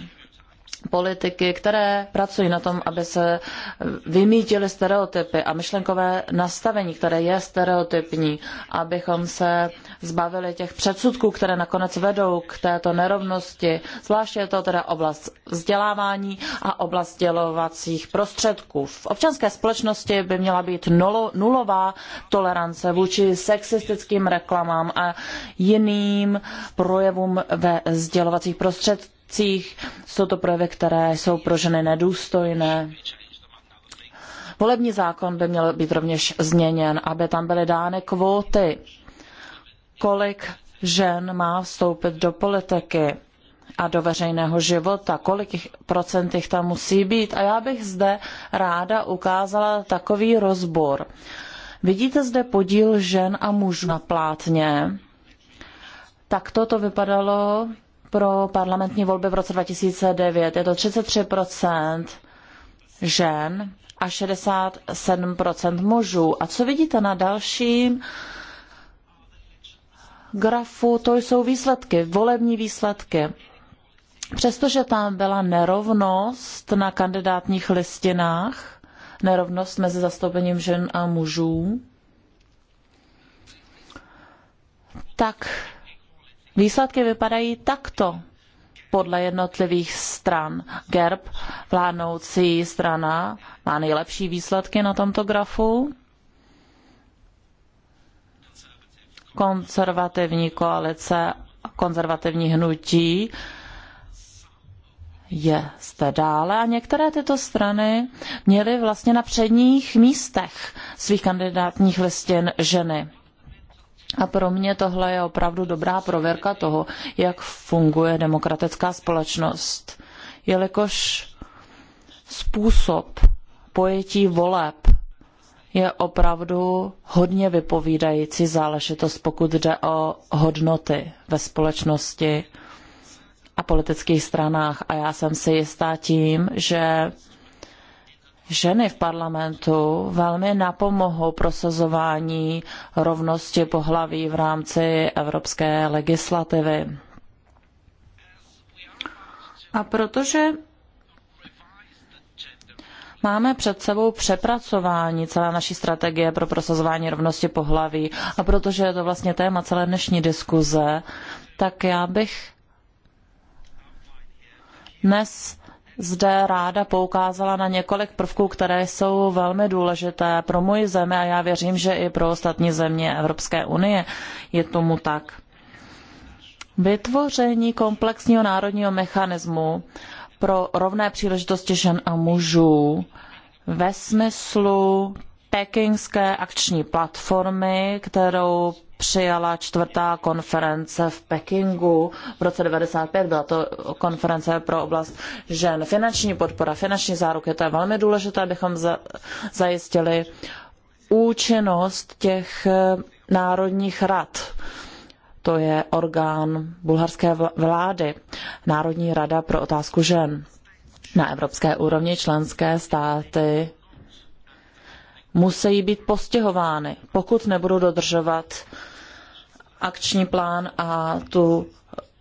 politiky, které pracují na tom, aby se vymítily stereotypy a myšlenkové nastavení, které je stereotypní, abychom se zbavili těch předsudků, které nakonec vedou k této nerovnosti. Zvláště je to teda oblast vzdělávání a oblast sdělovacích prostředků. V občanské společnosti by měla být nulová tolerance vůči sexistickým reklamám a jiným projevům ve sdělovacích prostředcích obcích. Jsou to projevy, které jsou pro ženy nedůstojné. Volební zákon by měl být rovněž změněn, aby tam byly dány kvóty, kolik žen má vstoupit do politiky a do veřejného života, kolik procent jich tam musí být. A já bych zde ráda ukázala takový rozbor. Vidíte zde podíl žen a mužů na plátně. Tak toto vypadalo pro parlamentní volby v roce 2009. Je to 33% žen a 67% mužů. A co vidíte na dalším grafu, to jsou výsledky, volební výsledky. Přestože tam byla nerovnost na kandidátních listinách, nerovnost mezi zastoupením žen a mužů, tak Výsledky vypadají takto podle jednotlivých stran. GERB, vládnoucí strana, má nejlepší výsledky na tomto grafu. Konzervativní koalice a konzervativní hnutí je zde dále a některé tyto strany měly vlastně na předních místech svých kandidátních listin ženy. A pro mě tohle je opravdu dobrá prověrka toho, jak funguje demokratická společnost. Jelikož způsob pojetí voleb je opravdu hodně vypovídající záležitost, pokud jde o hodnoty ve společnosti a politických stranách. A já jsem si jistá tím, že ženy v parlamentu velmi napomohou prosazování rovnosti pohlaví v rámci evropské legislativy. A protože máme před sebou přepracování celé naší strategie pro prosazování rovnosti pohlaví a protože je to vlastně téma celé dnešní diskuze, tak já bych dnes zde ráda poukázala na několik prvků, které jsou velmi důležité pro moji zemi a já věřím, že i pro ostatní země Evropské unie je tomu tak. Vytvoření komplexního národního mechanismu pro rovné příležitosti žen a mužů ve smyslu pekingské akční platformy, kterou přijala čtvrtá konference v Pekingu v roce 95. Byla to konference pro oblast žen. Finanční podpora, finanční záruky, to je velmi důležité, abychom za, zajistili účinnost těch eh, národních rad. To je orgán bulharské vlády, Národní rada pro otázku žen. Na evropské úrovni členské státy musí být postihovány, pokud nebudou dodržovat akční plán a tu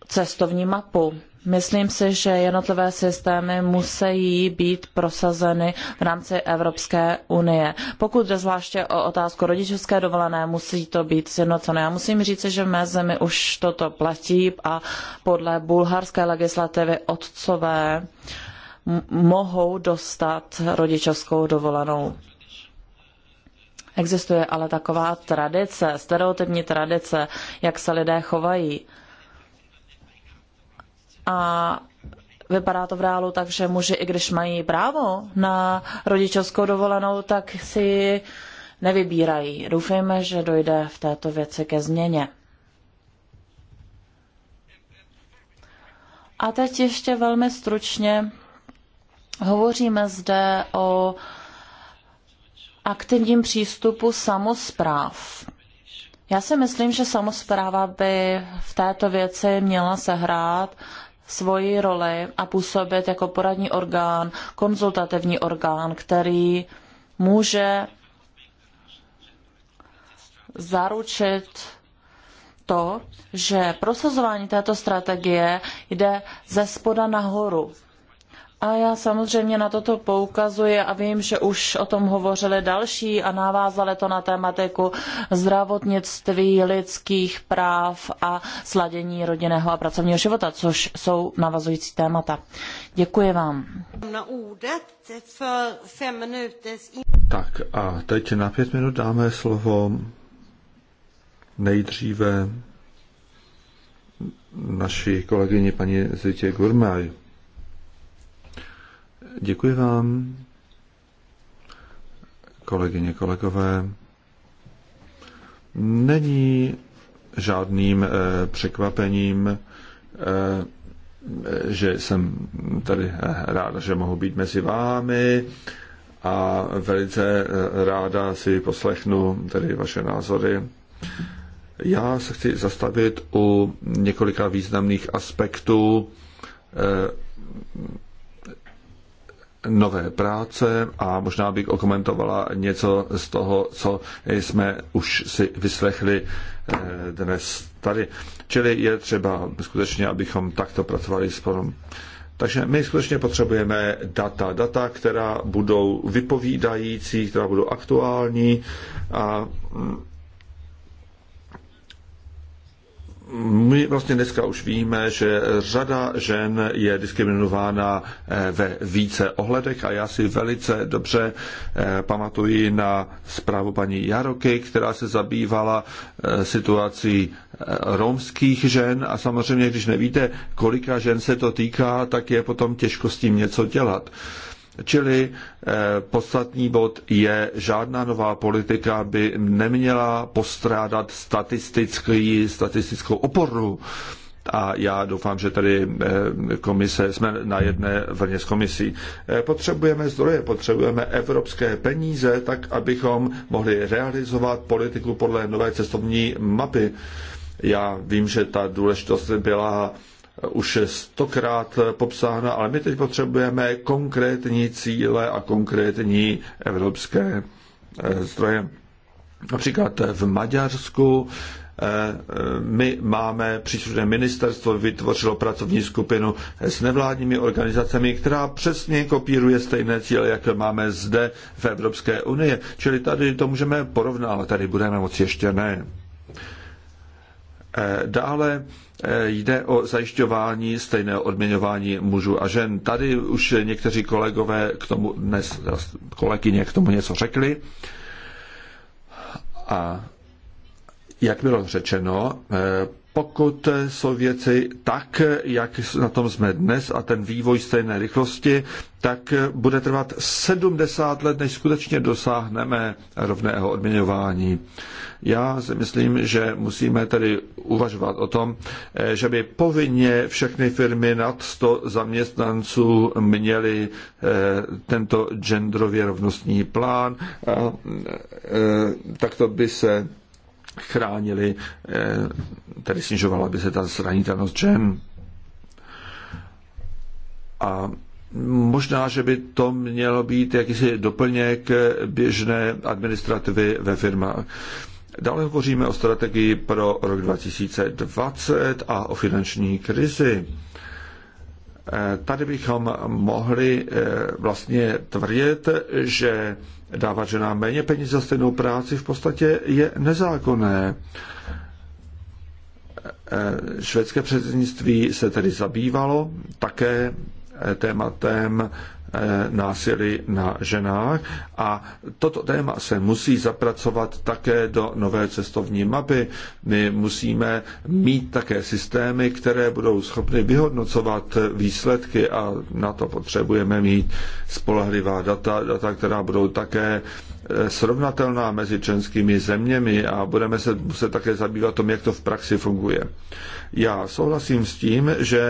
cestovní mapu. Myslím si, že jednotlivé systémy musí být prosazeny v rámci Evropské unie. Pokud jde zvláště o otázku rodičovské dovolené, musí to být sjednoceno. Já musím říct, že v mé zemi už toto platí a podle bulharské legislativy otcové mohou dostat rodičovskou dovolenou. Existuje ale taková tradice, stereotypní tradice, jak se lidé chovají. A vypadá to v reálu tak, že muži, i když mají právo na rodičovskou dovolenou, tak si nevybírají. Doufejme, že dojde v této věci ke změně. A teď ještě velmi stručně hovoříme zde o uh, aktivním přístupu samozpráv. Já si myslím, že samozpráva by v této věci měla sehrát svoji roli a působit jako poradní orgán, konzultativní orgán, který může zaručit to, že prosazování této strategie jde ze spoda nahoru, a já samozřejmě na toto poukazuji a vím, že už o tom hovořili další a navázali to na tématiku zdravotnictví, lidských práv a sladění rodinného a pracovního života, což jsou navazující témata. Děkuji vám. Tak a teď na pět minut dáme slovo nejdříve naší kolegyni paní Zitě Gurmaj. Děkuji vám, kolegyně, kolegové. Není žádným eh, překvapením, eh, že jsem tady eh, ráda, že mohu být mezi vámi a velice eh, ráda si poslechnu tady vaše názory. Já se chci zastavit u několika významných aspektů eh, nové práce a možná bych okomentovala něco z toho, co jsme už si vyslechli eh, dnes tady. Čili je třeba skutečně, abychom takto pracovali spolu. Takže my skutečně potřebujeme data. Data, která budou vypovídající, která budou aktuální a mm, my vlastně dneska už víme, že řada žen je diskriminována eh, ve více ohledech a já si velice dobře eh, pamatuji na zprávu paní Jaroky, která se zabývala eh, situací romských žen a samozřejmě, když nevíte, kolika žen se to týká, tak je potom těžko s tím něco dělat. Čili eh, podstatný bod je, žádná nová politika by neměla postrádat statistický, statistickou oporu. A já doufám, že tady eh, komise, jsme na jedné vlně s komisí. Eh, potřebujeme zdroje, potřebujeme evropské peníze, tak abychom mohli realizovat politiku podle nové cestovní mapy. Já vím, že ta důležitost byla už je stokrát popsána, ale my teď potřebujeme konkrétní cíle a konkrétní evropské eh, zdroje. Například v Maďarsku eh, my máme příslušné ministerstvo, vytvořilo pracovní skupinu s nevládními organizacemi, která přesně kopíruje stejné cíle, jaké máme zde v Evropské unii. Čili tady to můžeme porovnávat, tady budeme moci ještě ne. Eh, dále eh, jde o zajišťování stejného odměňování mužů a žen. Tady už někteří kolegové k tomu dnes, kolegyně k tomu něco řekli. A jak bylo řečeno, eh, pokud jsou věci tak, jak na tom jsme dnes a ten vývoj stejné rychlosti, tak bude trvat 70 let, než skutečně dosáhneme rovného odměňování. Já si myslím, že musíme tedy uvažovat o tom, že by povinně všechny firmy nad 100 zaměstnanců měly eh, tento genderově rovnostní plán. Eh, tak to by se chránili, eh, tedy snižovala by se ta zranitelnost žen. A možná, že by to mělo být jakýsi doplněk běžné administrativy ve firmách. Dále hovoříme o strategii pro rok 2020 a o finanční krizi. Eh, tady bychom mohli eh, vlastně tvrdit, že dávat ženám méně peněz za stejnou práci v podstatě je nezákonné. Švédské předsednictví se tedy zabývalo také tématem Eh, násilí na ženách a toto téma se musí zapracovat také do nové cestovní mapy. My musíme mít také systémy, které budou schopny vyhodnocovat výsledky a na to potřebujeme mít spolehlivá data, data, která budou také Eh, srovnatelná mezi členskými zeměmi a budeme se muset také zabývat tom, jak to v praxi funguje. Já souhlasím s tím, že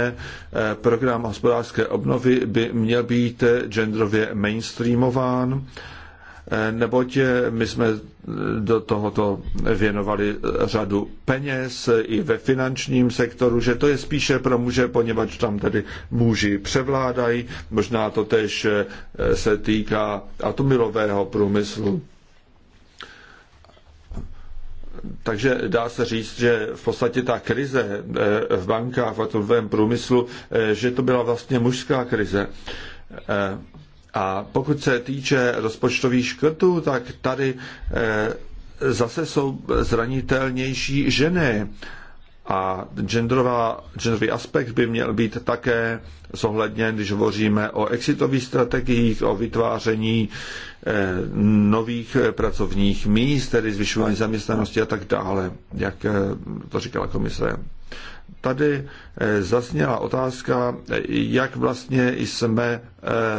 eh, program hospodářské obnovy by měl být eh, genderově mainstreamován neboť my jsme do tohoto věnovali řadu peněz i ve finančním sektoru, že to je spíše pro muže, poněvadž tam tedy muži převládají. Možná to tež eh, se týká atomilového průmyslu. Takže dá se říct, že v podstatě ta krize eh, v bankách, v atomovém průmyslu, eh, že to byla vlastně mužská krize a pokud se týče rozpočtových škrtů, tak tady eh, zase jsou zranitelnější ženy a genderová, genderový aspekt by měl být také zohledněn, když hovoříme o exitových strategiích, o vytváření eh, nových pracovních míst, tedy zvyšování zaměstnanosti a tak dále, jak eh, to říkala komise. Tady eh, zasněla otázka, jak vlastně jsme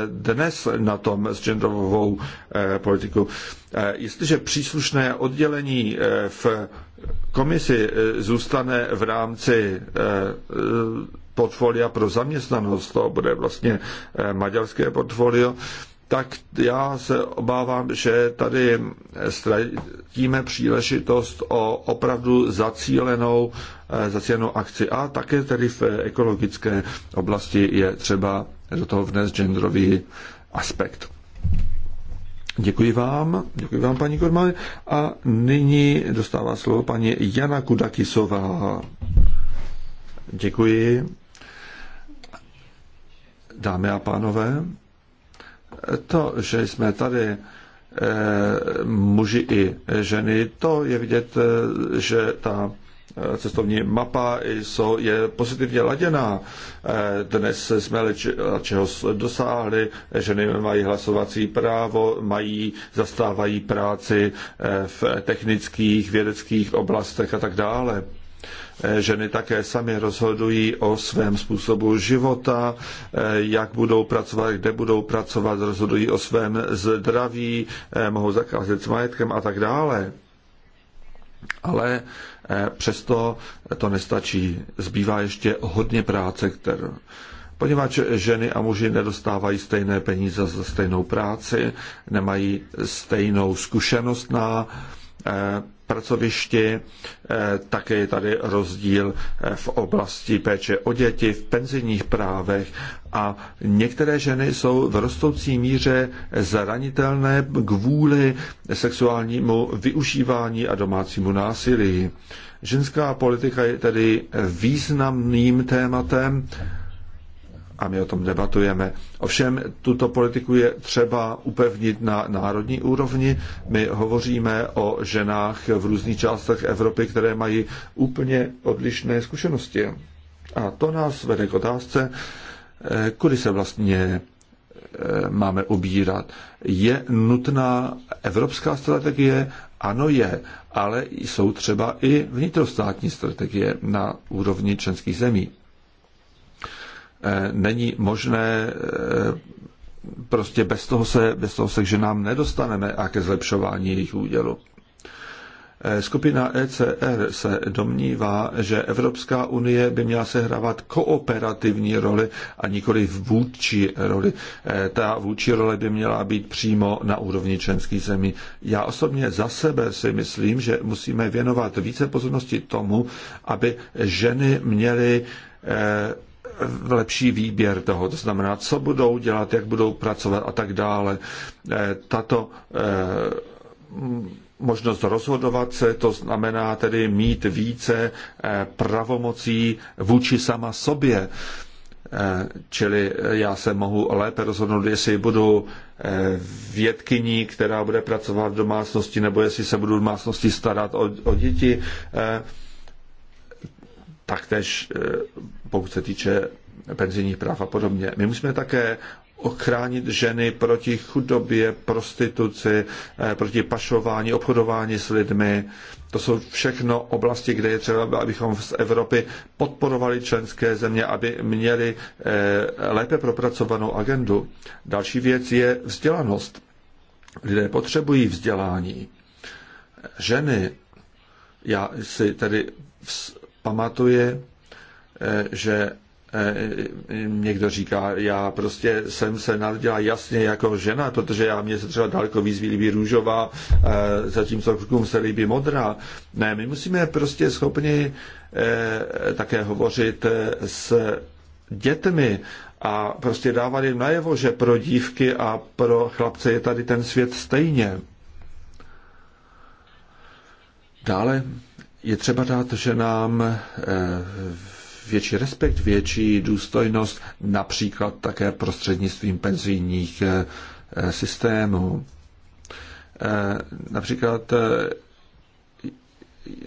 dnes na tom s genderovou politikou. Jestliže příslušné oddělení v komisi eh, zůstane v rámci eh, portfolia pro zaměstnanost, to bude vlastně eh, maďarské portfolio, tak já se obávám, že tady ztratíme příležitost o opravdu zacílenou, zacílenou akci. A také tedy v ekologické oblasti je třeba do toho vnést genderový aspekt. Děkuji vám, děkuji vám, paní Kormany. A nyní dostává slovo paní Jana Kudakisová. Děkuji. Dámy a pánové, to, že jsme tady eh, muži i ženy, to je vidět, eh, že ta Eh, cestovní mapa jsou, je pozitivně laděná. Eh, dnes jsme čeho dosáhli, eh, ženy mají hlasovací právo, mají, zastávají práci v technických, vědeckých oblastech a tak dále. Ženy také sami rozhodují o svém způsobu života, jak budou pracovat, kde budou pracovat, rozhodují o svém zdraví, mohou zakázat s majetkem a tak dále. Ale Eh, přesto to nestačí. Zbývá ještě hodně práce, kterou poněvadž ženy a muži nedostávají stejné peníze za stejnou práci, nemají stejnou zkušenost na eh, pracovišti, eh, také je tady rozdíl eh, v oblasti péče o děti, v penzijních právech a některé ženy jsou v rostoucí míře zranitelné kvůli sexuálnímu využívání a domácímu násilí. Ženská politika je tedy významným tématem a my o tom debatujeme. Ovšem, tuto politiku je třeba upevnit na národní úrovni. My hovoříme o ženách v různých částech Evropy, které mají úplně odlišné zkušenosti. A to nás vede k otázce, eh, kudy se vlastně eh, máme ubírat. Je nutná evropská strategie? Ano je, ale jsou třeba i vnitrostátní strategie na úrovni členských zemí. Eh, není možné eh, prostě bez toho se, bez toho se k ženám nedostaneme a ke zlepšování jejich údělu. Eh, skupina ECR se domnívá, že Evropská unie by měla sehrávat kooperativní roli a nikoli vůdčí roli. Ta vůdčí role by měla být přímo na úrovni členských zemí. Já osobně za sebe si myslím, že musíme věnovat více pozornosti tomu, aby ženy měly lepší výběr toho, to znamená, co budou dělat, jak budou pracovat a tak dále. Eh, tato eh, možnost rozhodovat se, to znamená tedy mít více eh, pravomocí vůči sama sobě. Čili já se mohu lépe rozhodnout, jestli budu vědkyní, která bude pracovat v domácnosti, nebo jestli se budu v domácnosti starat o, o děti taktéž eh, pokud se týče penzijních práv a podobně. My musíme také ochránit ženy proti chudobě, prostituci, eh, proti pašování, obchodování s lidmi. To jsou všechno oblasti, kde je třeba, abychom z Evropy podporovali členské země, aby měli eh, lépe propracovanou agendu. Další věc je vzdělanost. Lidé potřebují vzdělání. Ženy, já si tedy pamatuje, eh, že eh, někdo říká, já prostě jsem se narodila jasně jako žena, protože já mě se třeba daleko víc líbí růžová, eh, zatímco klukům se líbí modrá. Ne, my musíme prostě schopni také hovořit s dětmi a prostě dávat jim najevo, že pro dívky a pro chlapce je tady ten svět stejně. Dále je třeba dát ženám eh, větší respekt, větší důstojnost, například také prostřednictvím penzijních eh, systémů. Eh, například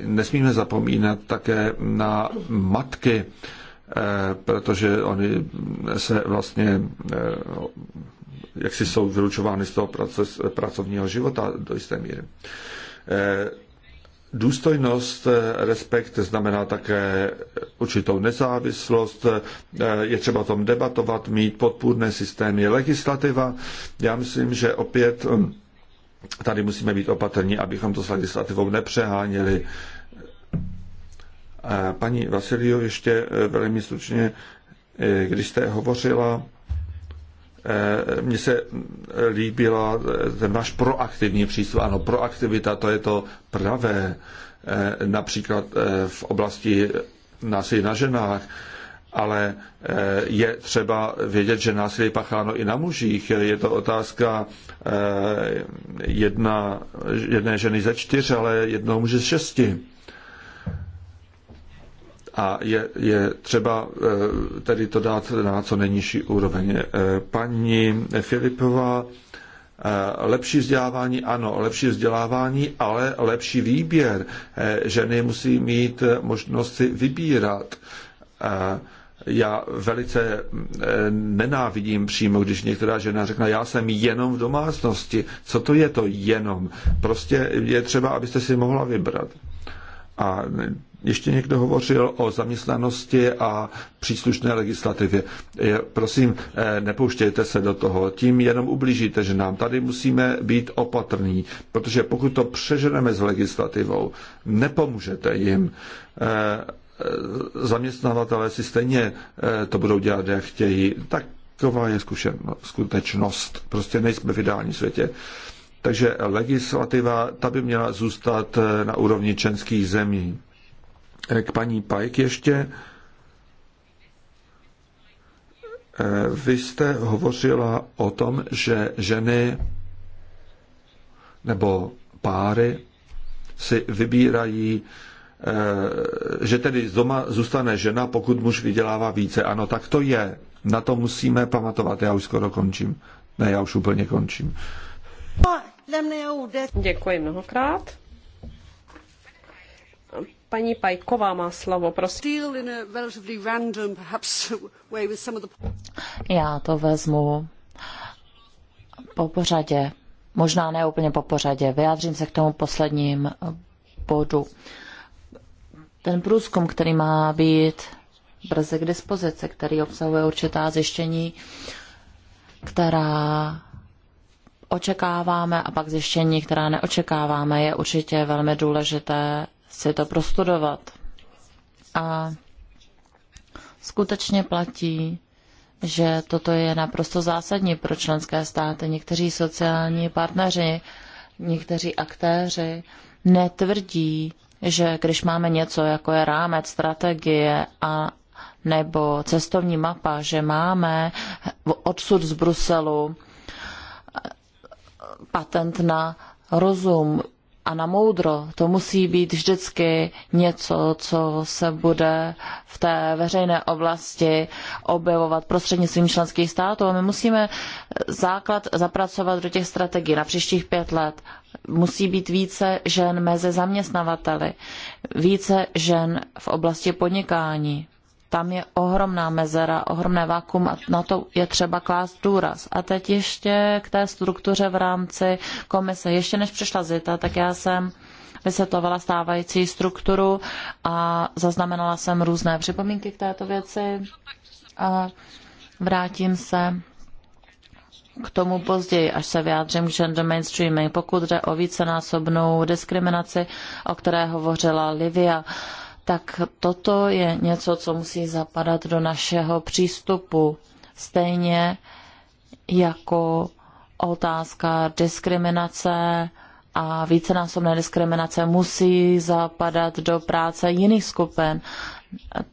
nesmíme zapomínat také na matky, protože oni se vlastně jak si jsou vylučovány z toho proces, pracovního života do jisté míry. Důstojnost, eh, respekt znamená také určitou nezávislost, eh, je třeba o tom debatovat, mít podpůrné systémy, legislativa. Já myslím, že opět hm, tady musíme být opatrní, abychom to s legislativou nepřeháněli. Paní Vasilio, ještě eh, velmi stručně, když jste hovořila Eh, mně se eh, líbila eh, ten váš proaktivní přístup. Ano, proaktivita, to je to pravé, například v oblasti násilí na ženách, ale je třeba vědět, že násilí je pacháno i na mužích. Je to otázka jedna, jedné ženy ze čtyř, ale jednoho muže z šesti a je, je třeba eh, tedy to dát na co nejnižší úroveň. Eh, paní Filipová, eh, lepší vzdělávání, ano, lepší vzdělávání, ale lepší výběr. Ženy musí mít možnost si vybírat. Já velice nenávidím přímo, když některá žena řekne, já jsem jenom v domácnosti. Co to je to jenom? Prostě je třeba, abyste si mohla vybrat. A ještě někdo hovořil o zaměstnanosti a příslušné legislativě. Prosím, eh, nepouštějte se do toho. Tím jenom ublížíte, že nám tady musíme být opatrní, protože pokud to přeženeme s legislativou, nepomůžete jim. Eh, eh, zaměstnavatelé si stejně to budou dělat, jak chtějí. Taková je skutečnost. Prostě nejsme v ideálním světě. Takže legislativa, ta by měla zůstat na úrovni členských zemí Eh, k paní Pajk ještě. Eh, vy jste hovořila o tom, že ženy nebo páry si vybírají, eh, že tedy z doma zůstane žena, pokud muž vydělává více. Ano, tak to je. Na to musíme pamatovat. Já už skoro končím. Ne, já už úplně končím. Děkuji mnohokrát. Paní Pajková má slovo, prosím. Já to vezmu po pořadě. Možná ne úplně po pořadě. Vyjádřím se k tomu posledním bodu. Ten průzkum, který má být brzy k dispozici, který obsahuje určitá zjištění, která očekáváme a pak zjištění, která neočekáváme, je určitě velmi důležité si to prostudovat. A skutečně platí, že toto je naprosto zásadní pro členské státy. Někteří sociální partneři, někteří aktéři netvrdí, že když máme něco, jako je rámec, strategie a nebo cestovní mapa, že máme odsud z Bruselu patent na rozum a na moudro. To musí být vždycky něco, co se bude v té veřejné oblasti objevovat prostřednictvím členských států. A my musíme základ zapracovat do těch strategií na příštích pět let. Musí být více žen mezi zaměstnavateli, více žen v oblasti podnikání, tam je ohromná mezera, ohromné vakuum a na to je třeba klást důraz. A teď ještě k té struktuře v rámci komise. Ještě než přišla Zita, tak já jsem vysvětlovala stávající strukturu a zaznamenala jsem různé připomínky k této věci a vrátím se k tomu později, až se vyjádřím k gender mainstreaming, pokud jde o vícenásobnou diskriminaci, o které hovořila Livia. Uh, tak toto je něco, co musí zapadat do našeho přístupu. Stejně jako otázka diskriminace a vícenásobné diskriminace musí zapadat do práce jiných skupin.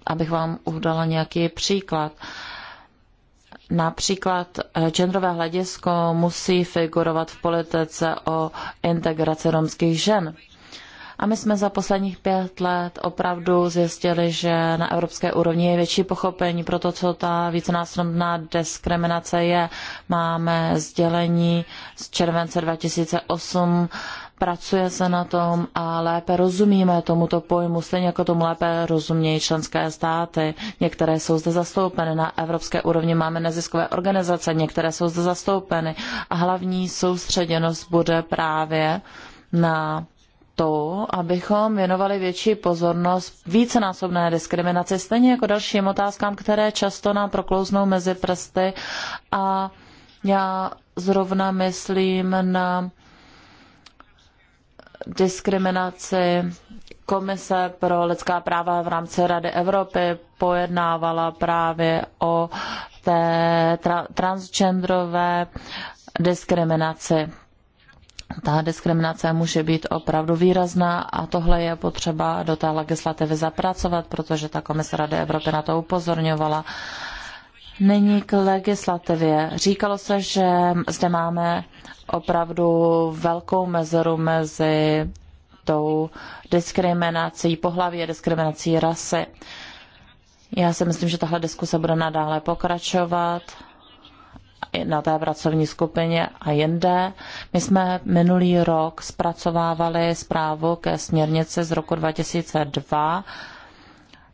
Abych vám udala nějaký příklad. Například eh, genderové hledisko musí figurovat v politice o integraci romských žen. A my jsme za posledních pět let opravdu zjistili, že na evropské úrovni je větší pochopení pro to, co ta vícenásobná diskriminace je. Máme sdělení z července 2008, pracuje se na tom a lépe rozumíme tomuto pojmu, stejně jako tomu lépe rozumějí členské státy. Některé jsou zde zastoupeny, na evropské úrovni máme neziskové organizace, některé jsou zde zastoupeny a hlavní soustředěnost bude právě na to, abychom věnovali větší pozornost vícenásobné diskriminaci, stejně jako dalším otázkám, které často nám proklouznou mezi prsty. A já zrovna myslím na diskriminaci Komise pro lidská práva v rámci Rady Evropy pojednávala právě o té tra- transgenderové diskriminaci ta diskriminace může být opravdu výrazná a tohle je potřeba do té legislativy zapracovat, protože ta komise Rady Evropy na to upozorňovala. Není k legislativě. Říkalo se, že zde máme opravdu velkou mezeru mezi tou diskriminací pohlaví a diskriminací rasy. Já si myslím, že tahle diskuse bude nadále pokračovat na té pracovní skupině a jinde. My jsme minulý rok zpracovávali zprávu ke směrnici z roku 2002.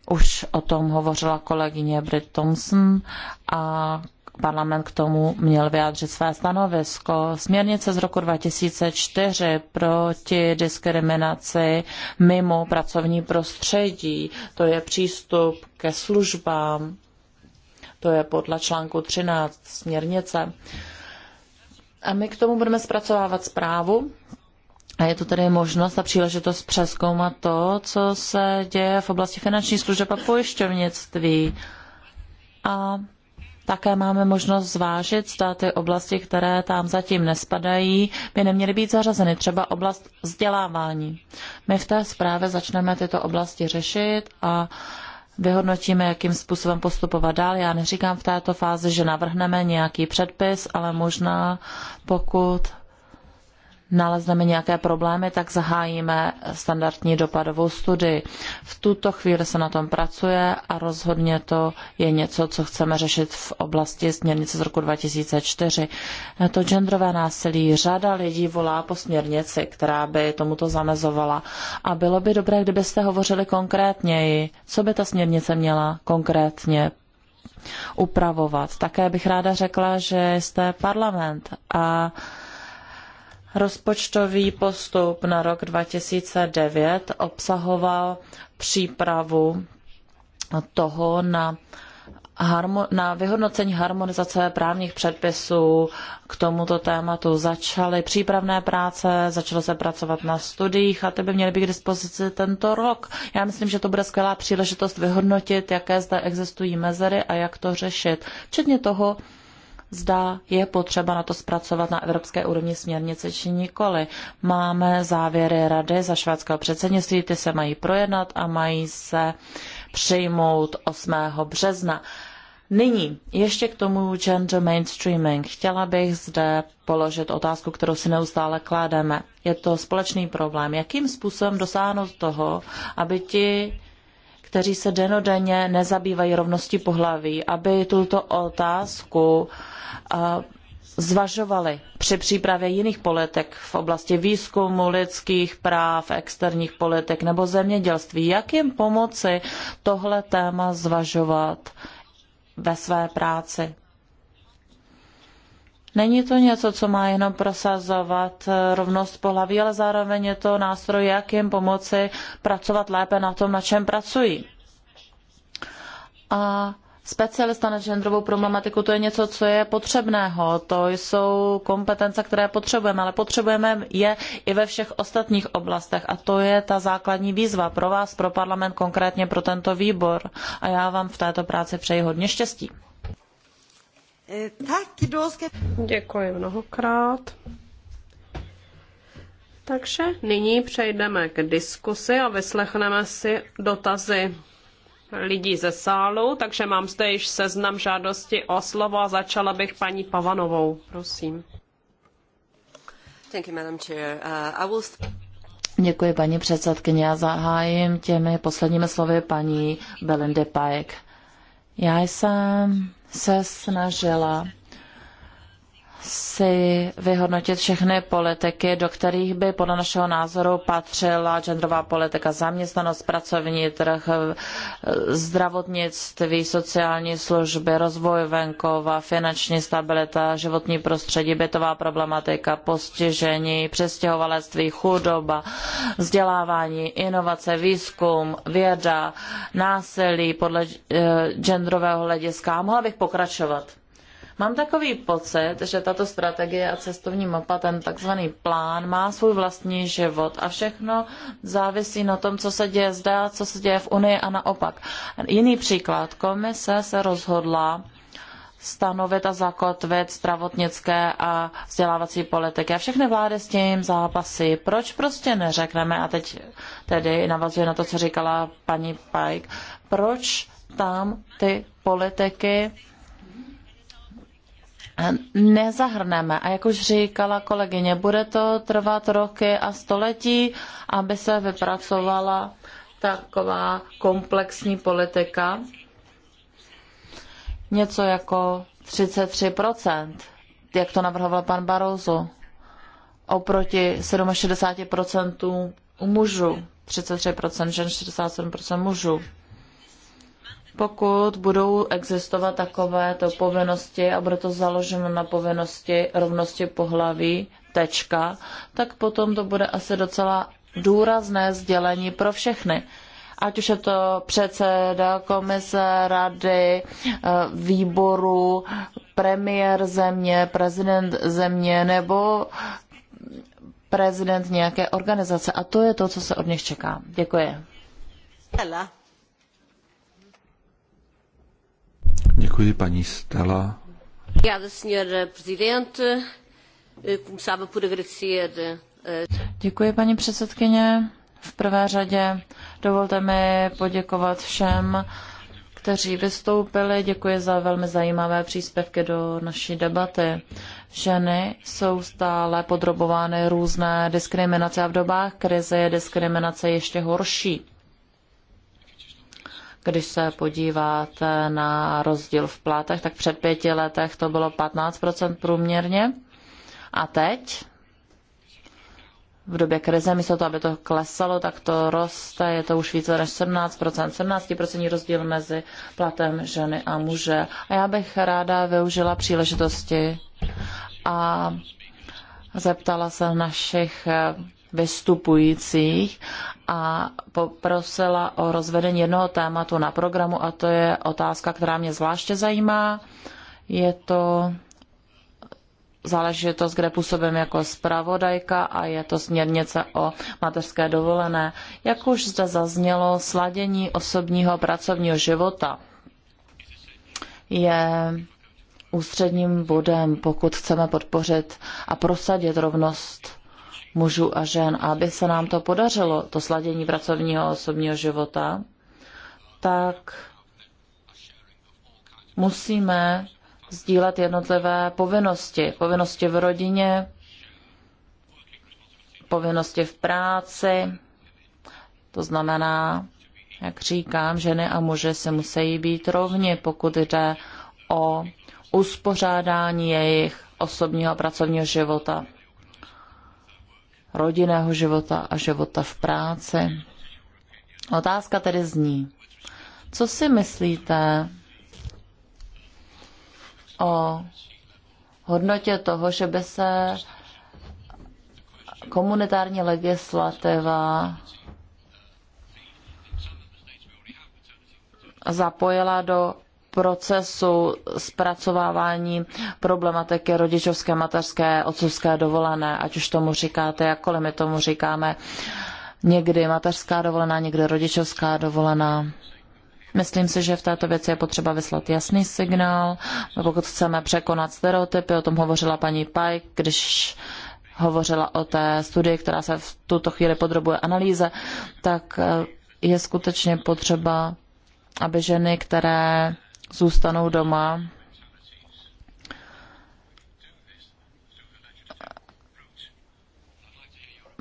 Už o tom hovořila kolegyně Brit Thompson a parlament k tomu měl vyjádřit své stanovisko. Směrnice z roku 2004 proti diskriminaci mimo pracovní prostředí, to je přístup ke službám, to je podle článku 13 směrnice. A my k tomu budeme zpracovávat zprávu. A je tu tedy možnost a příležitost přeskoumat to, co se děje v oblasti finanční služeb a pojišťovnictví. A také máme možnost zvážit, zda ty oblasti, které tam zatím nespadají, by neměly být zařazeny. Třeba oblast vzdělávání. My v té zprávě začneme tyto oblasti řešit a vyhodnotíme, jakým způsobem postupovat dál. Já neříkám v této fázi, že navrhneme nějaký předpis, ale možná pokud nalezneme nějaké problémy, tak zahájíme standardní dopadovou studii. V tuto chvíli se na tom pracuje a rozhodně to je něco, co chceme řešit v oblasti směrnice z roku 2004. To genderové násilí, řada lidí volá po směrnici, která by tomuto zamezovala. A bylo by dobré, kdybyste hovořili konkrétněji, co by ta směrnice měla konkrétně upravovat. Také bych ráda řekla, že jste parlament a Rozpočtový postup na rok 2009 obsahoval přípravu toho na, na vyhodnocení harmonizace právních předpisů k tomuto tématu. Začaly přípravné práce, začalo se pracovat na studiích a ty by měly být k dispozici tento rok. Já myslím, že to bude skvělá příležitost vyhodnotit, jaké zde existují mezery a jak to řešit, včetně toho, zda je potřeba na to zpracovat na evropské úrovni směrnice či nikoli. Máme závěry rady za švédského předsednictví, ty se mají projednat a mají se přijmout 8. března. Nyní ještě k tomu gender mainstreaming. Chtěla bych zde položit otázku, kterou si neustále klademe. Je to společný problém. Jakým způsobem dosáhnout toho, aby ti kteří se denodenně nezabývají rovností pohlaví, aby tuto otázku eh, zvažovali při přípravě jiných politik v oblasti výzkumu, lidských práv, externích politik nebo zemědělství. Jak jim pomoci tohle téma zvažovat ve své práci? Není to něco, co má jenom prosazovat eh, rovnost pohlaví, ale zároveň je to nástroj, jak jim pomoci pracovat lépe na tom, na čem pracují. A specialista na genderovou problematiku, to je něco, co je potřebného. To jsou kompetence, které potřebujeme, ale potřebujeme je i ve všech ostatních oblastech. A to je ta základní výzva pro vás, pro parlament, konkrétně pro tento výbor. A já vám v této práci přeji hodně štěstí. Děkuji mnohokrát. Takže nyní přejdeme k diskusi a vyslechneme si dotazy lidí ze sálu, takže mám zde již seznam žádosti o slovo a začala bych paní Pavanovou, prosím. Uh, Děkuji, paní předsedkyně. Já zahájím těmi posledními slovy paní Belindy Pike. Já jsem se snažila si vyhodnotit všechny politiky, do kterých by podle našeho názoru patřila genderová politika, zaměstnanost, pracovní trh, zdravotnictví, sociální služby, rozvoj venkova, finanční stabilita, životní prostředí, bytová problematika, postižení, přestěhovalectví, chudoba, vzdělávání, inovace, výzkum, věda, násilí podle eh, genderového hlediska. A mohla bych pokračovat. Mám takový pocit, že tato strategie a cestovní mapa, ten takzvaný plán, má svůj vlastní život a všechno závisí na tom, co se děje zde a co se děje v Unii a naopak. Jiný příklad. Komise se rozhodla stanovit a zakotvit zdravotnické a vzdělávací politiky. A všechny vlády s tím zápasy. Proč prostě neřekneme, a teď tedy navazuje na to, co říkala paní Pike, proč tam ty politiky nezahrneme. A jak už říkala kolegyně, bude to trvat roky a století, aby se vypracovala taková komplexní politika. Něco jako 33%, jak to navrhoval pan Barroso, oproti 67% u mužů, 33% žen, 67% mužů pokud budou existovat takovéto povinnosti a bude to založeno na povinnosti rovnosti pohlaví, tečka, tak potom to bude asi docela důrazné sdělení pro všechny. Ať už je to předseda komise, rady, eh, výboru, premiér země, prezident země nebo prezident nějaké organizace. A to je to, co se od nich čeká. Děkuji. Děkuji, paní Stella. Obrigada, senhor presidente. Eh, começava por agradecer. Eh, Děkuji, paní předsedkyně. V prvé řadě dovolte mi poděkovat všem, kteří vystoupili. Děkuji za velmi zajímavé příspěvky do naší debaty. Ženy jsou stále podrobovány různé diskriminace a v dobách krize je diskriminace ještě horší. Když se podíváte na rozdíl v platech, tak před pěti letech to bylo 15% průměrně. A teď, v době krize, místo to, aby to klesalo, tak to roste, je to už více než 17%, 17% rozdíl mezi platem ženy a muže. A já bych ráda využila příležitosti a zeptala se našich vystupujících a poprosila o rozvedení jednoho tématu na programu a to je otázka, která mě zvláště zajímá. Je to záležitost, kde působím jako zpravodajka a je to směrnice o mateřské dovolené. Jak už zde zaznělo, sladění osobního pracovního života je ústředním bodem, pokud chceme podpořit a prosadit rovnost mužů a žen. A aby se nám to podařilo, to sladění pracovního a osobního života, tak musíme sdílet jednotlivé povinnosti. Povinnosti v rodině, povinnosti v práci. To znamená, jak říkám, ženy a muže se musí být rovni, pokud jde o uspořádání jejich osobního a pracovního života rodinného života a života v práci. Otázka tedy zní, co si myslíte o hodnotě toho, že by se komunitární legislativa zapojila do procesu zpracovávání problematiky rodičovské, mateřské, otcovské dovolené, ať už tomu říkáte, jakkoliv my tomu říkáme, někdy mateřská dovolená, někdy rodičovská dovolená. Myslím si, že v této věci je potřeba vyslat jasný signál, pokud chceme překonat stereotypy, o tom hovořila paní Pike, když hovořila o té studii, která se v tuto chvíli podrobuje analýze, tak eh, je skutečně potřeba, aby ženy, které zůstanou doma.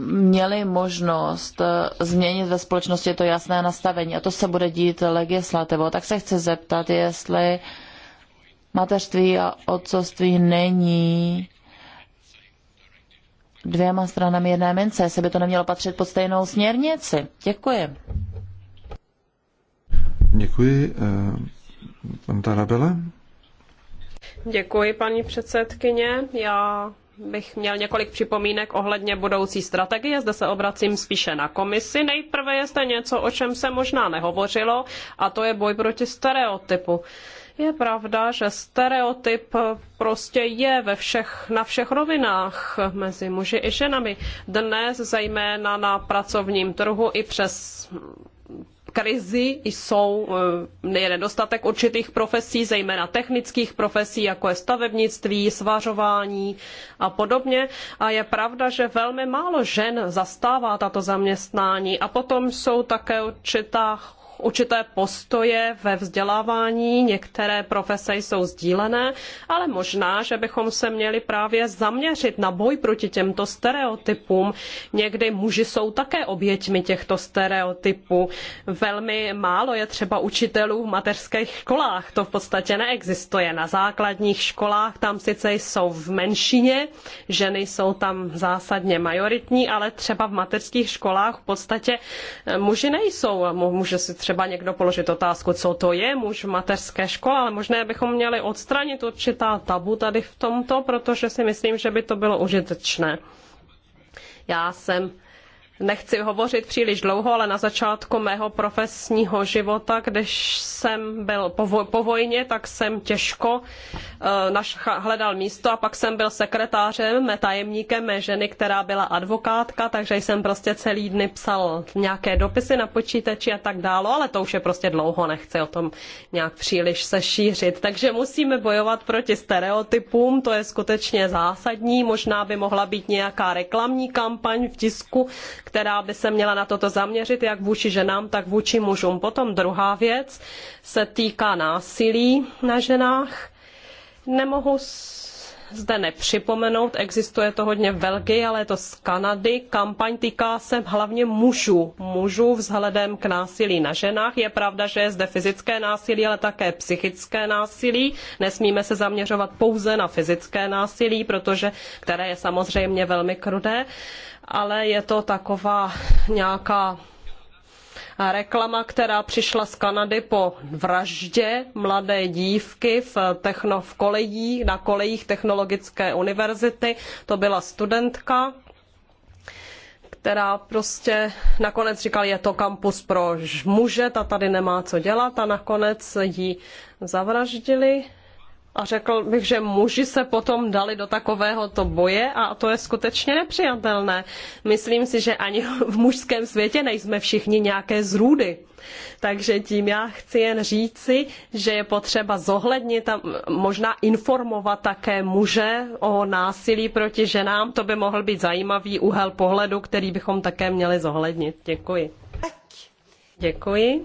měli možnost změnit ve společnosti to jasné nastavení a to se bude dít legislativou. Tak se chci zeptat, jestli mateřství a otcovství není dvěma stranami jedné mince, jestli by to nemělo patřit pod stejnou směrnici. Děkuji. Děkuji. Eh, Antarabele? Děkuji, paní předsedkyně. Já bych měl několik připomínek ohledně budoucí strategie. Zde se obracím spíše na komisi. Nejprve je zde něco, o čem se možná nehovořilo, a to je boj proti stereotypu. Je pravda, že stereotyp prostě je ve všech, na všech rovinách mezi muži i ženami. Dnes zejména na pracovním trhu i přes krizi jsou eh, je nedostatek určitých profesí, zejména technických profesí, jako je stavebnictví, svařování a podobně. A je pravda, že velmi málo žen zastává tato zaměstnání. A potom jsou také určitá určité postoje ve vzdělávání, některé profese jsou sdílené, ale možná, že bychom se měli právě zaměřit na boj proti těmto stereotypům. Někdy muži jsou také oběťmi těchto stereotypů. Velmi málo je třeba učitelů v mateřských školách, to v podstatě neexistuje. Na základních školách tam sice jsou v menšině, ženy jsou tam zásadně majoritní, ale třeba v mateřských školách v podstatě eh, muži nejsou. Může si třeba třeba někdo položit otázku, co to je muž v mateřské škole, ale možná bychom měli odstranit určitá tabu tady v tomto, protože si myslím, že by to bylo užitečné. Já jsem Nechci hovořit příliš dlouho, ale na začátku mého profesního života, když jsem byl po, vojně, tak jsem těžko eh, hledal místo a pak jsem byl sekretářem, mé tajemníkem mé ženy, která byla advokátka, takže jsem prostě celý dny psal nějaké dopisy na počítači a tak dále, ale to už je prostě dlouho, nechci o tom nějak příliš se šířit. Takže musíme bojovat proti stereotypům, to je skutečně zásadní. Možná by mohla být nějaká reklamní kampaň v tisku, která by se měla na toto zaměřit, jak vůči ženám, tak vůči mužům. Potom druhá věc se týká násilí na ženách. Nemohu zde nepřipomenout, existuje to hodně v Belgii, ale je to z Kanady. Kampaň týká se hlavně mužů. Mužů vzhledem k násilí na ženách. Je pravda, že je zde fyzické násilí, ale také psychické násilí. Nesmíme se zaměřovat pouze na fyzické násilí, protože, které je samozřejmě velmi krudé, ale je to taková nějaká reklama, která přišla z Kanady po vraždě mladé dívky v, techno, v kolejí, na kolejích Technologické univerzity. To byla studentka, která prostě nakonec říkal, je to kampus pro muže, ta tady nemá co dělat a nakonec ji zavraždili a řekl bych, že muži se potom dali do takovéhoto boje a to je skutečně nepřijatelné. Myslím si, že ani v mužském světě nejsme všichni nějaké zrůdy. Takže tím já chci jen říci, že je potřeba zohlednit a možná informovat také muže o násilí proti ženám. To by mohl být zajímavý úhel pohledu, který bychom také měli zohlednit. Děkuji. Děkuji.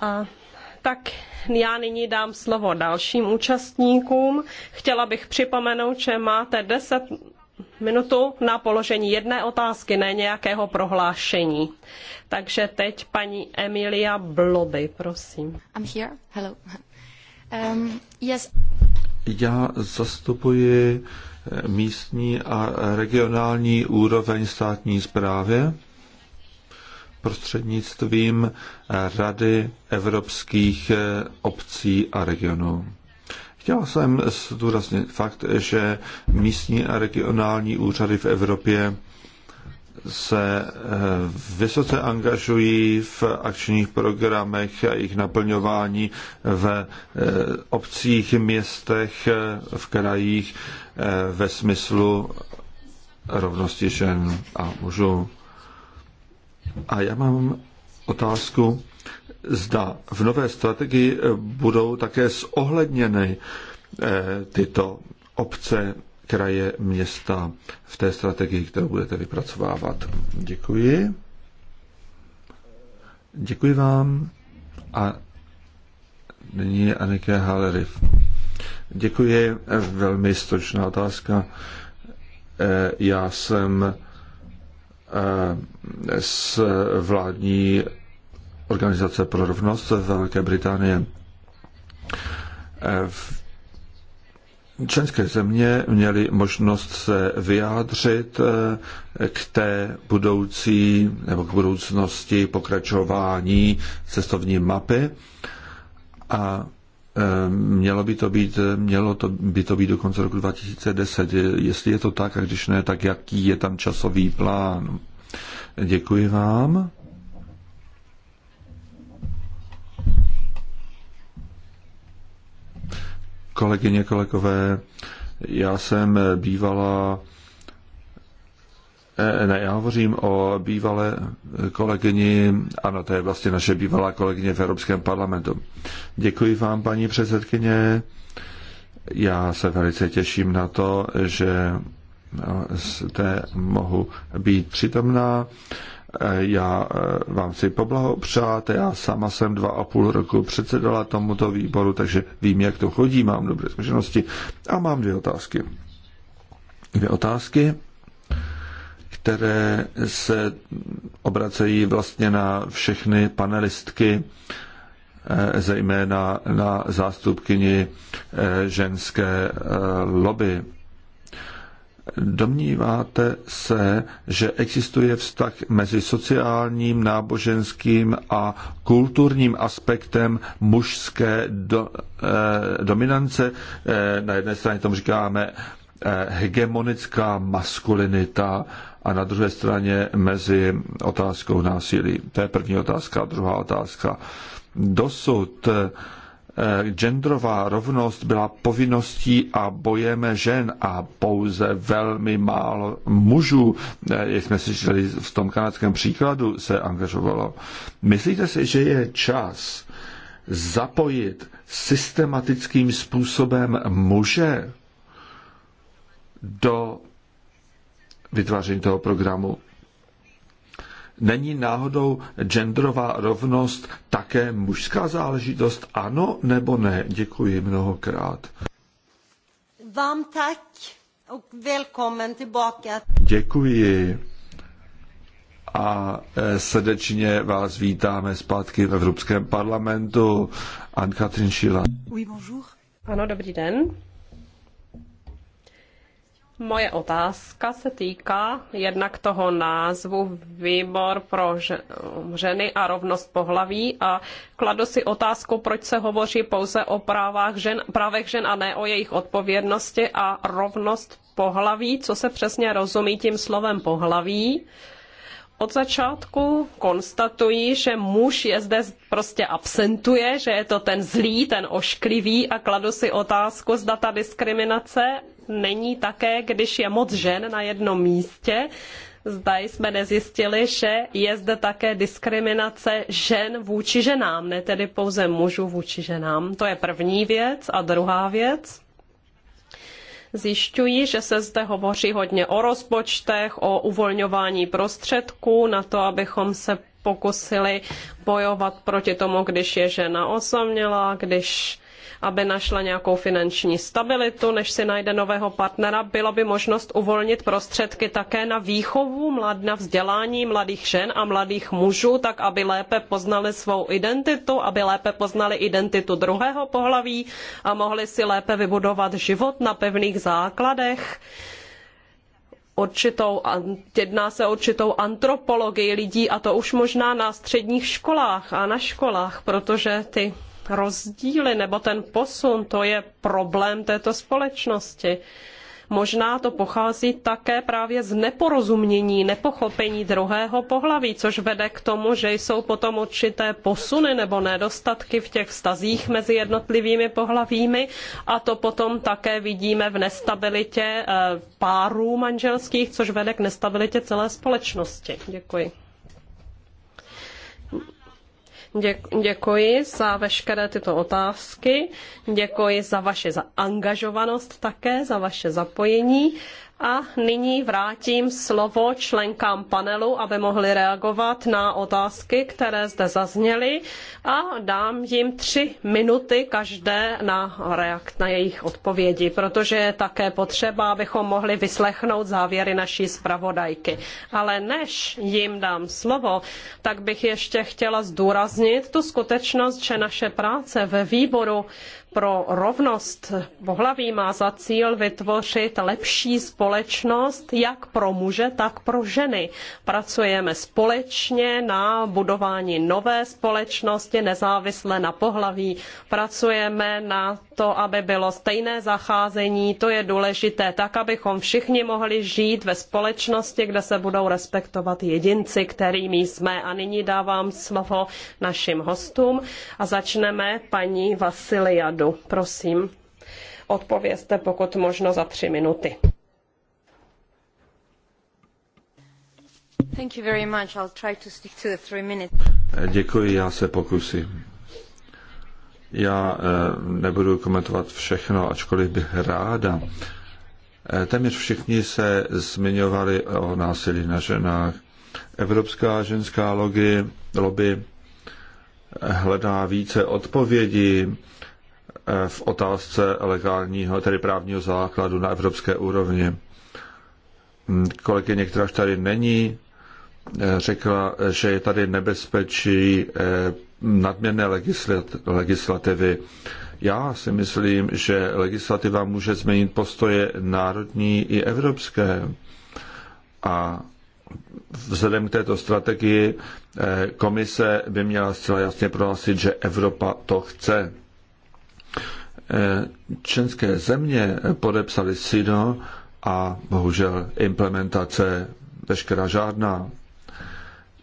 A tak já nyní dám slovo dalším účastníkům. Chtěla bych připomenout, že máte 10 minutu na položení jedné otázky, ne nějakého prohlášení. Takže teď paní Emilia Bloby, prosím. I'm here. Hello. Um, yes. Já zastupuji eh, místní a regionální úroveň státní správy prostřednictvím Rady evropských eh, obcí a regionů. Chtěl jsem zdůraznit fakt, že místní a regionální úřady v Evropě se eh, vysoce angažují v akčních programech a jejich naplňování v eh, obcích, městech, v krajích ve smyslu rovnosti žen a mužů. A já mám otázku, zda v nové strategii budou také zohledněny eh, tyto obce, kraje, města v té strategii, kterou budete vypracovávat. Děkuji. Děkuji vám. A nyní Anike Haleriv. Děkuji. Velmi stručná otázka. Eh, já jsem Eh, z vládní organizace pro rovnost ve Velké Británie. Eh, v členské země měly možnost se vyjádřit eh, k té budoucí nebo k budoucnosti pokračování cestovní mapy a Eh, mělo by to být, mělo to, by to být do konce roku 2010. Jestli je to tak, a když ne, tak jaký je tam časový plán? Děkuji vám. Kolegyně, kolegové, já jsem bývala Eh, ne, já hovořím o bývalé kolegyni, ano, to je vlastně naše bývalá kolegyně v Evropském parlamentu. Děkuji vám, paní předsedkyně. Já se velice těším na to, že zde mohu být přítomná. Eh, já eh, vám chci poblahopřát, já sama jsem dva a půl roku předsedala tomuto výboru, takže vím, jak to chodí, mám dobré zkušenosti a mám dvě otázky. Dvě otázky které se obracejí vlastně na všechny panelistky, eh, zejména na zástupkyni eh, ženské eh, lobby. Domníváte se, že existuje vztah mezi sociálním, náboženským a kulturním aspektem mužské do, eh, dominance? Eh, na jedné straně tomu říkáme Eh, hegemonická maskulinita a na druhé straně mezi otázkou násilí. To je první otázka. Druhá otázka. Dosud eh, genderová rovnost byla povinností a bojem žen a pouze velmi málo mužů, eh, jak jsme slyšeli v tom kanadském příkladu, se angažovalo. Myslíte si, že je čas zapojit systematickým způsobem muže do vytváření toho programu. Není náhodou genderová rovnost také mužská záležitost? Ano nebo ne? Děkuji mnohokrát. Vám tak. Děkuji a e, srdečně vás vítáme zpátky v Evropském parlamentu. ann katrin Schiller. Oui, bonjour. Ano, dobrý den. Moje otázka se týká jednak toho názvu Výbor pro ženy a rovnost pohlaví a kladu si otázku, proč se hovoří pouze o právách žen, právech žen a ne o jejich odpovědnosti a rovnost pohlaví, co se přesně rozumí tím slovem pohlaví. Od začátku konstatují, že muž je zde prostě absentuje, že je to ten zlý, ten ošklivý a kladu si otázku, zda ta diskriminace není také, když je moc žen na jednom místě. Zda jsme nezjistili, že je zde také diskriminace žen vůči ženám, ne tedy pouze mužů vůči ženám. To je první věc. A druhá věc, zjišťuji, že se zde hovoří hodně o rozpočtech, o uvolňování prostředků na to, abychom se pokusili bojovat proti tomu, když je žena osamělá, když aby našla nějakou finanční stabilitu, než si najde nového partnera. Byla by možnost uvolnit prostředky také na výchovu, na vzdělání mladých žen a mladých mužů, tak aby lépe poznali svou identitu, aby lépe poznali identitu druhého pohlaví a mohli si lépe vybudovat život na pevných základech určitou, jedná se o určitou antropologii lidí a to už možná na středních školách a na školách, protože ty rozdíly nebo ten posun, to je problém této společnosti. Možná to pochází také právě z neporozumění, nepochopení druhého pohlaví, což vede k tomu, že jsou potom určité posuny nebo nedostatky v těch vztazích mezi jednotlivými pohlavími a to potom také vidíme v nestabilitě eh, párů manželských, což vede k nestabilitě celé společnosti. Děkuji. Děkuji za veškeré tyto otázky, děkuji za vaši angažovanost také, za vaše zapojení a nyní vrátím slovo členkám panelu, aby mohli reagovat na otázky, které zde zazněly a dám jim tři minuty každé na reakt na jejich odpovědi, protože je také potřeba, abychom mohli vyslechnout závěry naší zpravodajky. Ale než jim dám slovo, tak bych ještě chtěla zdůraznit tu skutečnost, že naše práce ve výboru pro rovnost pohlaví má za cíl vytvořit lepší společnost jak pro muže, tak pro ženy. Pracujeme společně na budování nové společnosti nezávisle na pohlaví. Pracujeme na to, aby bylo stejné zacházení. To je důležité, tak abychom všichni mohli žít ve společnosti, kde se budou respektovat jedinci, kterými jsme. A nyní dávám slovo našim hostům a začneme paní Vasilia radu. Prosím, odpovězte pokud možno za tři minuty. Děkuji, já se pokusím. Já eh, nebudu komentovat všechno, ačkoliv bych ráda. Eh, téměř všichni se zmiňovali o násilí na ženách. Evropská ženská lobby eh, hledá více odpovědí v otázce legálního, tedy právního základu na evropské úrovni. Kolegyně, která tady není, eh, řekla, že je tady nebezpečí eh, nadměrné legislativy. Já si myslím, že legislativa může změnit postoje národní i evropské. A vzhledem k této strategii eh, komise by měla zcela jasně prohlásit, že Evropa to chce. Členské země podepsaly SIDO a bohužel implementace veškerá žádná.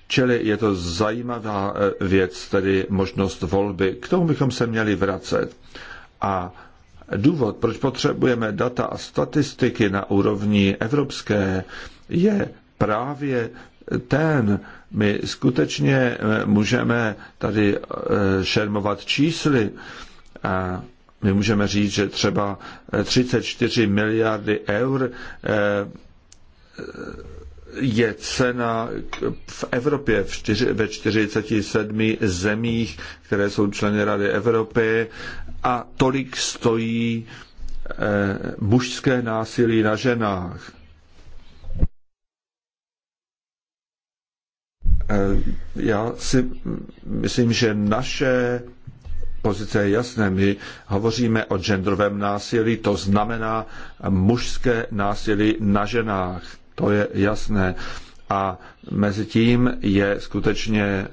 Čili je to zajímavá eh, věc, tedy možnost volby. K tomu bychom se měli vracet. A důvod, proč potřebujeme data a statistiky na úrovni evropské, je právě ten, my skutečně eh, můžeme tady eh, šermovat čísly. A my můžeme říct, že třeba 34 eh, miliardy eur eh, eh, je cena v Evropě v čtyři, ve 47 zemích, které jsou členy Rady Evropy a tolik stojí mužské násilí na ženách. Já si myslím, že naše pozice je jasné. My hovoříme o genderovém násilí, to znamená mužské násilí na ženách. To je jasné. A mezi tím je skutečně eh,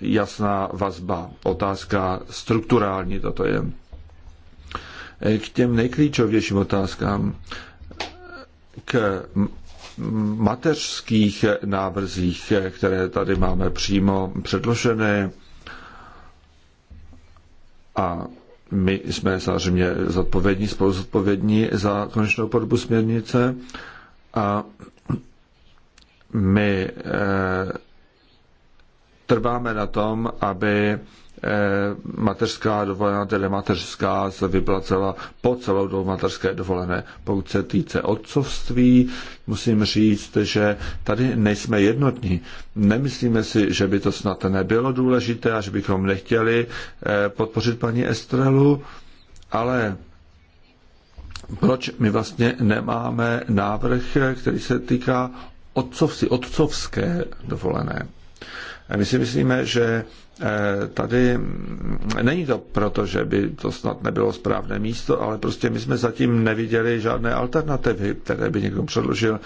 jasná vazba. Otázka strukturální toto je. Eh, k těm nejklíčovějším otázkám. K mateřských návrzích, eh, které tady máme přímo předložené, a my jsme samozřejmě zodpovědní, spolu zodpovědní za konečnou podobu směrnice a my e, trváme na tom, aby Eh, mateřská dovolená, tedy mateřská se vyplacela po celou dobu mateřské dovolené. Pokud se týče otcovství, musím říct, že tady nejsme jednotní. Nemyslíme si, že by to snad nebylo důležité a že bychom nechtěli eh, podpořit paní Estrelu, ale proč my vlastně nemáme návrh, eh, který se týká otcovství, otcovské dovolené? My si myslíme, že eh, tady mm, není to proto, že by to snad nebylo správné místo, ale prostě my jsme zatím neviděli žádné alternativy, které by někdo předložil.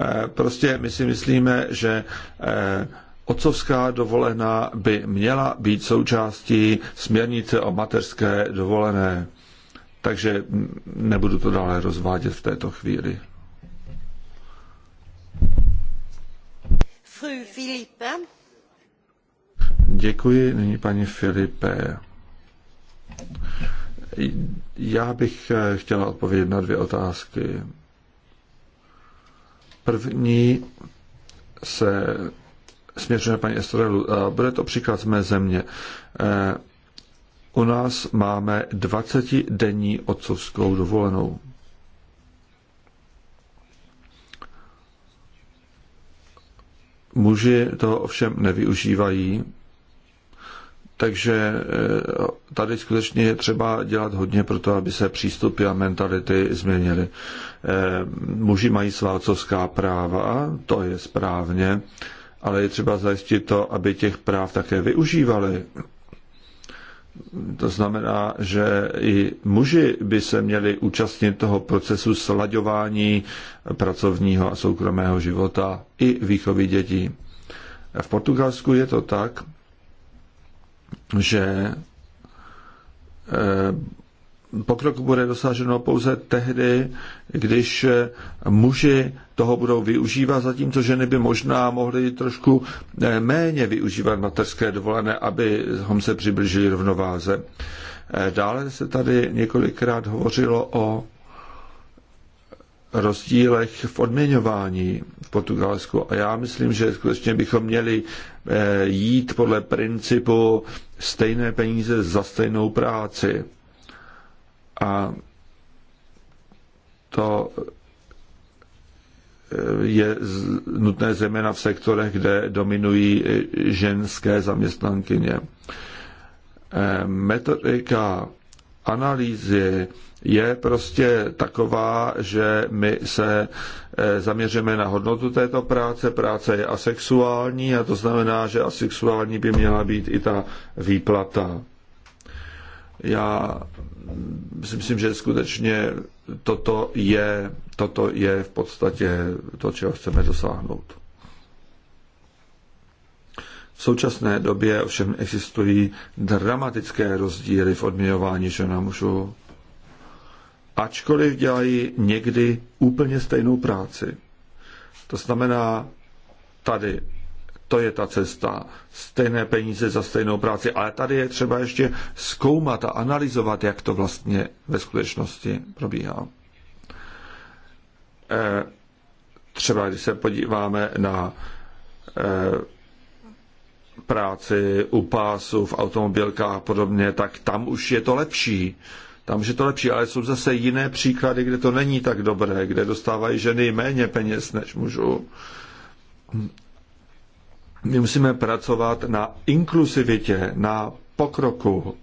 Eh, prostě my si myslíme, že eh, Otcovská dovolená by měla být součástí směrnice o mateřské dovolené. Takže nebudu to dále rozvádět v této chvíli. Fru Filipe. Děkuji nyní paní Filipe. Já bych eh, chtěla odpovědět na dvě otázky. První se směřuje paní Estrelu. Eh, bude to příklad z mé země. Eh, u nás máme 20-denní otcovskou dovolenou. Muži to ovšem nevyužívají, takže eh, tady skutečně je třeba dělat hodně pro to, aby se přístupy a mentality změnily. Eh, muži mají svácovská práva, to je správně, ale je třeba zajistit to, aby těch práv také využívali. To znamená, že i muži by se měli účastnit toho procesu slaďování pracovního a soukromého života i výchovy dětí. V Portugalsku je to tak, že eh, pokroku bude dosaženo pouze tehdy, když eh, muži toho budou využívat, zatímco ženy by možná mohly trošku eh, méně využívat mateřské dovolené, abychom se přiblížili rovnováze. Dále se tady několikrát hovořilo o rozdílech v odměňování v Portugalsku. A já myslím, že skutečně bychom měli eh, jít podle principu stejné peníze za stejnou práci. A to eh, je nutné zejména v sektorech, kde dominují ženské zaměstnankyně. Eh, metodika analýzy je prostě taková, že my se eh, zaměříme na hodnotu této práce. Práce je asexuální a to znamená, že asexuální by měla být i ta výplata. Já si myslím, že skutečně toto je, toto je v podstatě to, čeho chceme dosáhnout. V současné době ovšem existují dramatické rozdíly v odměňování žen a mužů ačkoliv dělají někdy úplně stejnou práci. To znamená, tady to je ta cesta. Stejné peníze za stejnou práci. Ale tady je třeba ještě zkoumat a analyzovat, jak to vlastně ve skutečnosti probíhá. Eh, třeba když se podíváme na eh, práci u pásu v automobilkách a podobně, tak tam už je to lepší tam je to lepší, ale jsou zase jiné příklady, kde to není tak dobré, kde dostávají ženy méně peněz než mužů. My musíme pracovat na inkluzivitě, na pokroku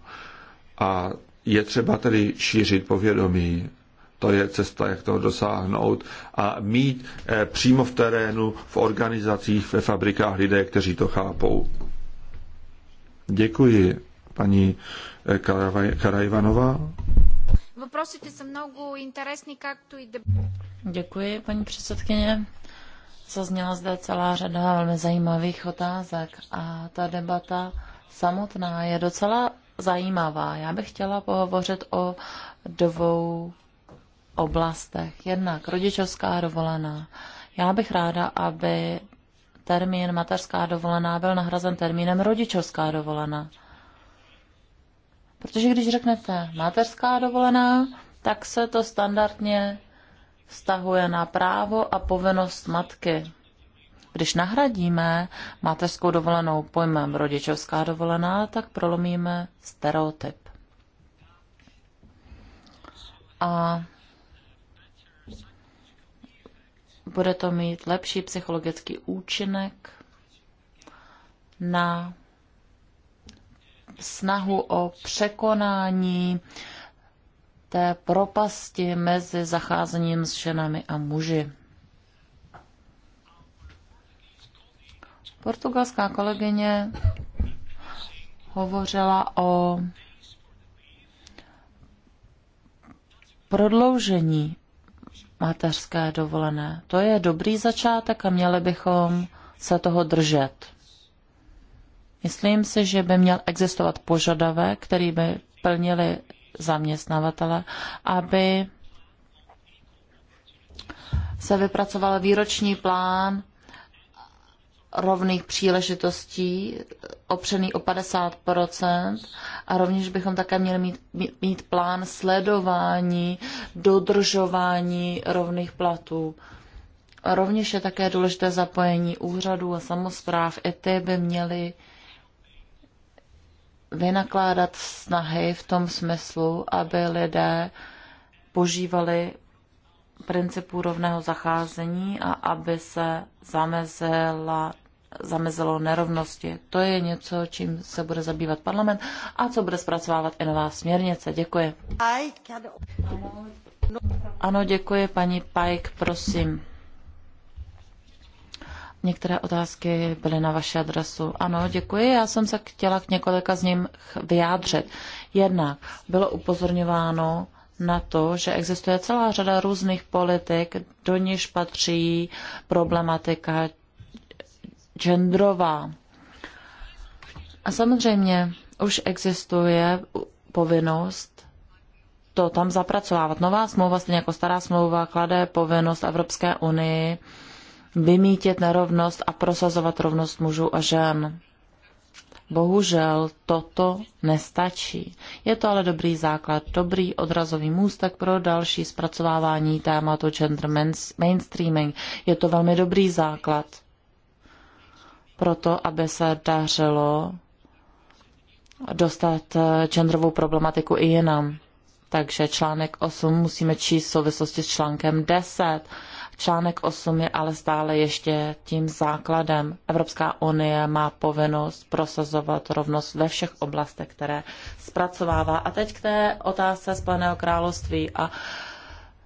a je třeba tedy šířit povědomí. To je cesta, jak toho dosáhnout a mít eh, přímo v terénu, v organizacích, ve fabrikách lidé, kteří to chápou. Děkuji, paní Karajvanová. Děkuji, paní předsedkyně. Zazněla zde celá řada velmi zajímavých otázek a ta debata samotná je docela zajímavá. Já bych chtěla pohovořit o dvou oblastech. Jednak rodičovská dovolená. Já bych ráda, aby termín mateřská dovolená byl nahrazen termínem rodičovská dovolená. Protože když řeknete mateřská dovolená, tak se to standardně vztahuje na právo a povinnost matky. Když nahradíme mateřskou dovolenou pojmem rodičovská dovolená, tak prolomíme stereotyp. A bude to mít lepší psychologický účinek na snahu o překonání té propasti mezi zacházením s ženami a muži. Portugalská kolegyně hovořila o prodloužení mateřské dovolené. To je dobrý začátek a měli bychom se toho držet. Myslím si, že by měl existovat požadavek, který by plnili zaměstnavatele, aby se vypracoval výroční plán rovných příležitostí, opřený o 50%, a rovněž bychom také měli mít, mít, plán sledování, dodržování rovných platů. A rovněž je také důležité zapojení úřadů a samozpráv. I ty by měly uh, vynakládat snahy v tom smyslu, aby lidé požívali principů rovného zacházení a aby se zamezila, zamezilo nerovnosti. To je něco, čím se bude zabývat parlament a co bude zpracovávat i nová směrnice. Děkuji. Ano, děkuji, paní Pike, prosím. Některé otázky byly na vaši adresu. Ano, děkuji. Já jsem se chtěla k několika z ním vyjádřit. Jednak bylo upozorňováno na to, že existuje celá řada různých politik, do níž patří problematika genderová. A samozřejmě už existuje povinnost to tam zapracovávat. Nová smlouva, stejně jako stará smlouva, klade povinnost Evropské unii vymítit nerovnost a prosazovat rovnost mužů a žen. Bohužel toto nestačí. Je to ale dobrý základ, dobrý odrazový můstek pro další zpracovávání tématu gender mainstreaming. Je to velmi dobrý základ pro to, aby se dařilo dostat eh, genderovou problematiku i jinam. Takže článek 8 musíme číst v souvislosti s článkem 10. Článek 8 je ale stále ještě tím základem. Evropská unie má povinnost prosazovat rovnost ve všech oblastech, které zpracovává. A teď k té otázce Spojeného království a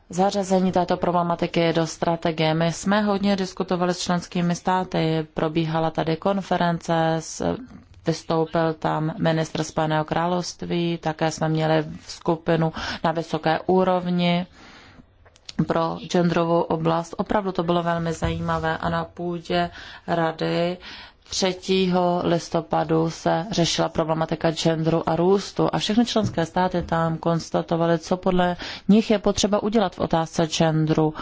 zařazení této problematiky do strategie. My jsme hodně diskutovali s členskými státy, probíhala tady konference s Vystoupil tam ministr Spojeného království, také jsme měli skupinu na vysoké úrovni pro genderovou oblast. Opravdu to bylo velmi zajímavé a na půdě rady 3. listopadu se řešila problematika genderu a růstu a všechny členské státy tam konstatovaly, co podle nich je potřeba udělat v otázce genderu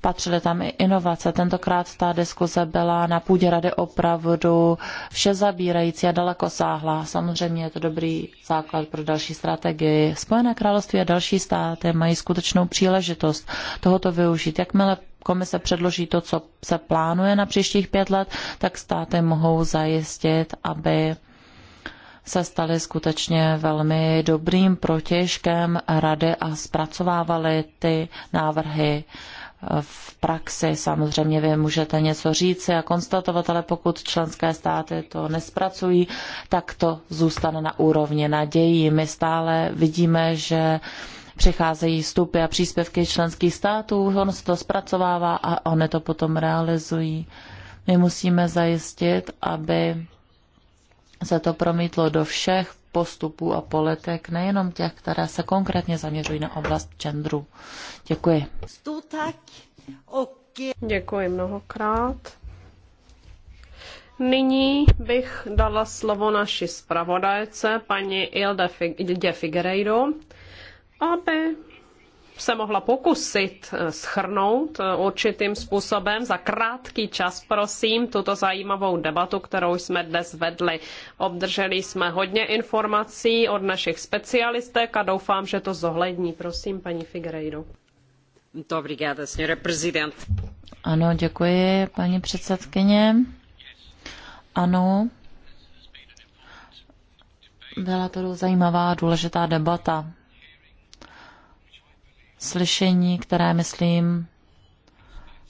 patřily tam i inovace. Tentokrát ta diskuze byla na půdě rady opravdu vše zabírající a sáhla. Samozřejmě je to dobrý základ pro další strategii. Spojené království a další státy mají skutečnou příležitost tohoto využít. Jakmile komise předloží to, co se plánuje na příštích pět let, tak státy mohou zajistit, aby se staly skutečně velmi dobrým protěžkem rady a zpracovávaly ty návrhy v praxi. Samozřejmě vy můžete něco říci a konstatovat, ale pokud členské státy to nespracují, tak to zůstane na úrovni nadějí. My stále vidíme, že přicházejí vstupy a příspěvky členských států, on se to zpracovává a oni to potom realizují. My musíme zajistit, aby se to promítlo do všech postupů a politik, nejenom těch, které se konkrétně zaměřují na oblast genderu. Děkuji. Děkuji mnohokrát. Nyní bych dala slovo naší zpravodajce, paní Ilde Figueiredo, aby se mohla pokusit eh, schrnout eh, určitým způsobem za krátký čas, prosím, tuto zajímavou debatu, kterou jsme dnes vedli. Obdrželi jsme hodně informací od našich specialistek a doufám, že to zohlední. Prosím, paní Figueiredo. Ano, děkuji, paní předsedkyně. Ano, byla to zajímavá, důležitá debata slyšení, které, myslím,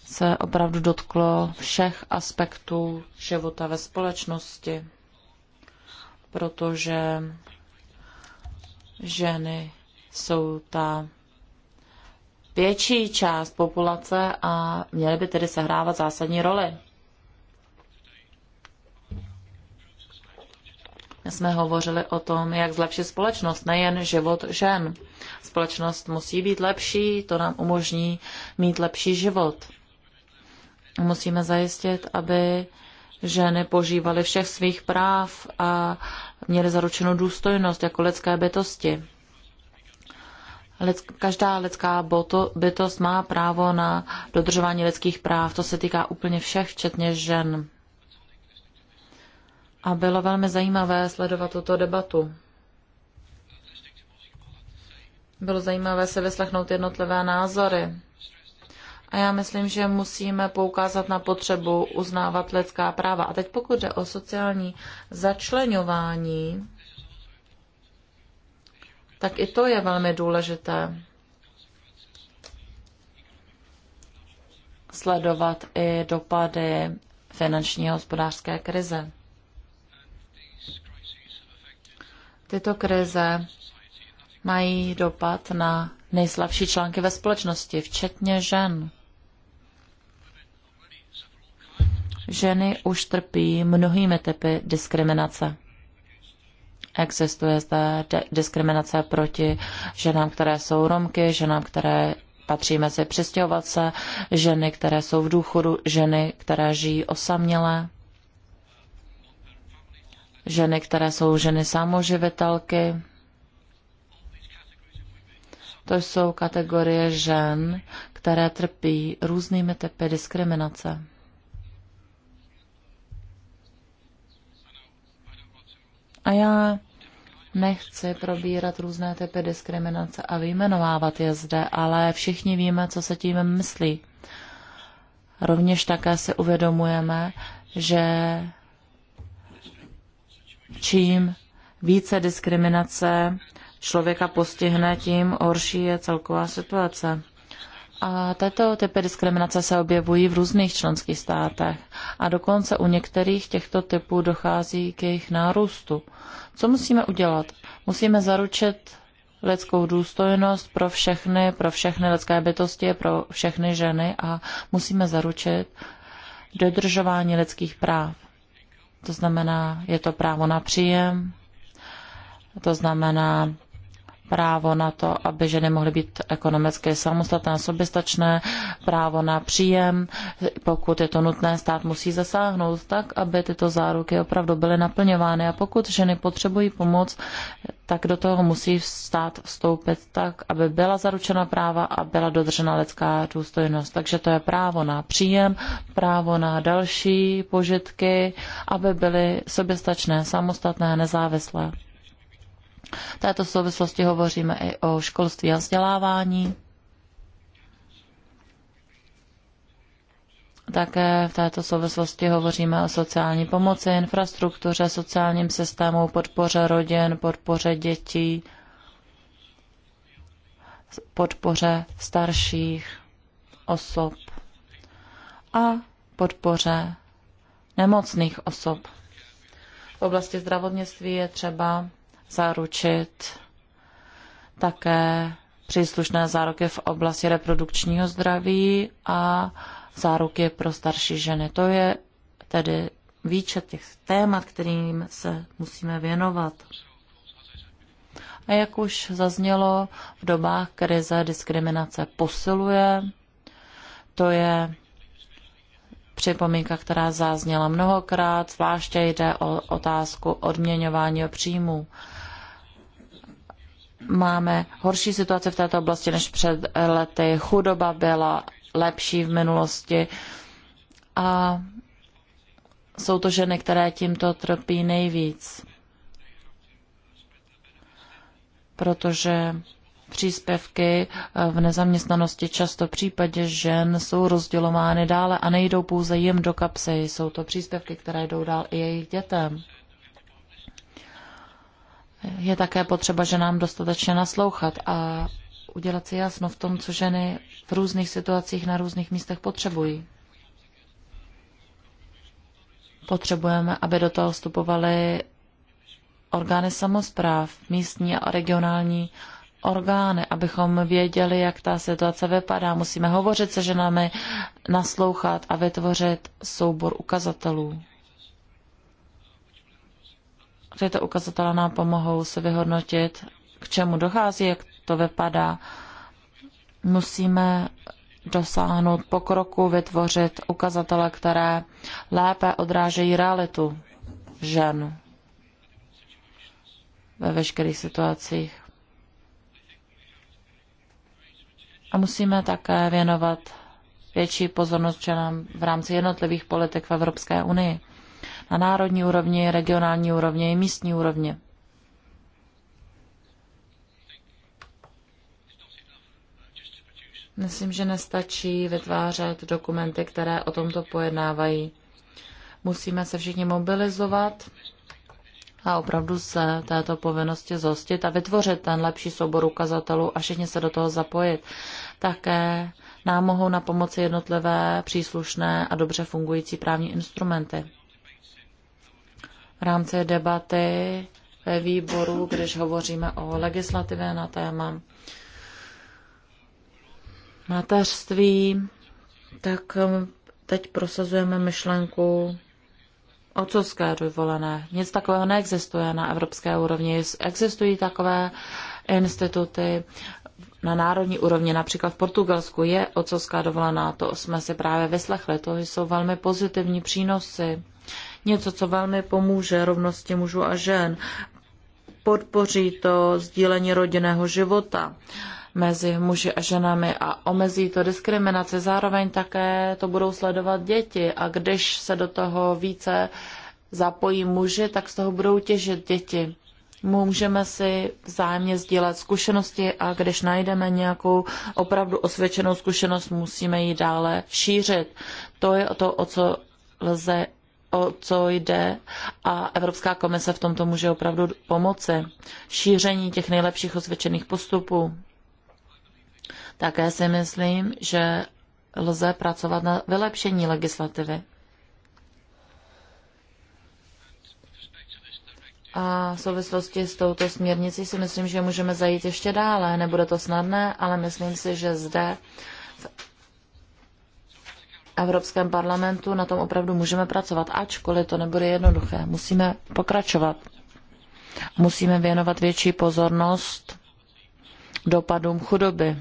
se opravdu dotklo všech aspektů života ve společnosti, protože ženy jsou ta větší část populace a měly by tedy sehrávat zásadní roli. My jsme hovořili o tom, jak zlepšit společnost, nejen život žen. Společnost musí být lepší, to nám umožní mít lepší život. Musíme zajistit, aby ženy požívaly všech svých práv a měly zaručenou důstojnost jako lidské bytosti. Každá lidská bytost má právo na dodržování lidských práv. To se týká úplně všech, včetně žen. A bylo velmi zajímavé sledovat tuto debatu. Bylo zajímavé se vyslechnout jednotlivé názory. A já myslím, že musíme poukázat na potřebu uznávat lidská práva. A teď pokud jde o sociální začlenování, tak i to je velmi důležité sledovat i dopady finanční a hospodářské krize. Tyto krize mají dopad na nejslabší články ve společnosti, včetně žen. Ženy už trpí mnohými typy diskriminace. Existuje zde diskriminace proti ženám, které jsou Romky, ženám, které patří mezi přestěhovatce, ženy, které jsou v důchodu, ženy, které žijí osamělé, ženy, které jsou ženy samoživitelky, to jsou kategorie žen, které trpí různými typy diskriminace. A já nechci probírat různé typy diskriminace a vyjmenovávat je zde, ale všichni víme, co se tím myslí. Rovněž také si uvědomujeme, že čím více diskriminace, člověka postihne, tím horší je celková situace. A tyto typy diskriminace se objevují v různých členských státech a dokonce u některých těchto typů dochází k jejich nárůstu. Co musíme udělat? Musíme zaručit lidskou důstojnost pro všechny, pro všechny lidské bytosti, pro všechny ženy a musíme zaručit dodržování lidských práv. To znamená, je to právo na příjem, to znamená právo na to, aby ženy mohly být ekonomicky samostatné, a soběstačné, právo na příjem, pokud je to nutné, stát musí zasáhnout tak, aby tyto záruky opravdu byly naplňovány a pokud ženy potřebují pomoc, tak do toho musí stát vstoupit tak, aby byla zaručena práva a byla dodržena lidská důstojnost. Takže to je právo na příjem, právo na další požitky, aby byly soběstačné, samostatné, a nezávislé. V této souvislosti hovoříme i o školství a vzdělávání. Také v této souvislosti hovoříme o sociální pomoci, infrastruktuře, sociálním systému, podpoře rodin, podpoře dětí, podpoře starších osob a podpoře nemocných osob. V oblasti zdravotnictví je třeba zaručit také příslušné záruky v oblasti reprodukčního zdraví a záruky pro starší ženy. To je tedy výčet těch témat, kterým se musíme věnovat. A jak už zaznělo, v dobách krize diskriminace posiluje. To je připomínka, která zazněla mnohokrát, zvláště jde o otázku odměňování příjmů. příjmu máme horší situaci v této oblasti než před lety. Chudoba byla lepší v minulosti a jsou to ženy, které tímto trpí nejvíc, protože příspěvky v nezaměstnanosti často v případě žen jsou rozdělovány dále a nejdou pouze jim do kapsy. Jsou to příspěvky, které jdou dál i jejich dětem je také potřeba, že nám dostatečně naslouchat a udělat si jasno v tom, co ženy v různých situacích na různých místech potřebují. Potřebujeme, aby do toho vstupovaly orgány samozpráv, místní a regionální orgány, abychom věděli, jak ta situace vypadá. Musíme hovořit se ženami, naslouchat a vytvořit soubor ukazatelů. Tyto ukazatele nám pomohou se vyhodnotit, k čemu dochází, jak to vypadá. Musíme dosáhnout pokroku, vytvořit ukazatele, které lépe odrážejí realitu žen ve veškerých situacích. A musíme také věnovat větší pozornost ženám v rámci jednotlivých politik v Evropské unii na národní úrovni, regionální úrovni i místní úrovni. Myslím, že nestačí vytvářet dokumenty, které o tomto pojednávají. Musíme se všichni mobilizovat a opravdu se této povinnosti zhostit a vytvořit ten lepší soubor ukazatelů a všichni se do toho zapojit. Také nám mohou na pomoci jednotlivé příslušné a dobře fungující právní instrumenty v rámci debaty ve výboru, když hovoříme o legislativě na téma mateřství, tak um, teď prosazujeme myšlenku otcovské dovolené. Nic takového neexistuje na evropské úrovni. Existují takové instituty na národní úrovni, například v Portugalsku je otcovská dovolená, to jsme si právě vyslechli, to jsou velmi pozitivní přínosy něco, co velmi pomůže rovnosti mužů a žen. Podpoří to sdílení rodinného života mezi muži a ženami a omezí to diskriminaci. Zároveň také to budou sledovat děti a když se do toho více zapojí muži, tak z toho budou těžit děti. Můžeme si vzájemně sdílet zkušenosti a když najdeme nějakou opravdu osvědčenou zkušenost, musíme ji dále šířit. To je to, o co lze o co jde a Evropská komise v tomto může opravdu pomoci. Šíření těch nejlepších osvědčených postupů. Také si myslím, že lze pracovat na vylepšení legislativy. A v souvislosti s touto směrnicí si myslím, že můžeme zajít ještě dále. Nebude to snadné, ale myslím si, že zde Evropském parlamentu na tom opravdu můžeme pracovat, ačkoliv to nebude jednoduché. Musíme pokračovat. Musíme věnovat větší pozornost dopadům chudoby.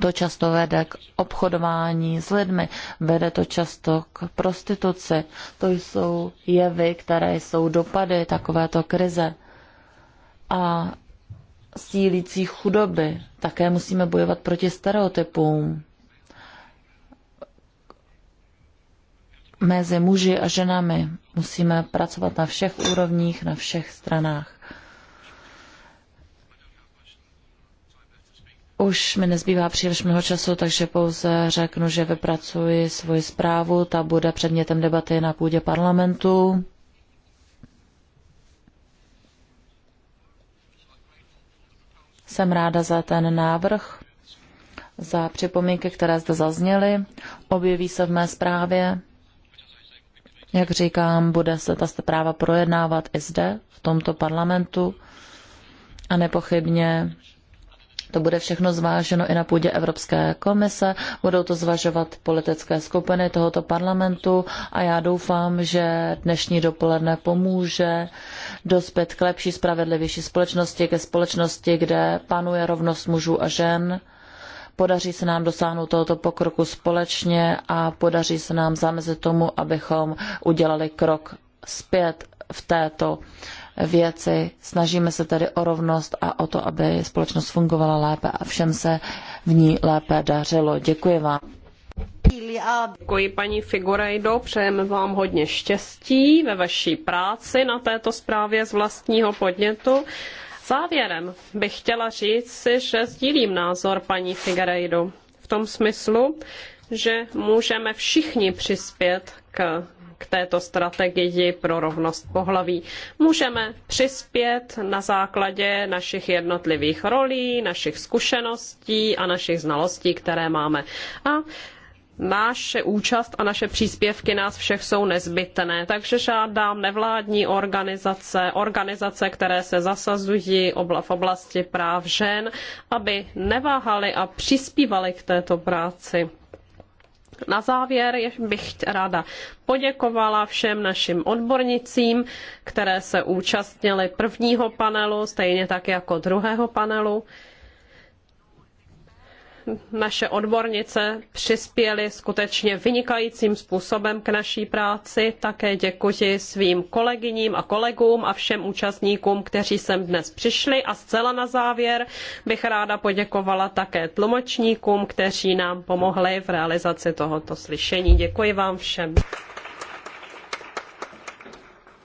To často vede k obchodování s lidmi, vede to často k prostituci. To jsou jevy, které jsou dopady takovéto krize. A sílící chudoby. Také musíme bojovat proti stereotypům mezi muži a ženami. Musíme pracovat na všech úrovních, na všech stranách. Už mi nezbývá příliš mnoho času, takže pouze řeknu, že vypracuji svoji zprávu. Ta bude předmětem debaty na půdě parlamentu. Jsem ráda za ten návrh, za připomínky, které zde zazněly. Objeví se v mé zprávě. Jak říkám, bude se ta zpráva projednávat i zde, v tomto parlamentu a nepochybně to bude všechno zváženo i na půdě Evropské komise, budou to zvažovat politické skupiny tohoto parlamentu a já doufám, že dnešní dopoledne pomůže dospět k lepší, spravedlivější společnosti, ke společnosti, kde panuje rovnost mužů a žen Podaří se nám dosáhnout tohoto pokroku společně a podaří se nám zamezit tomu, abychom udělali krok zpět v této věci. Snažíme se tedy o rovnost a o to, aby společnost fungovala lépe a všem se v ní lépe dařilo. Děkuji vám. Děkuji paní Figurejdo, přejeme vám hodně štěstí ve vaší práci na této zprávě z vlastního podnětu. Závěrem bych chtěla říct si, že sdílím názor paní Figueiredo v tom smyslu, že můžeme všichni přispět k k této strategii pro rovnost pohlaví. Můžeme přispět na základě našich jednotlivých rolí, našich zkušeností a našich znalostí, které máme. A naše účast a naše příspěvky nás všech jsou nezbytné. Takže žádám nevládní organizace, organizace, které se zasazují v oblasti práv žen, aby neváhali a přispívali k této práci. Na závěr bych ráda poděkovala všem našim odbornicím, které se účastnily prvního panelu, stejně tak jako druhého panelu naše odbornice přispěly skutečně vynikajícím způsobem k naší práci. Také děkuji svým kolegyním a kolegům a všem účastníkům, kteří sem dnes přišli. A zcela na závěr bych ráda poděkovala také tlumočníkům, kteří nám pomohli v realizaci tohoto slyšení. Děkuji vám všem.